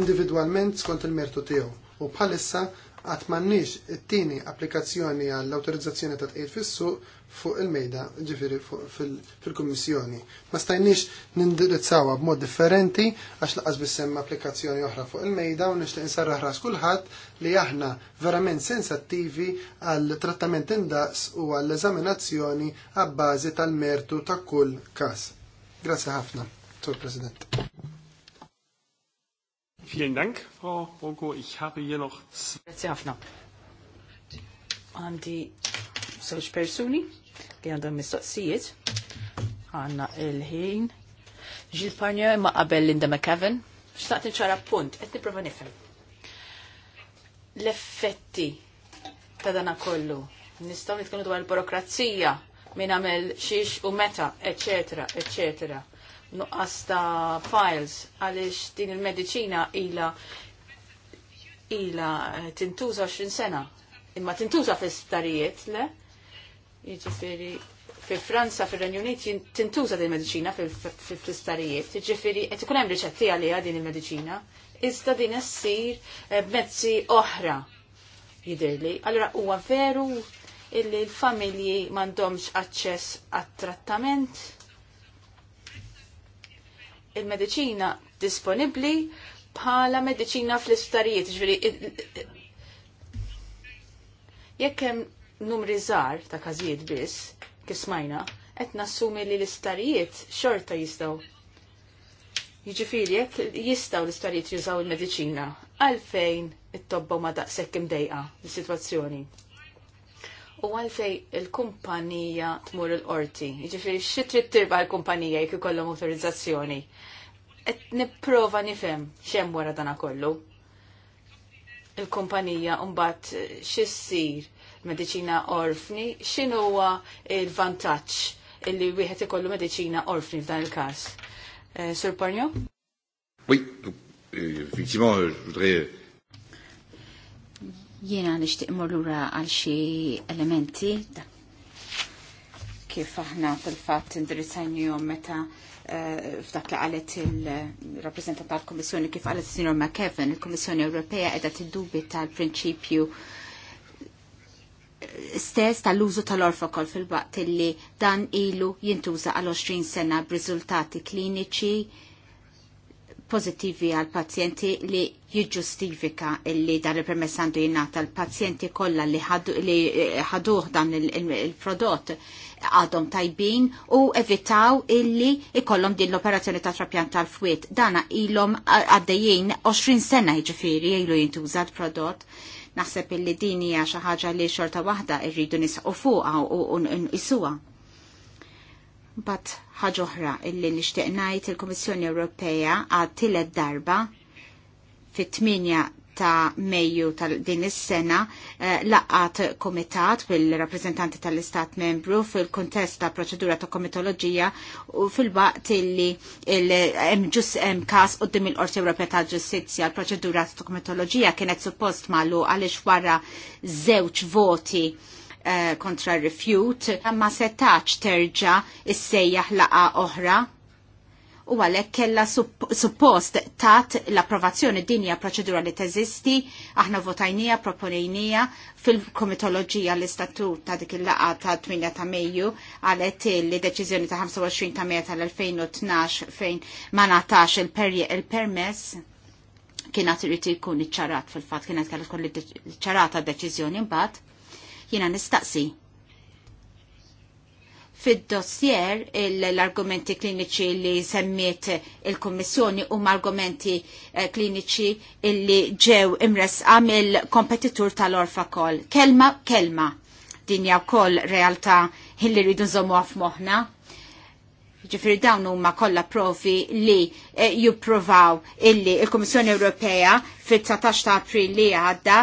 individwalment skont il-mertu tiegħu u bħalissa qatt m'għandniex it-tieni applikazzjoni għall awtorizzazzjoni ta' tqiet fis-suq fuq il-mejda ġifiri fil-Kummissjoni. Ma stajniex nindirizzawha b'mod differenti għax laqas bissem applikazzjoni oħra fuq il-mejda u nixtieq insarraħ ras kulħadd li aħna verament sensattivi għal trattament indaqs u għall eżaminazzjoni għabbażi tal-mertu ta' kull każ. Grazzi ħafna, Sur President. Vielen Dank, Frau Bronco. Ich habe hier noch... Grazie ħafna. Għandi żewġ personi, li għandhom mistoqsijiet. Għanna il-ħin. Gilles Parnier ma qabel Linda McCavan. Xtaqt nċara punt, qed nipprova nifhem. L-effetti ta' dana kollu. Nistgħu nitkellmu dwar il-burokrazija min għamel xiex u meta, eċetera, eċetera nuqqas ta' files għaliex din il-medicina ila ila tintuża 20 sena. Imma tintuża fl-isptarijiet, le? Jiġifieri fi Franza, fir renju Unit, tintuża din il-medicina fi isptarijiet Jiġifieri qed ikun hemm riċetti għaliha din il-medicina, iżda din issir eh, b'mezzi oħra jidirli. Allora huwa veru illi l-familji m'għandhomx aċċess għat-trattament il-medicina disponibli bħala medicina fl-istarijiet, jekk hemm numri żgħar ta' każijiet biss, kif smajna, qed nassumi li l-istarijiet xorta jistgħu. Jiġifieri jekk jistgħu l-istarijiet jużaw il-mediċina, għalfejn it-tobba ma daqshekk imdejqa l-sitwazzjoni u għalfej il-kumpanija tmur il-qorti. Ġifiri, xie trid tirba l-kumpanija jek ikollhom autorizzazzjoni. Et niprofa nifhem xem wara dana kollu. Il-kumpanija mbagħad eh, xissir mediċina orfni, x'inhuwa il-vantaġġ illi wieħed ikollu mediċina orfni f'dan il-każ. Eh, Sur Pornio? Oui, euh, effectivement, euh, je voudrais euh, Jiena nixtieq lura għal xi elementi kif aħna fil-fatt indirizzajnijom meta eh, f'dak li qalet il-rappresentant tal-Kommissjoni kif qalet Sinjor McKevin, il-Kommissjoni Ewropea qiegħda tiddubi tal-prinċipju eh, stess tal-użu tal-orfokol fil baqt li dan ilu jintuża għal 20 sena b'riżultati kliniċi pozittivi għal pazjenti li jiġġustifika li dan il-permess għandu jinnata l-pazjenti kollha li ħaduh dan il-prodott għadhom tajbin u evitaw illi ikollhom din l-operazzjoni ta' trapjant tal-fwiet. Dana ilhom għaddejjin 20 sena jiġifieri jgħidu jintuża l-prodott naħseb illi din hija xi ħaġa li xorta waħda rridu nisqu fuqha u nqisuha. Bat ħaġoħra illi nixtieq ngħid il-Kummissjoni Ewropea għad tillet darba fit-8 ta' Mejju tal din is-sena eh, laqat komitat bil-rappreżentanti tal-Istat membru fil-kontest ta' proċedura ta' komitoloġija u fil-waqt illi hemm ġus hemm każ qudiem il-Qorti Ewropea ta' Ġustizzja l-proċedura ta' komitoloġija kienet suppost magħluqa għaliex wara żewġ voti Eh, kontra rifjut ma setax terġa issejjaħ laqa oħra u għalek kella suppost tat l-approvazzjoni dinja proċedura li teżisti, aħna votajnija, proponejnija fil-komitologija l-istatut ta' dik il-laqa ta' 8 ta' Mejju għalet li deċiżjoni ta' 25 ta' Mejju tal-2012 fejn ma natax il-permess kienet irrid ikun iċċarat fil-fatt kienet kellha tkun ċarata deċiżjoni mbagħad Jiena nistaqsi. Fid-dossier l-argumenti kliniċi li semmiet il-Kommissjoni u argumenti eh, kliniċi li ġew imresqa mill-kompetitur tal-Orfakol. Kelma, kelma. Dinja wkoll realtà hilli rridu nżommu għaf moħna ġifiri dawn huma kollha profi li eh, jippruvaw illi il-Kummissjoni Ewropea fit-19 ta' April li għadda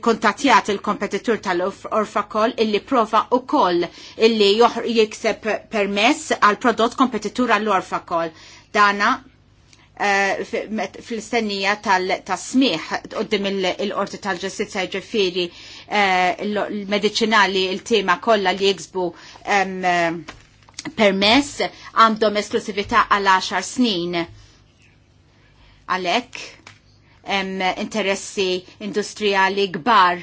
kontatjat il-kompetitur tal-Orfakol illi prova u koll illi jikseb permess għal prodott kompetitur għall-Orfakol. Dana eh, fl-istennija tal-smiħ għoddim il-orti tal-ġustizja ġifiri eh, il-medicinali il-tema kolla li jiksbu permess għandhom esklusivita għal 10 snin. Għalek, interessi industrijali kbar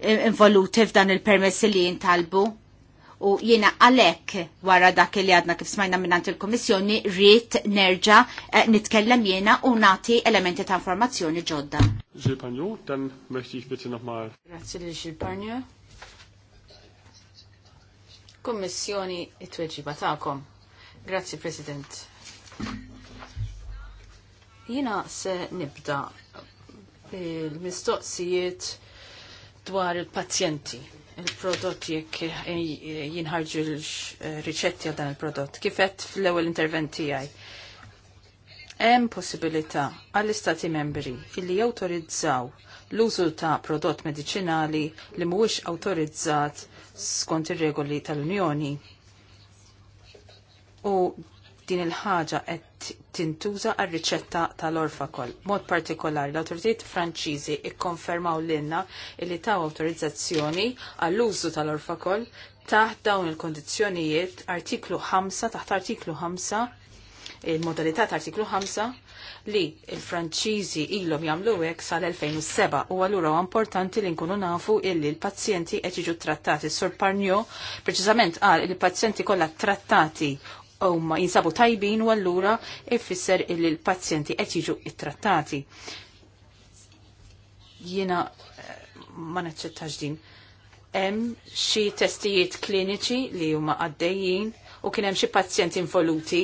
eh, involuti f'dan il-permessi li jintalbu. U jiena għalek wara dak li għadna kif smajna minnant il-Komissjoni rrit nerġa eh, nitkellem jiena u nati elementi ta' informazzjoni ġodda. Zilpanju, dan meħti bitti nochmal. Grazie li xilpanju. Kommissjoni it-tweġiba ta'kom. Grazie, President. Jina se nibda il-mistoqsijiet dwar il-pazjenti il-prodott jekk jinħarġu l-riċetti għal dan il-prodott. Kifet fl-ewwel interventi għaj. Hemm possibilità għall-istati membri illi jawtorizzaw l-użu ta' prodott medicinali li mhuwiex awtorizzat skont ir-regoli tal-Unjoni. U din il-ħaġa qed tintuża għar riċetta tal-orfakol. Mod partikolari l-autoritiet Franċiżi ikkonfermaw lilna li taw awtorizzazzjoni għall-użu tal-orfakol taħt dawn il kondizjonijiet artiklu 5 taħt artiklu 5 il-modalità ta' artiklu 5 li il-Franċiżi ilhom jagħmlu hekk sal-2007 u allura importanti li nkunu nafu illi l-pazjenti qed jiġu trattati. Sur Parnio preċiżament qal il-pazjenti kollha trattati huma jinsabu tajbin u allura ifisser illi l-pazjenti qed jiġu ittrattati. Jiena eh, ma naċċettax din. Hemm xi testijiet kliniċi li huma għaddejjin u kien hemm xi pazjenti involuti.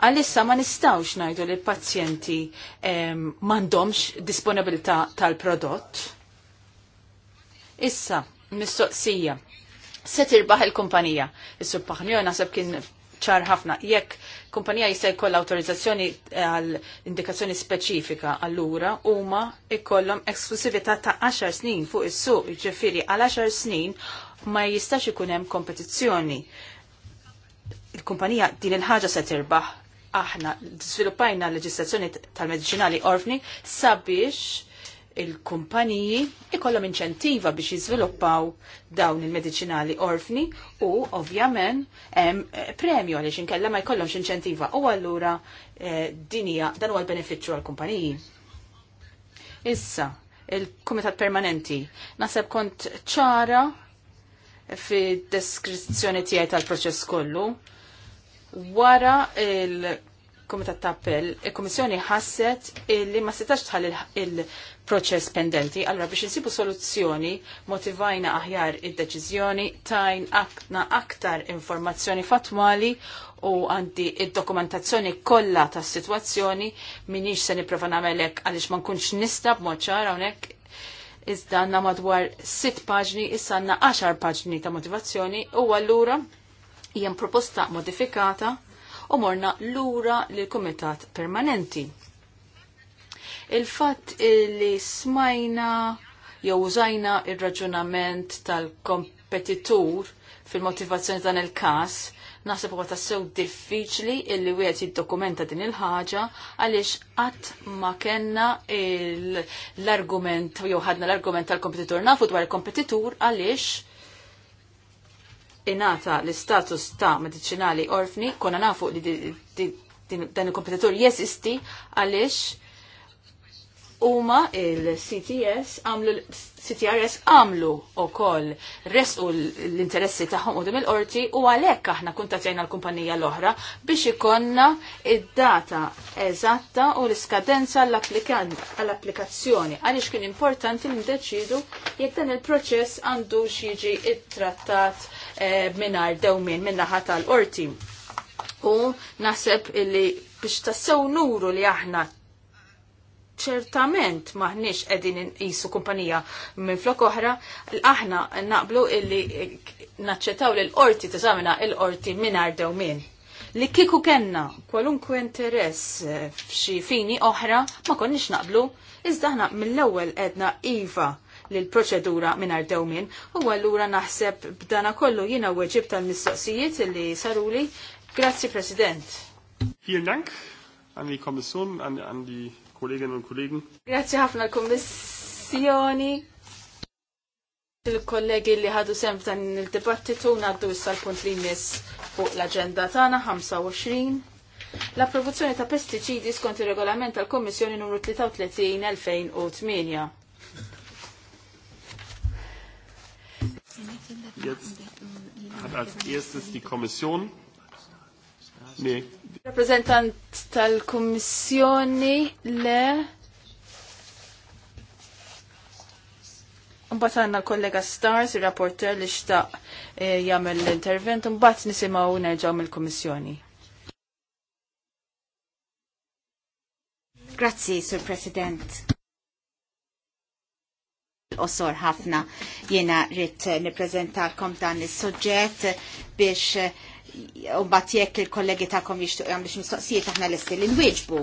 Għalissa ma nistawx ngħidu li l-pazjenti m'għandhomx disponibilità tal-prodott. Issa, mistoqsija. Se tirbaħ il-kumpanija. Is-subbaħniju naħseb kien ċar ħafna. Jekk kumpanija jista' jkollha awtorizzazzjoni għal indikazzjoni speċifika allura huma jkollhom eksklusività ta' 10 snin fuq is-suq, jiġifieri għal 10 snin ma jistax ikun hemm kompetizzjoni. Il-kumpanija din il-ħaġa se tirbaħ aħna sviluppajna l-leġislazzjoni tal-medicinali orfni sabiex il-kumpaniji ikollhom inċentiva biex jiżviluppaw dawn il-medicinali orfni u ovvjament hemm eh, premju għaliex inkella ma jkollhomx inċentiva u allura eh, din dinija dan huwa l-benefiċċju għall-kumpaniji. Issa, il-Kumitat Permanenti, naħseb kont ċara fi deskrizzjoni tiegħi tal-proċess kollu. Wara il-Kumitat Tappell, il-Kummissjoni ħasset li ma setax tħall il proċess pendenti. Allora biex insibu soluzzjoni motivajna aħjar id-deċiżjoni tajn akna aktar informazzjoni fatwali u għandi id-dokumentazzjoni kollha tas-sitwazzjoni minix se nipprova nagħmelek għaliex ma nkunx nista b'mod ċar hawnhekk iżda għandna madwar sitt paġni issa għandna 10 paġni ta' motivazzjoni u allura hija proposta modifikata u morna lura lill kumitat Permanenti il-fatt li smajna jew użajna il raġunament tal-kompetitur fil-motivazzjoni dan il-każ naħseb huwa sew diffiċli illi wieħed jiddokumenta din il-ħaġa għaliex qatt ma kena l-argument jew ħadna l-argument tal-kompetitur nafu dwar il-kompetitur għaliex inata l-istatus ta' medicinali orfni, konna nafu li dan il-kompetitur jesisti għalix huma il-CTS għamlu CTRS għamlu u koll resqu l-interessi u dim il-qorti u għalhekk aħna kuntatjajna l-kumpanija l-oħra biex ikonna id-data eżatta u l-iskadenza għall-applikazzjoni għaliex kien importanti li ndeċidu jekk dan il-proċess għandu jiġi it-trattat eh, minar dewmin min-naħa tal-qorti. U naħseb illi biex tassew nuru li aħna ċertament maħniex edin jisu kumpanija minn flok oħra, aħna naqblu illi naċċetaw li l-orti tazamina l-orti minn ardew minn. Li kiku kenna kwalunkwe interess eh, f'xi fini oħra ma konniex naqblu, iżda aħna mill-ewwel edna iva li l-proċedura minn ardew minn, u għallura naħseb b'dana kollu jina weġib tal-mistoqsijiet li saruli. Grazzi, President. Vielen Dank an die Kommission, an, an die Kolleginnen und Kollegen. Grazie ħafna l-Kommissjoni. Il-kollegi li ħadu sem dan il-dibattitu naddu issa l-punt li jmiss fuq l-agenda tagħna 25. L-approvazzjoni ta' pesticidi skont il regolament tal-Kommissjoni numru 33-2008. Jetzt hat als erstes die Kommission. Nee, Rappresentant tal-Kummissjoni le Mbagħad għandna kollega Stars, ir-rapporter li xtaq eh, jagħmel l-intervent, mbagħad nisimgħu nerġgħu mill-Kummissjoni. Grazzi, Sur President. Osor ħafna jiena rrit nippreżentalkom dan is-suġġett biex Umbat jekk il-kollegi ta'kom jishtuq jgħamlu x-mistoqsijiet aħna l-istil il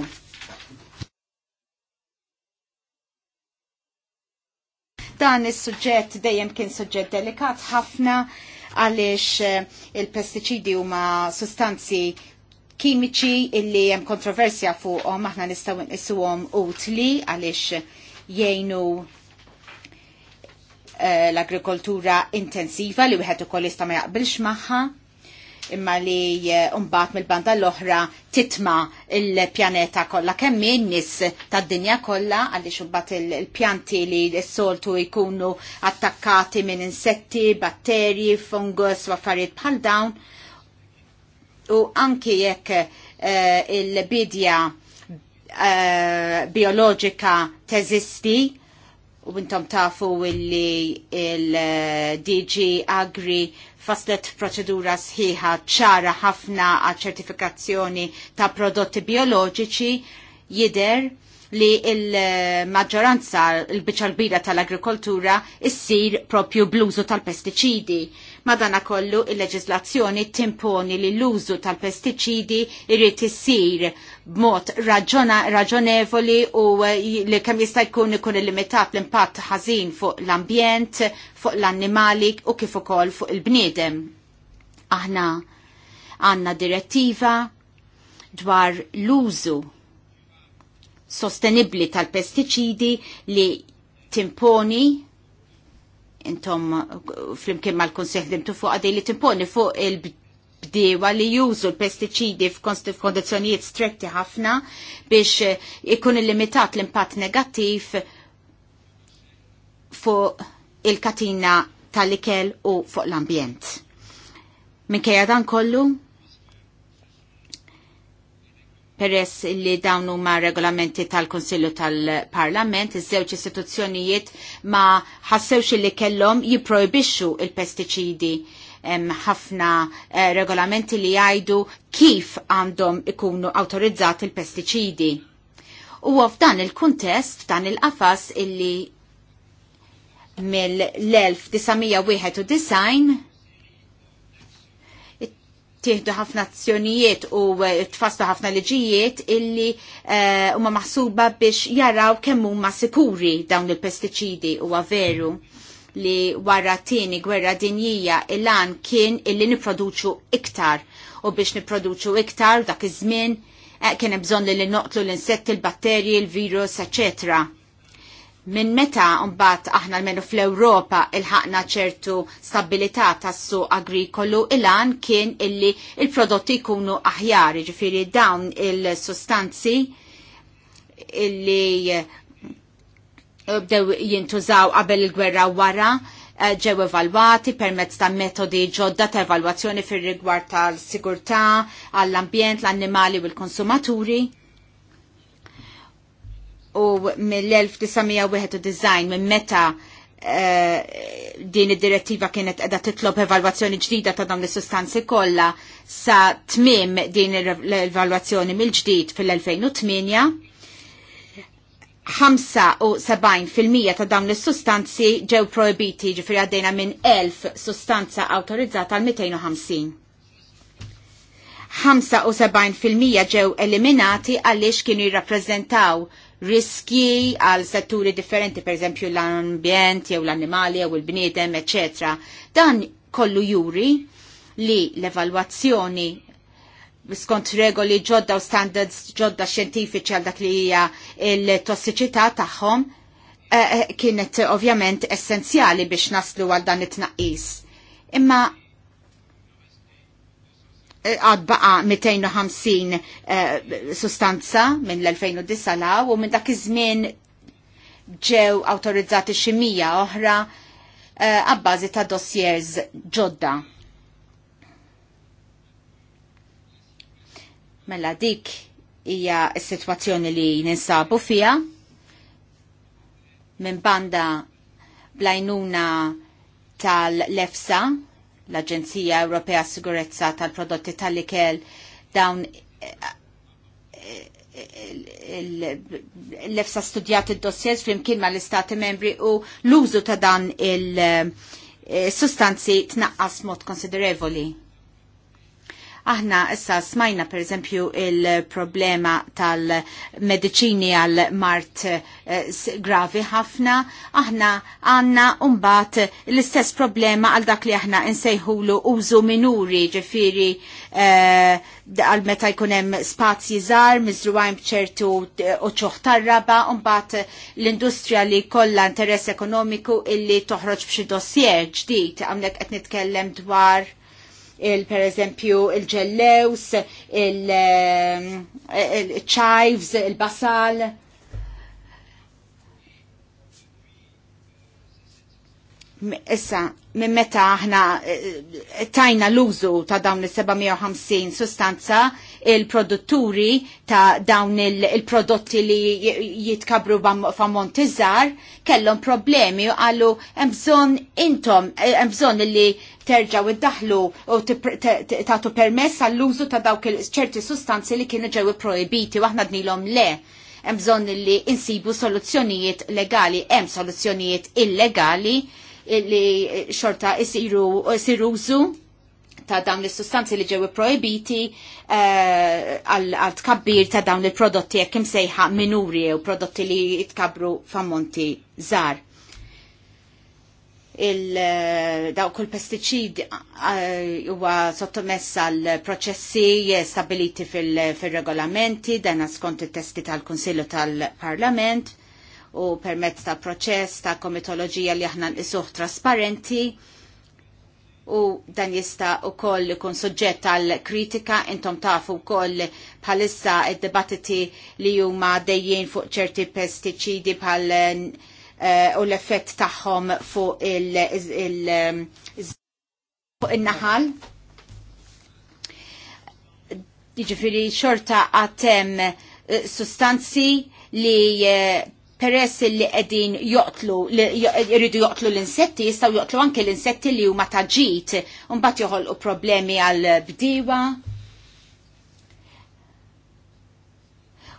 Dan is-suġġett dejjem kien suġġett delikat ħafna għaliex eh, il-pestiċidi huma sustanzi kimiċi illi hemm kontroversja fuqhom aħna nistgħu nqisuhom utli għaliex jgħinu eh, l-agrikoltura intensiva li wieħed ukoll jista' ma jaqbilx magħha imma li umbat eh, mill-banda l-oħra titma il-pjaneta kolla. Kemm nis tad dinja kolla għaliex xubbat il-pjanti li s-soltu jkunu attakkati minn insetti, batteri, fungus, waffariet bħal dawn. U anki jekk uh, il-bidja uh, biologika teżisti, u intom tafu illi il-DG Agri faslet proċedura sħiħa ċara ħafna għal ċertifikazzjoni ta' prodotti bioloġiċi jider li il-maġġoranza l biċarbira tal-agrikoltura issir propju bluzu tal-pestiċidi kollu il-leġislazzjoni timponi li l-użu tal-pestiċidi irrid issir b'mod raġonevoli u eh, li kemm jista' jkun ikun illimitat l-impatt ħażin fuq l-ambjent, fuq l-annimali u kif ukoll fuq il-bniedem. Aħna għandna direttiva dwar l-użu sostenibli tal-pestiċidi li timponi intom flimkien mal-Konsil dimtu fuq għadej li timponi fuq il-bdewa li jużu l-pesticidi f'kondizjonijiet stretti ħafna biex eh, ikun illimitat l-impatt negattiv fuq il-katina tal-ikel u fuq l-ambjent. Minkejja dan kollu, Peress li dawn huma regolamenti tal-Konsillu tal-Parlament, iż-żewġ istituzzjonijiet ma ħassewx li kellhom jipprojbixxu il-pestiċidi ħafna eh, regolamenti li jgħidu kif għandhom ikunu autorizzati il-pestiċidi. U f'dan il-kuntest, f'dan il-qafas illi mill-1991 tieħdu ħafna azzjonijiet u eh, tfasslu ħafna liġijiet illi eh, huma maħsuba biex jaraw kemm huma sikuri dawn il-pestiċidi huwa veru li wara tieni gwerra dinjija il an kien illi niproduċu iktar u biex niproduċu iktar dak iż-żmien eh, kien hemm bżonn li noqtlu l-insetti, l-batterji, l-virus, eċetera Minn meta mbagħad aħna almenu fl-Ewropa ilħaqna ċertu stabilità tas-suq agrikolu ilan kien illi il-prodotti jkunu aħjar, ġifieri dawn il-sustanzi illi eh, bdew jintużaw qabel il-gwerra wara eh, ġew evalwati permezz ta' metodi ġodda ta' evalwazzjoni fir rigward tal-sigurtà, għall-ambjent, l-annimali u l-konsumaturi u mill-1991 minn meta eh, din id-direttiva kienet edha titlob evalwazzjoni ġdida ta' dawn is-sustanzi kollha sa tmiem din l-evalwazzjoni mill-ġdid fil-2008 75% ta' dawn is-sustanzi ġew proibiti ġifri għaddejna minn 1000 sustanza awtorizzata għal 250. 75% ġew eliminati għaliex kienu jirrappreżentaw riski għal setturi differenti, per eżempju l-ambjent, jew l-animali, jew il-bniedem, ecc. Dan kollu juri li l-evalwazzjoni skont regoli ġodda u standards ġodda xjentifiċi għal dak li hija l-tossiċità tagħhom eh, eh, kienet ovvjament essenzjali biex naslu għal dan it-tnaqqis. Imma Eh, għad baqa 250 eh, sustanza minn l-2009 law u minn dak iż-żmien ġew autorizzati ximija oħra eh, għabbażi ta' dossiers ġodda. Mela dik hija s-sitwazzjoni li ninsabu fija minn banda blajnuna tal-lefsa l-Aġenzija Ewropea Sigurezza tal-Prodotti tal-Ikel dawn l-efsa studjat id-dossiers flimkien ma l-istati membri u l-użu ta' dan il-sustanzi eh, tnaqqas mod konsiderevoli. Aħna issa smajna per eżempju il-problema tal-medicini għal mart eh, gravi ħafna, aħna għanna umbat l-istess problema għal dak li aħna insejħulu użu minuri ġifiri eh, għal meta jkunem spazji zar, mizruwajn bċertu uċuħ eh, tarraba, umbat l-industrija li kollha interess ekonomiku illi toħroġ b'xi dossier ġdid, għamlek qed nitkellem dwar il per eżempju il-ġellews, il-ċajvs, il ehm, il-basal. Issa, minn meta aħna eh, tajna l-użu ta' dawn il-750 sustanza, il-produtturi ta' dawn il-prodotti li jitkabru fa' iżgħar kellhom problemi u għallu hemm bżonn intom eh, hemm bżonn li terġgħu iddaħlu u tagħtu permess għall-użu ta' dawk ċerti sustanzi li kienu ġew proibiti u aħna dnilhom le hemm bżonn li insibu soluzzjonijiet legali, hemm soluzzjonijiet illegali li xorta isiru użu ta' dawn l-sustanzi li ġew projbiti eh, għal tkabbir ta' dawn il-prodotti jekk imsejħa minuri u prodotti li jitkabru f'ammonti żgħar. Il, eh, daw kull pesticid eh, huwa sottomess għal proċessi stabiliti fil-regolamenti, dan skont it-testi tal-Konsillu tal-Parlament u permezz ta' proċess ta' komitoloġija li aħna nqisuh trasparenti u dan jista u koll kun soġġett għal kritika intom tafu koll bħalissa id-debattiti li huma dejjien fuq ċerti pesticidi bħal eh, u l-effett tagħhom fuq il-naħal. Jiġifieri xorta għatem eh, sustanzi li eh, peress li qegħdin joqtlu jridu joqtlu l-insetti jistgħu joqtlu anke l-insetti li huma ta' ġid u mbagħad joħolqu problemi għal bdiewa.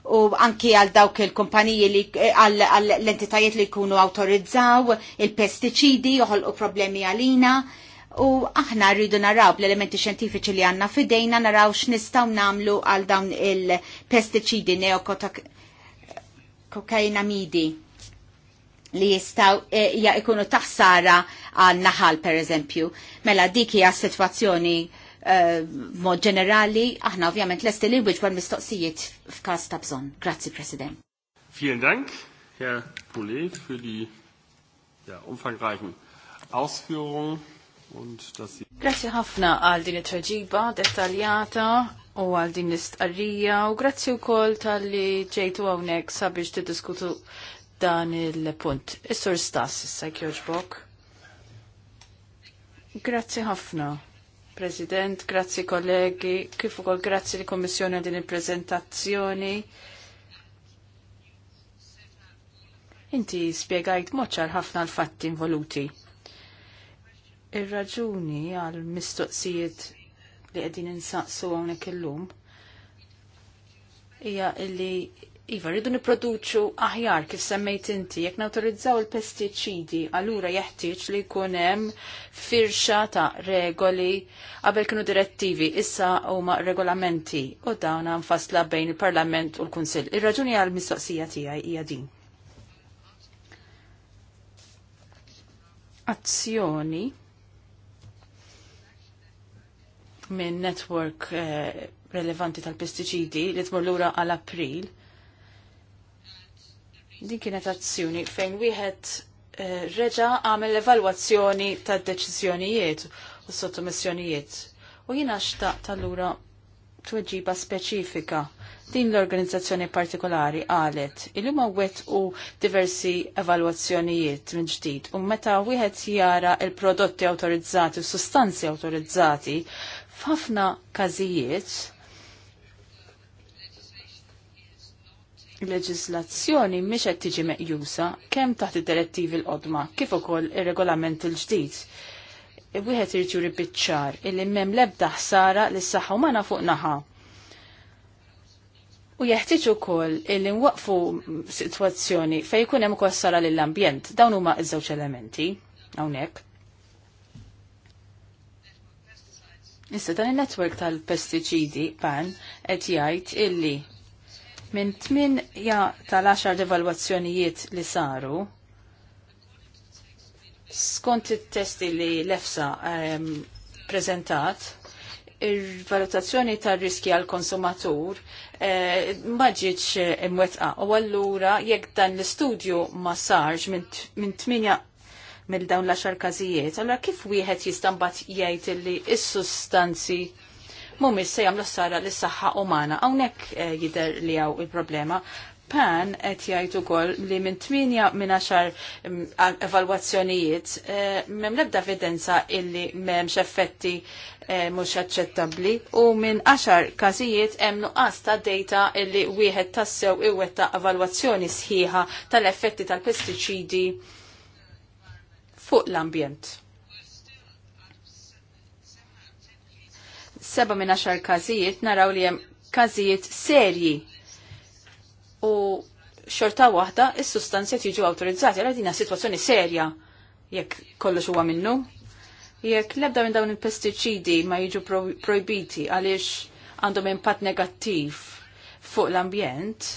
u anki għal dawk il-kumpaniji li għal l-entitajiet li jkunu autorizzaw il-pestiċidi joħolqu problemi għalina u aħna rridu naraw l-elementi xjentifiċi li għanna fidejna naraw x'nistgħu namlu għal dawn il-pestiċidi neokotak kokainamidi li jistaw e, ja ikunu taħsara għal naħal per eżempju. Mela dik hija situazzjoni e, mod ġenerali, aħna ovvjament l-esti li għal mistoqsijiet f'każ ta' bżonn. Grazzi President. Vielen Dank, Herr Poulet, für die ja, umfangreichen Ausführungen. Grazie ħafna għal din it-traġiba dettaljata u għal din l-istqarrija u grazzi wkoll tal-li ġejtu hawnhekk sabiex tiddiskutu dan il-punt. Is-sur Stas issa jogħġbok. Grazzi ħafna. President, grazzi kollegi, kif ukoll grazzi li kommissjoni din il-prezentazzjoni. Inti spiegajt moċar ħafna l-fatti involuti. Ir-raġuni għal mistoqsijiet li qegħdin insaqsu hawnhekk illum hija illi iva rridu nipproduċu aħjar kif semmejt inti jekk nawtorizzaw il-pestiċidi allura jeħtieġ li jkun hemm firxa ta' regoli qabel kienu direttivi issa huma regolamenti u dawn nfasla bejn il-Parlament u l-Kunsill. Ir-raġuni għall mistoqsija tiegħi hija din. Azzjoni minn network eh, relevanti tal-pestiċidi li tmur lura għal april. Din kienet azzjoni fejn wieħed eh, reġa għamel evalwazzjoni tad deċiżjonijiet u sottomissjonijiet. U jiena xtaq tal-lura tweġiba speċifika. Din l-organizzazzjoni partikolari għalet il-lum għawet u diversi evalwazzjonijiet minn ġdid u meta wieħed jara il-prodotti autorizzati u sustanzi autorizzati F'ħafna każijiet il-leġislazzjoni mhix qed tiġi meqjusa kemm taħt id-direttivi l-qodma kif ukoll ir-regolament il ġdid Wieħed irġu juri illi m'hemm l-ebda ħsara lis saħħa umana fuq naħa. U jeħtieġ ukoll illi nwaqfu sitwazzjoni fejn jkun hemm ukoll sara lill-ambjent dawn huma ż-żewġ elementi hawnhekk. Issa dan il-network tal-pestiċidi pan qed jgħid illi minn tmin ja tal-10 devalwazzjonijiet li saru skont it-testi li l-EFSA um, prezentat il-valutazzjoni tar riski għal konsumatur eh, maġiċ imwetqa u għallura jekk dan l-istudju ma sarx minn ja mill dawn l-axar każijiet. Allora kif wieħed jista' mbagħad jgħid li s-sustanzi mhumiex se jagħmlu sara lis saħħa umana. Hawnhekk eh, jidher li hawn il-problema. Pan qed jgħid ukoll li minn tminja minn għaxar mm, evalwazzjonijiet eh, m'hemm l-ebda evidenza illi m'hemmx effetti eh, mhux aċċettabbli u minn għaxar każijiet hemm nuqqas ta' data illi wieħed tassew iwettaq evalwazzjoni sħiħa tal-effetti tal-pestiċidi fuq l-ambjent. Seba minn għaxar każijiet naraw li hemm każijiet serji u xorta waħda il sustanzi tiġu awtorizzati għal dina sitwazzjoni serja jekk kollox huwa minnu. Jekk l-ebda minn dawn il-pestiċidi ma jiġu projbiti għaliex għandhom impatt negattiv fuq l-ambjent,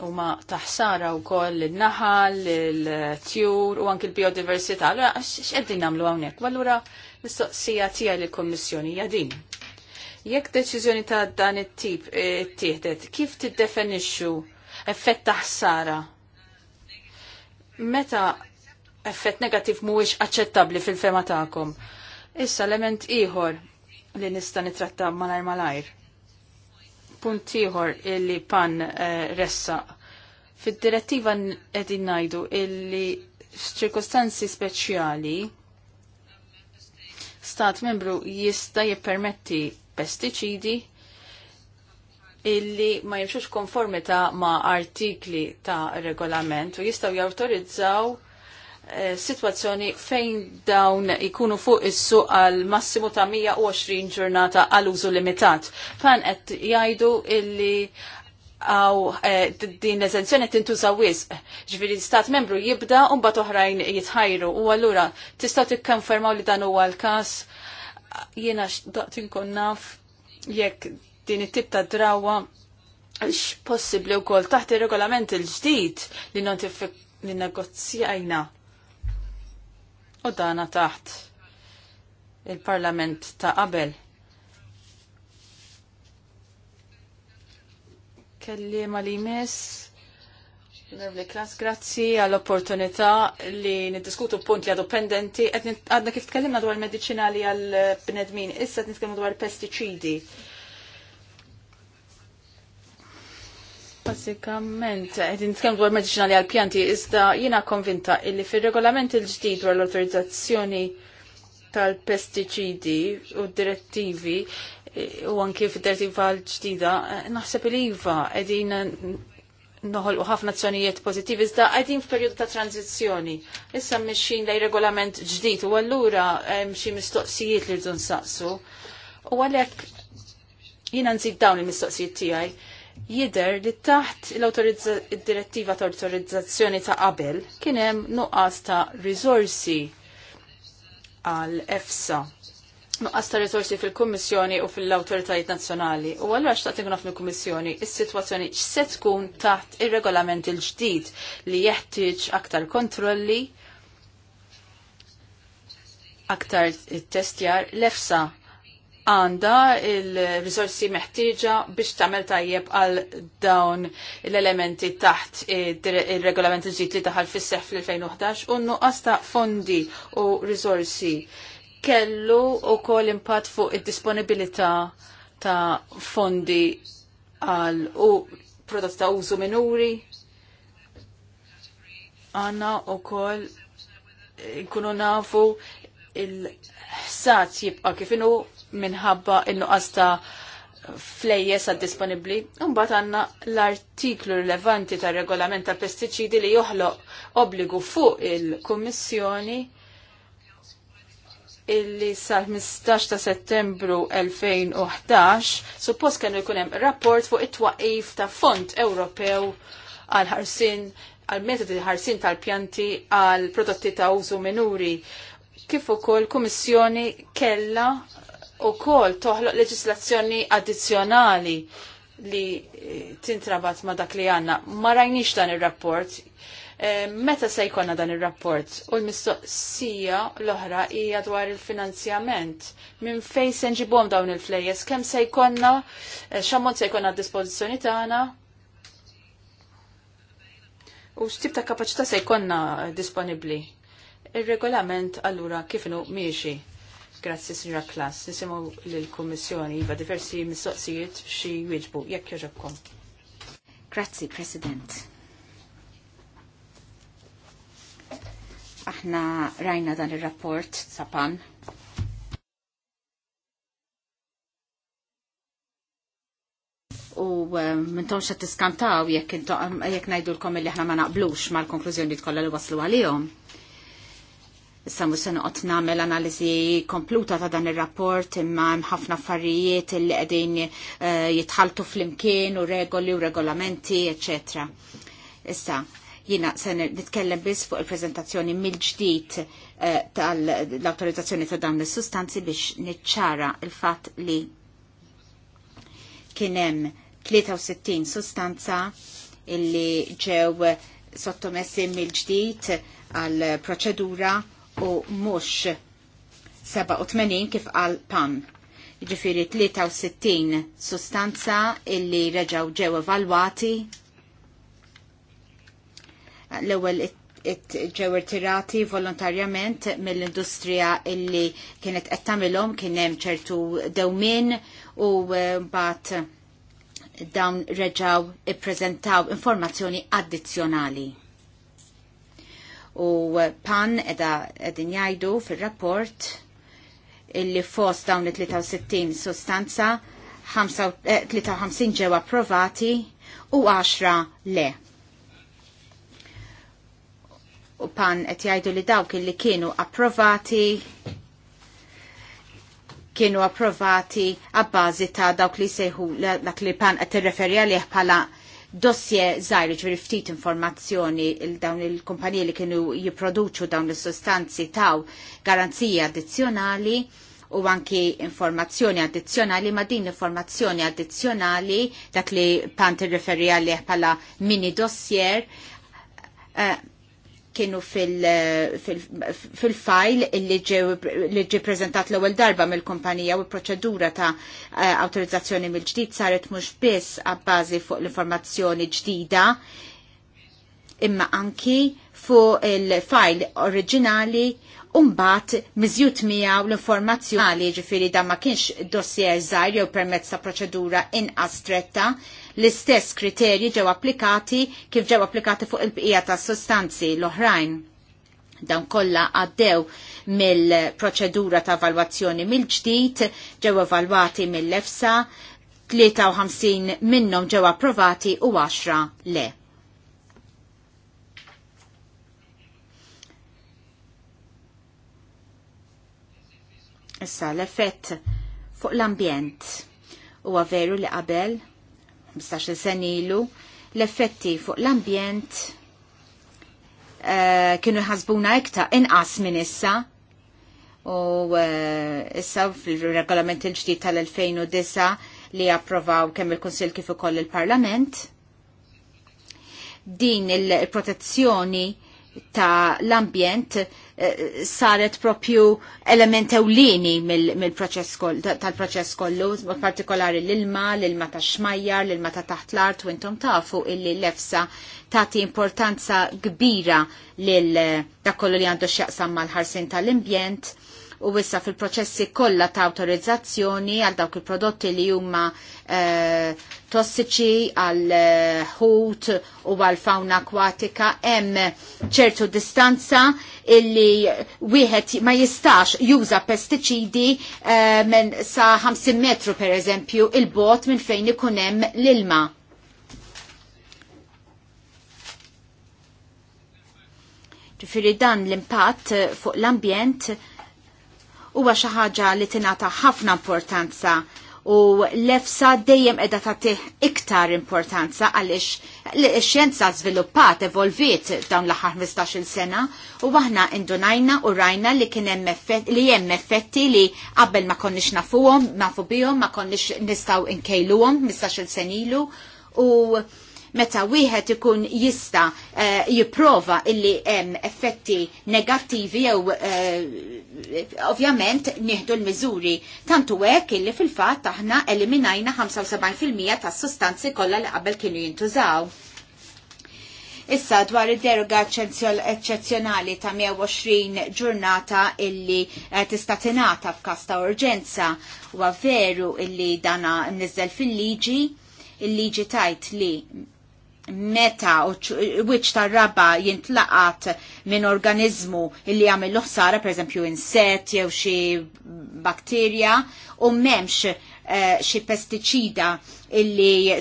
ma taħsara wkoll il-naħal, il-tjur u anki l-biodiversità. allora x'qegħdin nagħmlu hawnhekk? Allura mistoqsija tiegħi lill-Kummissjoni hija din. Jekk deċiżjoni ta' dan it-tip eh, tieħdet, kif tiddefinixxu effett ta' ħsara? Meta effett negattiv mhuwiex aċċettabbli fil-fema tagħkom. Issa element ieħor li nista' nitratta malajr malajr puntiħor illi pan uh, ressa. Fid-direttiva edin najdu illi f'ċirkostanzi speċjali stat membru jista jippermetti pestiċidi illi ma jimxux konformita ma artikli ta' regolament u jistaw jautorizzaw Eh, situazzjoni fejn dawn ikunu fuq issu għal massimu ta' 120 ġurnata għal użu limitat. Fan qed jgħidu illi għaw eh, din l-eżenzjoni tintuża wisq. Ġviri stat membru jibda u mbagħad oħrajn jitħajru u allura tista' tikkonfermaw li dan huwa l-każ. Jiena x'daqt inkun naf jekk din it-tip ta' drawa x'possibbli wkoll taħt ir-regolament il-ġdid li notifik li negozzjajna u dana taħt il-Parlament ta' qabel. Kelli ma li jmiss Nervli klas, grazzi għall-opportunità li niddiskutu punt li għadu pendenti. Għadna kif tkellimna dwar medicinali għal-bnedmin, issa nitkellmu dwar pesticidi. Basikament, għedin t-kem dwar medicinali għal-pjanti, iżda jina konvinta illi fil-regolament il-ġdid dwar l-autorizzazzjoni tal-pesticidi u direttivi e, u anki fil-direttiva l-ġdida, e, naħseb il-iva għedin noħol u ħafna azzjonijiet pozittivi, iżda għajdin f'perjodu ta' tranzizjoni. Issa mxin lej regolament ġdid u allura e, mxin mistoqsijiet li rridu nsaqsu. U għalhekk jiena nżid dawn il-mistoqsijiet tiegħi jider li taħt l-direttiva ta' autorizzazzjoni ta' qabel kien hemm nuqqas ta' risorsi għal EFSA. Nuqqas ta' risorsi fil-Kummissjoni u fil-Awtoritajiet Nazzjonali. U allura xtaqt inkun fil-Kummissjoni is-sitwazzjoni x'se tkun taħt ir-regolament il il-ġdid li jeħtieġ aktar kontrolli aktar testjar l-EFSA għanda il-rizorsi meħtieġa biex tagħmel tajjeb għal dawn l-elementi taħt il-regolament ġdid li taħal fis-seħ fl-2011 u nuqqas ta' fondi u rizorsi kellu u kol impatt fuq id-disponibilità ta' fondi għal u prodotti ta' użu minuri għanna u kol nkunu nafu il-ħsat jibqa' kif inhu minħabba il-nuqqas ta' flejjes għad disponibli. Umbat għanna l-artiklu rilevanti ta' regolament ta' pesticidi li joħloq obbligu fuq il-Kommissjoni illi sal-15 ta' settembru 2011 suppost kienu jkun hemm rapport fuq it-twaqif ta' Fond Ewropew għal ħarsin għal metodi ħarsin tal-pjanti għal prodotti ta' użu minuri kif ukoll kummissjoni kella u kol toħloq leġislazzjoni addizjonali li tintrabat ma dak li għanna. Ma rajnix dan il-rapport. Eh, meta se jkonna dan il-rapport? U l-mistoqsija l-oħra hija dwar il-finanzjament. Minn fej se nġibhom dawn il flejes kemm se jkonna, eh, x'ammont se jkonna d-dispożizzjoni tagħna? U x'tib ta' kapaċità se jkonna disponibbli? Il-regolament allura kif inhu miexi? Grazzi, Signora Klass. Nisimu l-Kommissjoni jiva diversi mistoqsijiet xi wieġbu. Jekk joġobkom. Grazzi, President. Aħna rajna dan ir-rapport sapan u eh, mintom xa tiskantaw jekk jek najdu l-kom li ħna ma naqblux mal konklużjoni tkollha li waslu għalihom. Samu mhux se noqgħod nagħmel analiżi kompluta ta' dan ir-rapport imma hemm ħafna affarijiet li qegħdin eh, jitħaltu fl flimkien u regoli u regolamenti, eċċetera. Issa, jina se nitkellem biss fuq il-prezentazzjoni mill-ġdid eh, tal-autorizzazzjoni ta' dawn is-sustanzi biex niċċara il-fatt li kien hemm 63 sustanza illi ġew sottomessi mill-ġdid għal proċedura u mux 87 kif għal pan. Ġifiri 63 sustanza illi reġaw ġew evalwati. L-ewel ġew irtirati volontarjament mill-industrija illi kienet qed tagħmilhom kien hemm ċertu dewmin u eh, mbagħad dawn reġaw ippreżentaw informazzjoni addizzjonali u pan edha edin jajdu fil-rapport illi fost dawn il-63 sostanza 53 eh, ġew approvati u 10 le. U pan qed jgħidu li dawk illi kienu approvati kienu approvati għabbażi ta' dawk li sejħu dak li pan qed tirreferi għalih bħala dossier zaħir ġveri ftit informazzjoni il-dawn il-kumpaniji li kienu jiproduċu dawn il-sostanzi taw garanzija addizjonali u anki informazzjoni addizjonali ma din informazzjoni addizjonali dak li pan tirreferi għalih pala mini dossier uh, kienu fil-fajl li ġi prezentat l ewwel darba mill-kumpanija u proċedura ta' eh, autorizzazzjoni mill-ġdid saret mhux biss għabbażi fuq l-informazzjoni ġdida imma anki fuq il-fajl oriġinali Umbat, mizjut miegħu l-informazzjoni ġifiri da ma kienx dossier żgħir jew permezz ta' proċedura inqas astretta l-istess kriterji ġew applikati kif ġew applikati fuq il-bqija ta' sostanzi l-oħrajn. Dan kollha għaddew mill-proċedura ta' valwazzjoni mill-ġdid, ġew evalwati mill-EFSA, 53 minnhom ġew approvati u 10 le. Issa l-effett fuq l-ambjent. Huwa veru li qabel 15 sen ilu, l-effetti fuq l-ambjent uh, kienu jħasbuna iktar inqas minn issa u uh, issa fil-regolament il-ġdid tal-2009 li approvaw kemm il-Kunsil kif ukoll il-Parlament. Din il-protezzjoni ta' l-ambjent Eh, saret propju element ewlieni mill-proċess tal-proċess kollu, partikolari l-ilma, l-ilma ta' xmajjar, l-ilma ta' taħt l-art, u intom tafu illi l-efsa tati importanza kbira l eh, dakollu li għandu x'jaqsam mal-ħarsin tal-imbjent u issa fil-proċessi kollha ta' autorizzazzjoni għal dawk il-prodotti li huma eh, tossiċi għal hut eh, u għal fauna akwatika hemm ċertu distanza illi wieħed ma jistax juża pestiċidi eh, minn sa 50 metru per eżempju il-bot minn fejn ikun hemm l-ilma. Ġifiri dan l-impatt fuq l-ambjent huwa xi ħaġa li tingħata ħafna importanza u l-efsa dejjem edha tagħtih iktar importanza għaliex x xjenza żviluppat evolviet dawn l-aħħar 15-il sena u aħna indunajna u rajna li kien hemm li hemm effetti li qabel ma konniex nafuhom, nafu bihom, ma konniex nistgħu nkejluhom 15-il senilu u meta wieħed ikun jista eh, jipprova illi hemm effetti negattivi jew eh, ovvjament nieħdu l-miżuri. Tantu hekk illi fil-fatt aħna eliminajna 75% tas-sustanzi kollha li qabel kienu jintużaw. Issa dwar id-deroga eccezzjonali ta' 120 ġurnata illi eh, tista' tingħata f'każ ta' urġenza huwa veru illi dana nniżel fil-liġi il-liġi tajt li meta u wiċ tar-raba jintlaqat minn organizmu illi jagħmel l-ħsara, pereżempju insett jew xi bakterja, u m'hemmx eh, xi pestiċida illi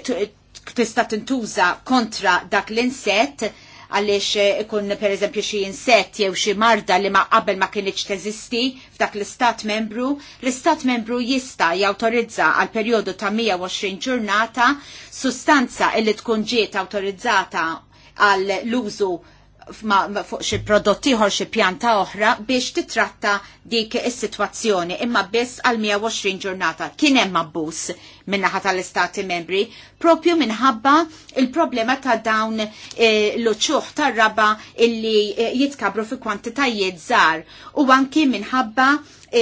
tista' tintuża kontra dak l-insett, għaliex eh, ikun pereżempju xi insett jew xi marda li ma qabel ma kienx teżisti f'dak l-istat membru, l-istat membru jista' jawtorizza għal perjodu ta' 120 ġurnata sustanza illi tkun ġiet awtorizzata għal l-użu fuq xi prodotti ieħor xi pjanta oħra biex titratta dik is-sitwazzjoni imma biss għal 120 ġurnata. Kien hemm abbuż min-naħa tal-Istati Membri propju minħabba il-problema ta' dawn eh, l-uċuħ tar-raba illi eh, jitkabru fi kwantitajiet żgħar u anki minħabba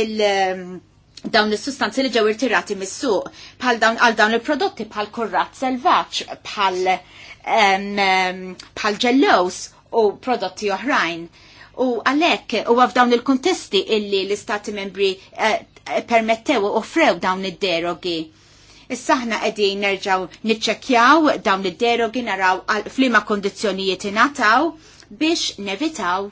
il- ehm, dawn is-sustanzi li ġew irtirati mis-suq bħal dawn għal dawn il-prodotti bħal kurrat selvaġġ bħal ehm, ehm, bħal ġellows u prodotti oħrajn. U għalek u għafdawn il-kontesti illi l-istati membri eh, permettew u offrew dawn id-derogi. Issa saħna qegħdin nerġgħu niċċekkjaw dawn id-derogi naraw flima kondizjonijiet ingħataw biex nevitaw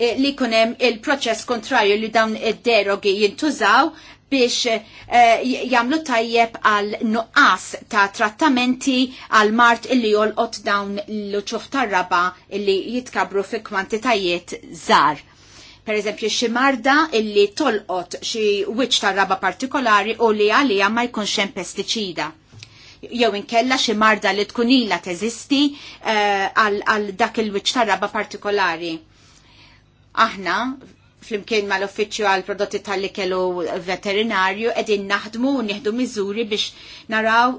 li kunem il-proċess kontrarju li dawn id-derogi jintużaw biex eh, jamlu tajjeb għal nuqqas ta' trattamenti għal mart illi jolqot dawn l uċuħ tar-raba illi jitkabru fi kwantitajiet żgħar. Per eżempju, xi marda illi tolqot xi wiċċ tar-raba partikolari u li għalija ma jkunx hemm pestiċida jew inkella xi marda li tkun ilha teżisti eh, għal dak il-wiċċ tar-raba partikolari. Aħna flimkien mal-Uffiċċju għal prodotti tal kellu veterinarju edin naħdmu u nieħdu miżuri biex naraw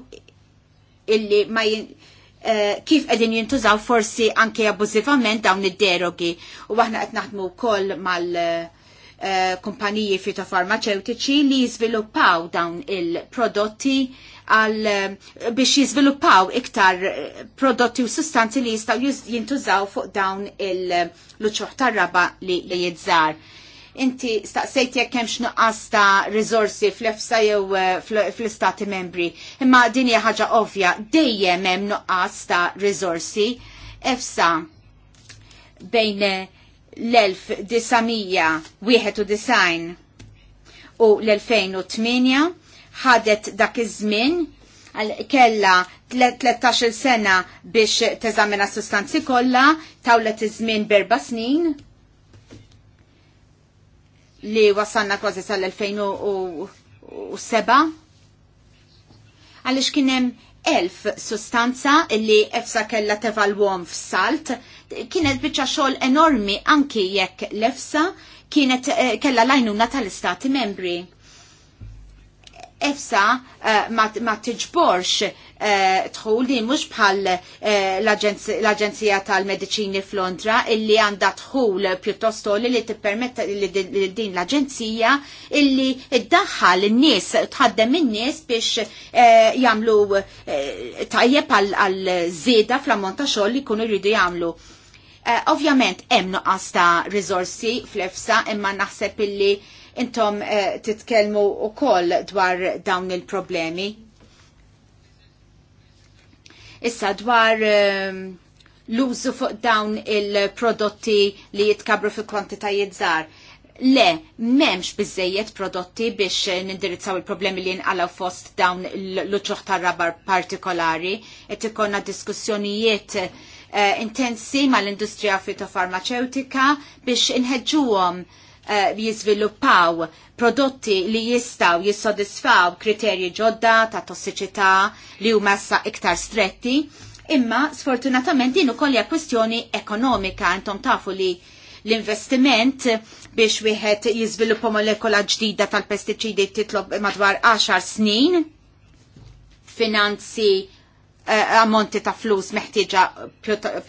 illi ma uh, kif edin jintużaw forsi anke abbużivament dawn id-derogi u aħna qed naħdmu wkoll mal- uh, Eh, kumpaniji fitofarmaceutiċi li jizviluppaw dawn il-prodotti għal eh, biex jizviluppaw iktar eh, prodotti u sustanzi li jistaw jintużaw fuq dawn il-luċuħ tarraba li, li jizzar. Inti staqsejt jekk hemm nuqqas ta' rizorsi fl-efsa jew fl-istati membri. Imma din hija ħaġa ovvja, dejjem hemm nuqqas ta' rizorsi EFSA bejn l-1991 u l-2008 ħadet dak iż-żmien kella 13 sena biex teżamina sustanzi kollha tawlet iż-żmien berba snin li wasanna kważi sal-2007 għaliex kien hemm elf sustanza li EFSA kella tevalwom f'salt, kienet bieċa xol enormi anki jekk l-EFSA kienet eh, kella lajnuna tal-istati membri. EFSA eh, ma tiġborx uh, tħul li mhux bħal eh, l-Aġenzija tal-Mediċini f'Londra illi għandha tħul pjuttost li li t-permetta li din l-Aġenzija illi id-daħħal n nies tħaddem in-nies biex jagħmlu tajjeb għal żieda fl-ammont ta' xogħol li jkunu jridu jagħmlu. Ovvjament hemm għasta rizorsi fl-EFSA imma naħseb illi intom eh, titkelmu u koll dwar dawn il-problemi. Issa dwar ehm, l-użu fuq dawn il-prodotti li jitkabru fi kwantitajiet żgħar. Le, memx bizzejiet prodotti biex nindirizzaw il-problemi li nqalaw fost dawn l-uċuħ tar-rabar partikolari, et ikonna diskussjonijiet eh, intensi mal-industrija fitofarmaceutika biex inħedġuhom Eh, jizviluppaw prodotti li jistaw jissodisfaw kriterji ġodda ta' tossiċità li huma sa iktar stretti, imma sfortunatament din ukoll hija kwestjoni ekonomika intom tafu li l-investiment biex wieħed jiżviluppa molekola ġdida tal-pestiċidi titlob madwar 10 snin finanzi eh, ammonti ta' flus meħtieġa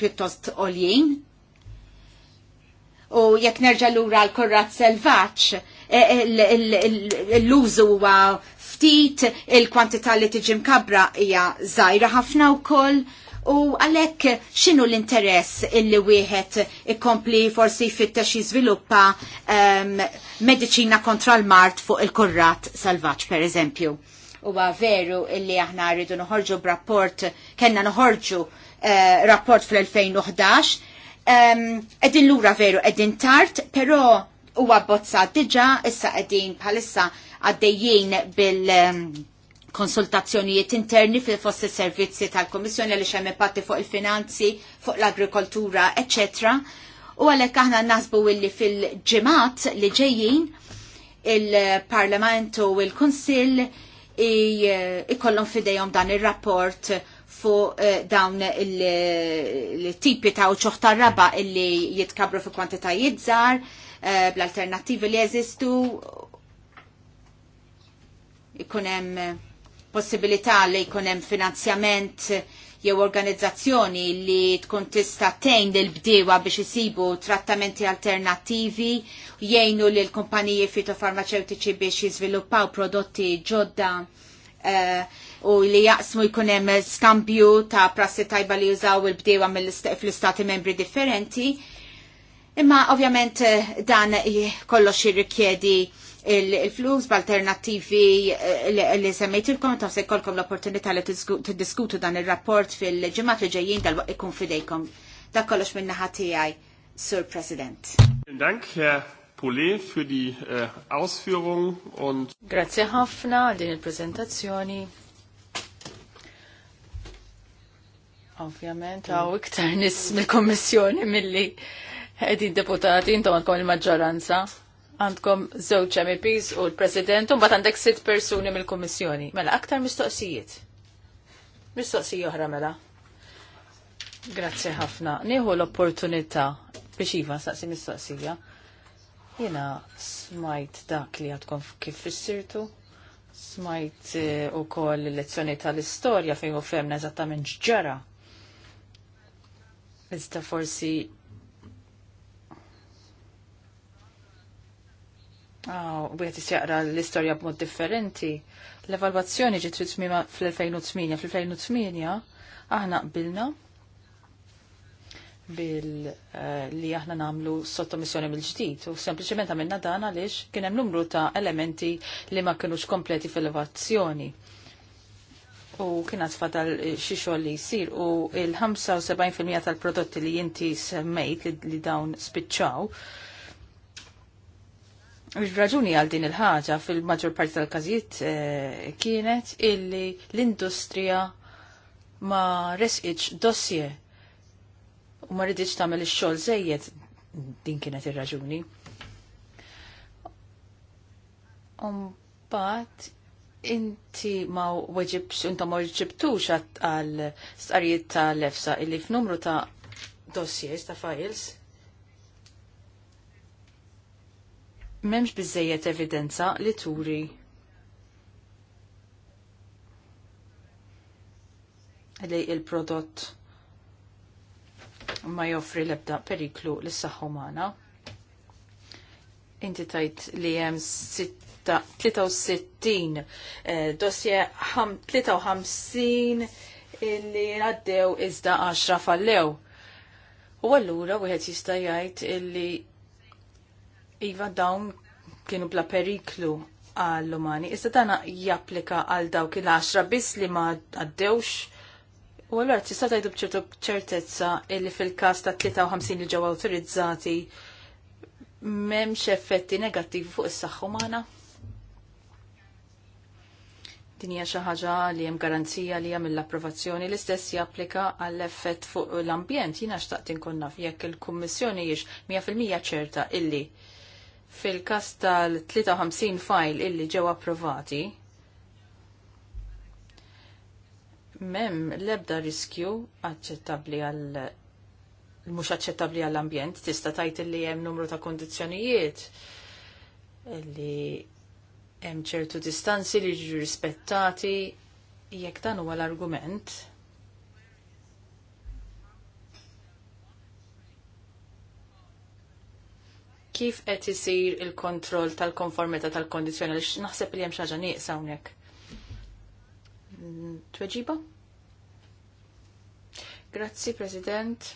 pjuttost oljin u jekk nerġa' lura l-kurrat selvaġġ e, e, l-użu huwa ftit, il-kwantità li tiġi mkabra hija żgħira ħafna wkoll. U għalhekk x'inhu l-interess illi wieħed ikompli forsi jfittex jiżviluppa ehm, mediċina kontra l-mart fuq il-kurrat selvaġġ pereżempju. Huwa veru illi aħna rridu noħorġu b'rapport, kellna noħorġu eh, rapport fl-2011 edin lura veru, edin tart, pero u għabbozza diġa, issa edin bħalissa għaddejjien bil- konsultazzjonijiet interni fil-fost servizzi tal-Komissjoni li xemmi patti fuq il-finanzi, fuq l-agrikoltura, ecc. U għalek aħna nasbu illi fil-ġemat li ġejjin il-Parlament u il-Konsil eh, ikollon fidejhom dan ir-rapport fuq eh, dawn il-tipi ta' uċoħ ta' raba illi jitkabru fi kwantitajiet żgħar eh, bl-alternattivi li jeżistu ikun hemm possibilità li jkun hemm finanzjament jew organizzazzjoni li tkun tista' tgħin lil bdiewa biex isibu trattamenti alternattivi jgħinu l kumpaniji fitofarmaceutiċi biex jiżviluppaw prodotti ġodda eh, u li jaqsmu jkunem skambju ta' prassi tajba li jużaw il-bdewa fl-istati membri differenti. Imma ovvjament eh, dan kollox jirrikjedi il-flus b'alternativi eh, li semmejtilkom ta' se l-opportunità li tiddiskutu dan il-rapport fil-ġemat li ġejjin dal-waqt ikun fidejkom. Dak kollox minna naħa tiegħi, Sur President. Dank, Poulet für die äh, Ausführung und Grazie ħafna għal din il-prezentazzjoni. Ovvjament, għaw iktar nis mill-kommissjoni mill-li għedin deputati, intom għandkom il-maġġoranza, għandkom zewċ MEPs u l-President, un bat għandek sitt persuni mill-kommissjoni. Mela, aktar mistoqsijiet. Mistoqsija oħra mela. Grazzi ħafna. Nieħu l-opportunità biex iva saqsi mistoqsija. Jena smajt dak li għadkom kif fissirtu smajt eh, u koll lezzjoni tal-istoria fejn u femna eżattament ġara Iżda forsi Oh, u bħet l-istorja b'mod differenti. L-evalwazzjoni ġiet tritmima fl-2008. Fl-2008 aħna qbilna bil eh, li aħna namlu sottomissjoni mill-ġdid u sempliċement għamilna dan għaliex kien hemm numru ta' elementi li ma kinux kompleti fil-evazzjoni u kienet fadal eh, xi xogħol li jsir u il-75% tal-prodotti li inti semmejt li, dawn spiċċaw Raġuni għal din il-ħaġa fil-maġġor parti tal-każijiet eh, kienet illi l-industrija ma resqitx dossier u ma rridx tagħmel il xogħol żejjed din kienet ir-raġuni. Umbat Inti ma weġibx, inta ma weġibtux għal starijiet ta' lefsa illi f'numru ta' dossiers ta' files. Memx bizzejiet evidenza li turi li il-prodott ma joffri l-ebda periklu l-saħħa Inti tajt li hemm Ta' 63 dosje 53 illi għaddew iżda 10 fallew. U allura wieħed jista' jgħid illi iva dawn kienu bla periklu għall-umani. Iżda dana japplika għal dawk il-10 biss li ma għaddewx. U għallura tista' tgħidu bċertu ċertezza li fil-każ ta' 53 li ġew awtorizzati m'hemmx effetti negattivi fuq is-saħħa umana? Din hija xi ħaġa li hemm garanzija li hemm l-approvazzjoni l-istess japplika għall effett fuq l-ambjent. Jiena xtaqt inkun naf jekk il-Kummissjoni hiex 100% ċerta illi fil-każ tal-53 fajl illi ġew approvati mem lebda riskju aċċettabbli għal mhux aċċettabbli għall-ambjent, tista' tajt illi hemm numru ta' kondizzjonijiet illi hemm ċertu distanzi li jiġu rispettati jekk dan huwa l-argument. Kif qed isir il-kontroll tal-konformità tal-kondizzjoni għaliex naħseb li hemm xi ħaġa nieqsa hawnhekk. Mm, tweġiba? Grazzi, President.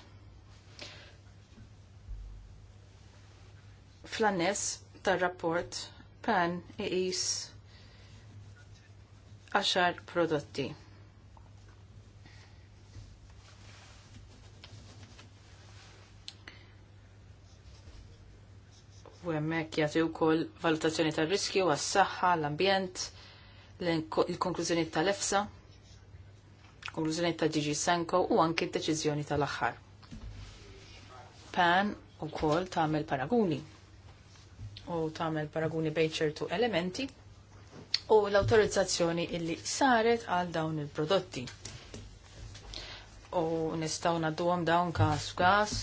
Fl-annes tar-rapport Pan iqis għaxar prodotti. u hemmhekk jagħti wkoll valutazzjoni tar-riskju għas-saħħa, l-ambjent, il-konklużjoni tal-EFSA, konklużjoni ta' DG Sanko u anki d-deċiżjoni tal-aħħar. Pan ukoll tagħmel paraguni u tagħmel paraguni bejn ċertu elementi u l-autorizzazzjoni illi saret għal dawn il-prodotti. U nistgħu nadduhom dawn każ f'każ.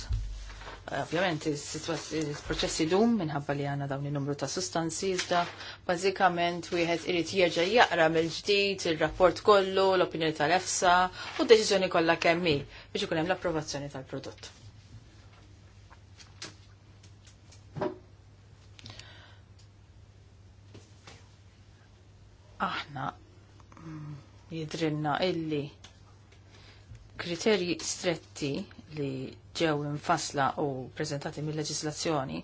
Eh, ovvjament, il-proċessi dum minħabba li għanna dawn il-numru ta' sustanzi, iżda bażikament wieħed irid jieġa jaqra mill-ġdid il-rapport kollu, l-opinjoni tal-EFSA u d-deċiżjoni kollha kemm hi biex ikun hemm l-approvazzjoni tal-prodott. Jidrinna illi kriterji stretti li ġew infasla u prezentati mill-leġislazzjoni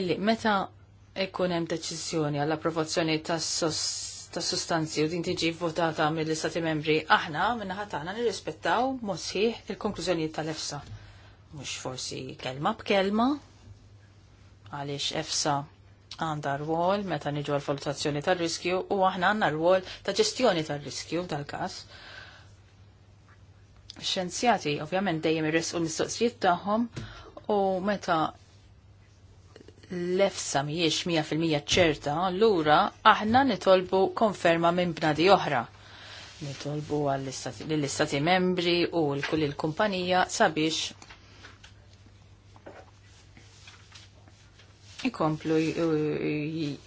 illi meta ikun hemm deċiżjoni għall approvazzjoni tas sustanzi u din tiġi votata mill-istati membri aħna minnaħa tagħna nirrispettaw mod sħiħ il-konklużjonijiet tal-EFSA. Mhux forsi kelma b'kelma għaliex EFSA għandha rwol meta niġu għal valutazzjoni tar-riskju u aħna għandna rwol ta' ġestjoni tar-riskju dal każ Xenzjati ovvjament dejjem irresqu l-mistoqsijiet tagħhom u meta l-efsa miex 100% ċerta, allura aħna nitolbu konferma minn bnadi oħra. Nitolbu għall-istati membri u l-kull il-kumpanija sabiex ikomplu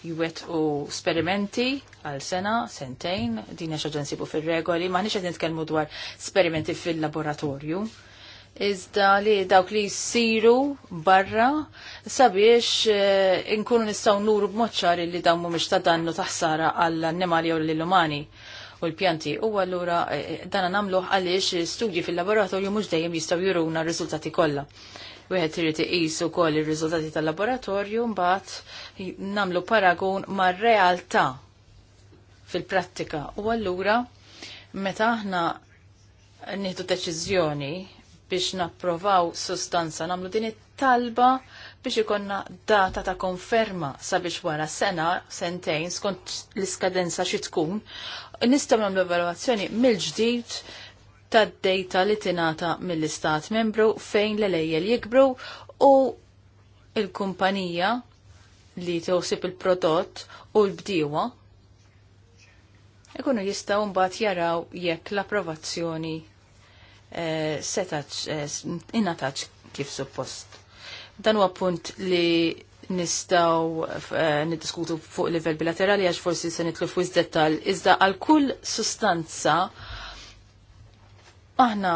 jwet u sperimenti għal sena, sentejn, din xaġan sibu fil-regoli, ma nix għedin tkelmu dwar sperimenti fil-laboratorju. Iżda li dawk li jisiru barra sabiex eh, inkunu nistaw nuru b'moċċar li dawn mhumiex ta' dannu taħsara għall-annimali u l lumani u l-pjanti. U għallura eh, dana namluħ għaliex studji fil-laboratorju mux dejjem jistaw jiruna r-riżultati kollha. Wieħed irid iqisu wkoll ir-riżultati tal-laboratorju mbagħad nagħmlu paragun mar-realtà fil-prattika. U allura meta aħna nieħdu deċiżjoni biex napprovaw sustanza nagħmlu din it-talba biex ikonna data ta' konferma sabiex wara sena, sentejn, skont l-iskadenza xi tkun, nistgħu nagħmlu evalwazzjoni mill-ġdid tad-data li tinata mill-istat membru fejn l-lejjel jikbru u il-kumpanija li tewsib il-prodott u l-bdiewa ikunu jistgħu mbagħad jaraw jekk l-approvazzjoni setax eh, eh kif suppost. Dan huwa punt li nistaw eh, niddiskutu fuq livell bilaterali għax forsi se nitlu fuq iż-dettal iżda għal kull sustanza Aħna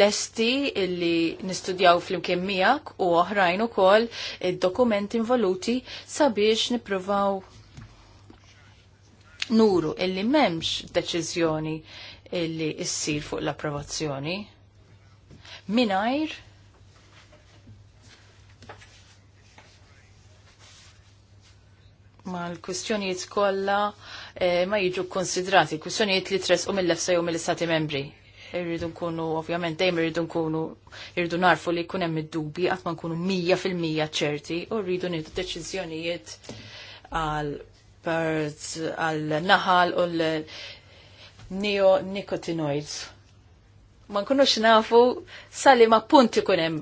lesti illi nistudjaw fl-imkien miegħek u oħrajn ukoll id-dokumenti involuti sabiex nippruvaw nuru illi m'hemmx deċiżjoni illi issir fuq l-approvazzjoni. Minajr ma l-kwistjonijiet kollha eh, ma jiġu konsidrati, kwistjonijiet li tresqu mill-lefsa jew mill-istati membri irridu nkunu, ovvjament, dejjem irridu nkunu, irridu narfu li jkun hemm id-dubi qatt ma nkunu mija fil-mija ċerti u rridu nidu deċiżjonijiet għal birds, għal naħal u l-neonicotinoids. Ma nkunux nafu sali ma punti kunem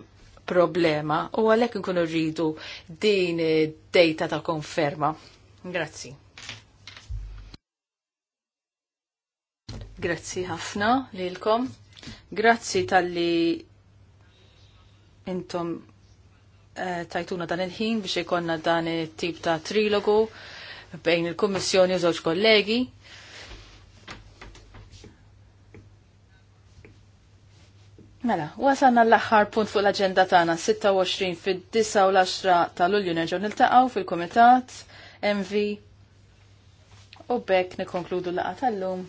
problema u għalek nkunu rridu din data ta' konferma. Grazzi. Grazzi ħafna lilkom. Grazzi tal-li intom eh, tajtuna dan il-ħin biex ikonna dan it-tip ta' trilogu bejn il-Kummissjoni u żewġ kollegi. Mela, wasalna l-aħħar punt fuq l-agenda tagħna 26 fid-9 u l-10 ta' Lulju nerġgħu niltaqgħu fil-Kumitat MV u bekk nikkonkludu l-laqgħa tal-lum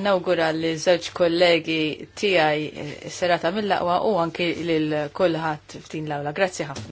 nawgura li żewġ kollegi tiegħi eh, serata mill-laqwa u anki lil kulħadd ftin l-awla. Grazzi ħafna.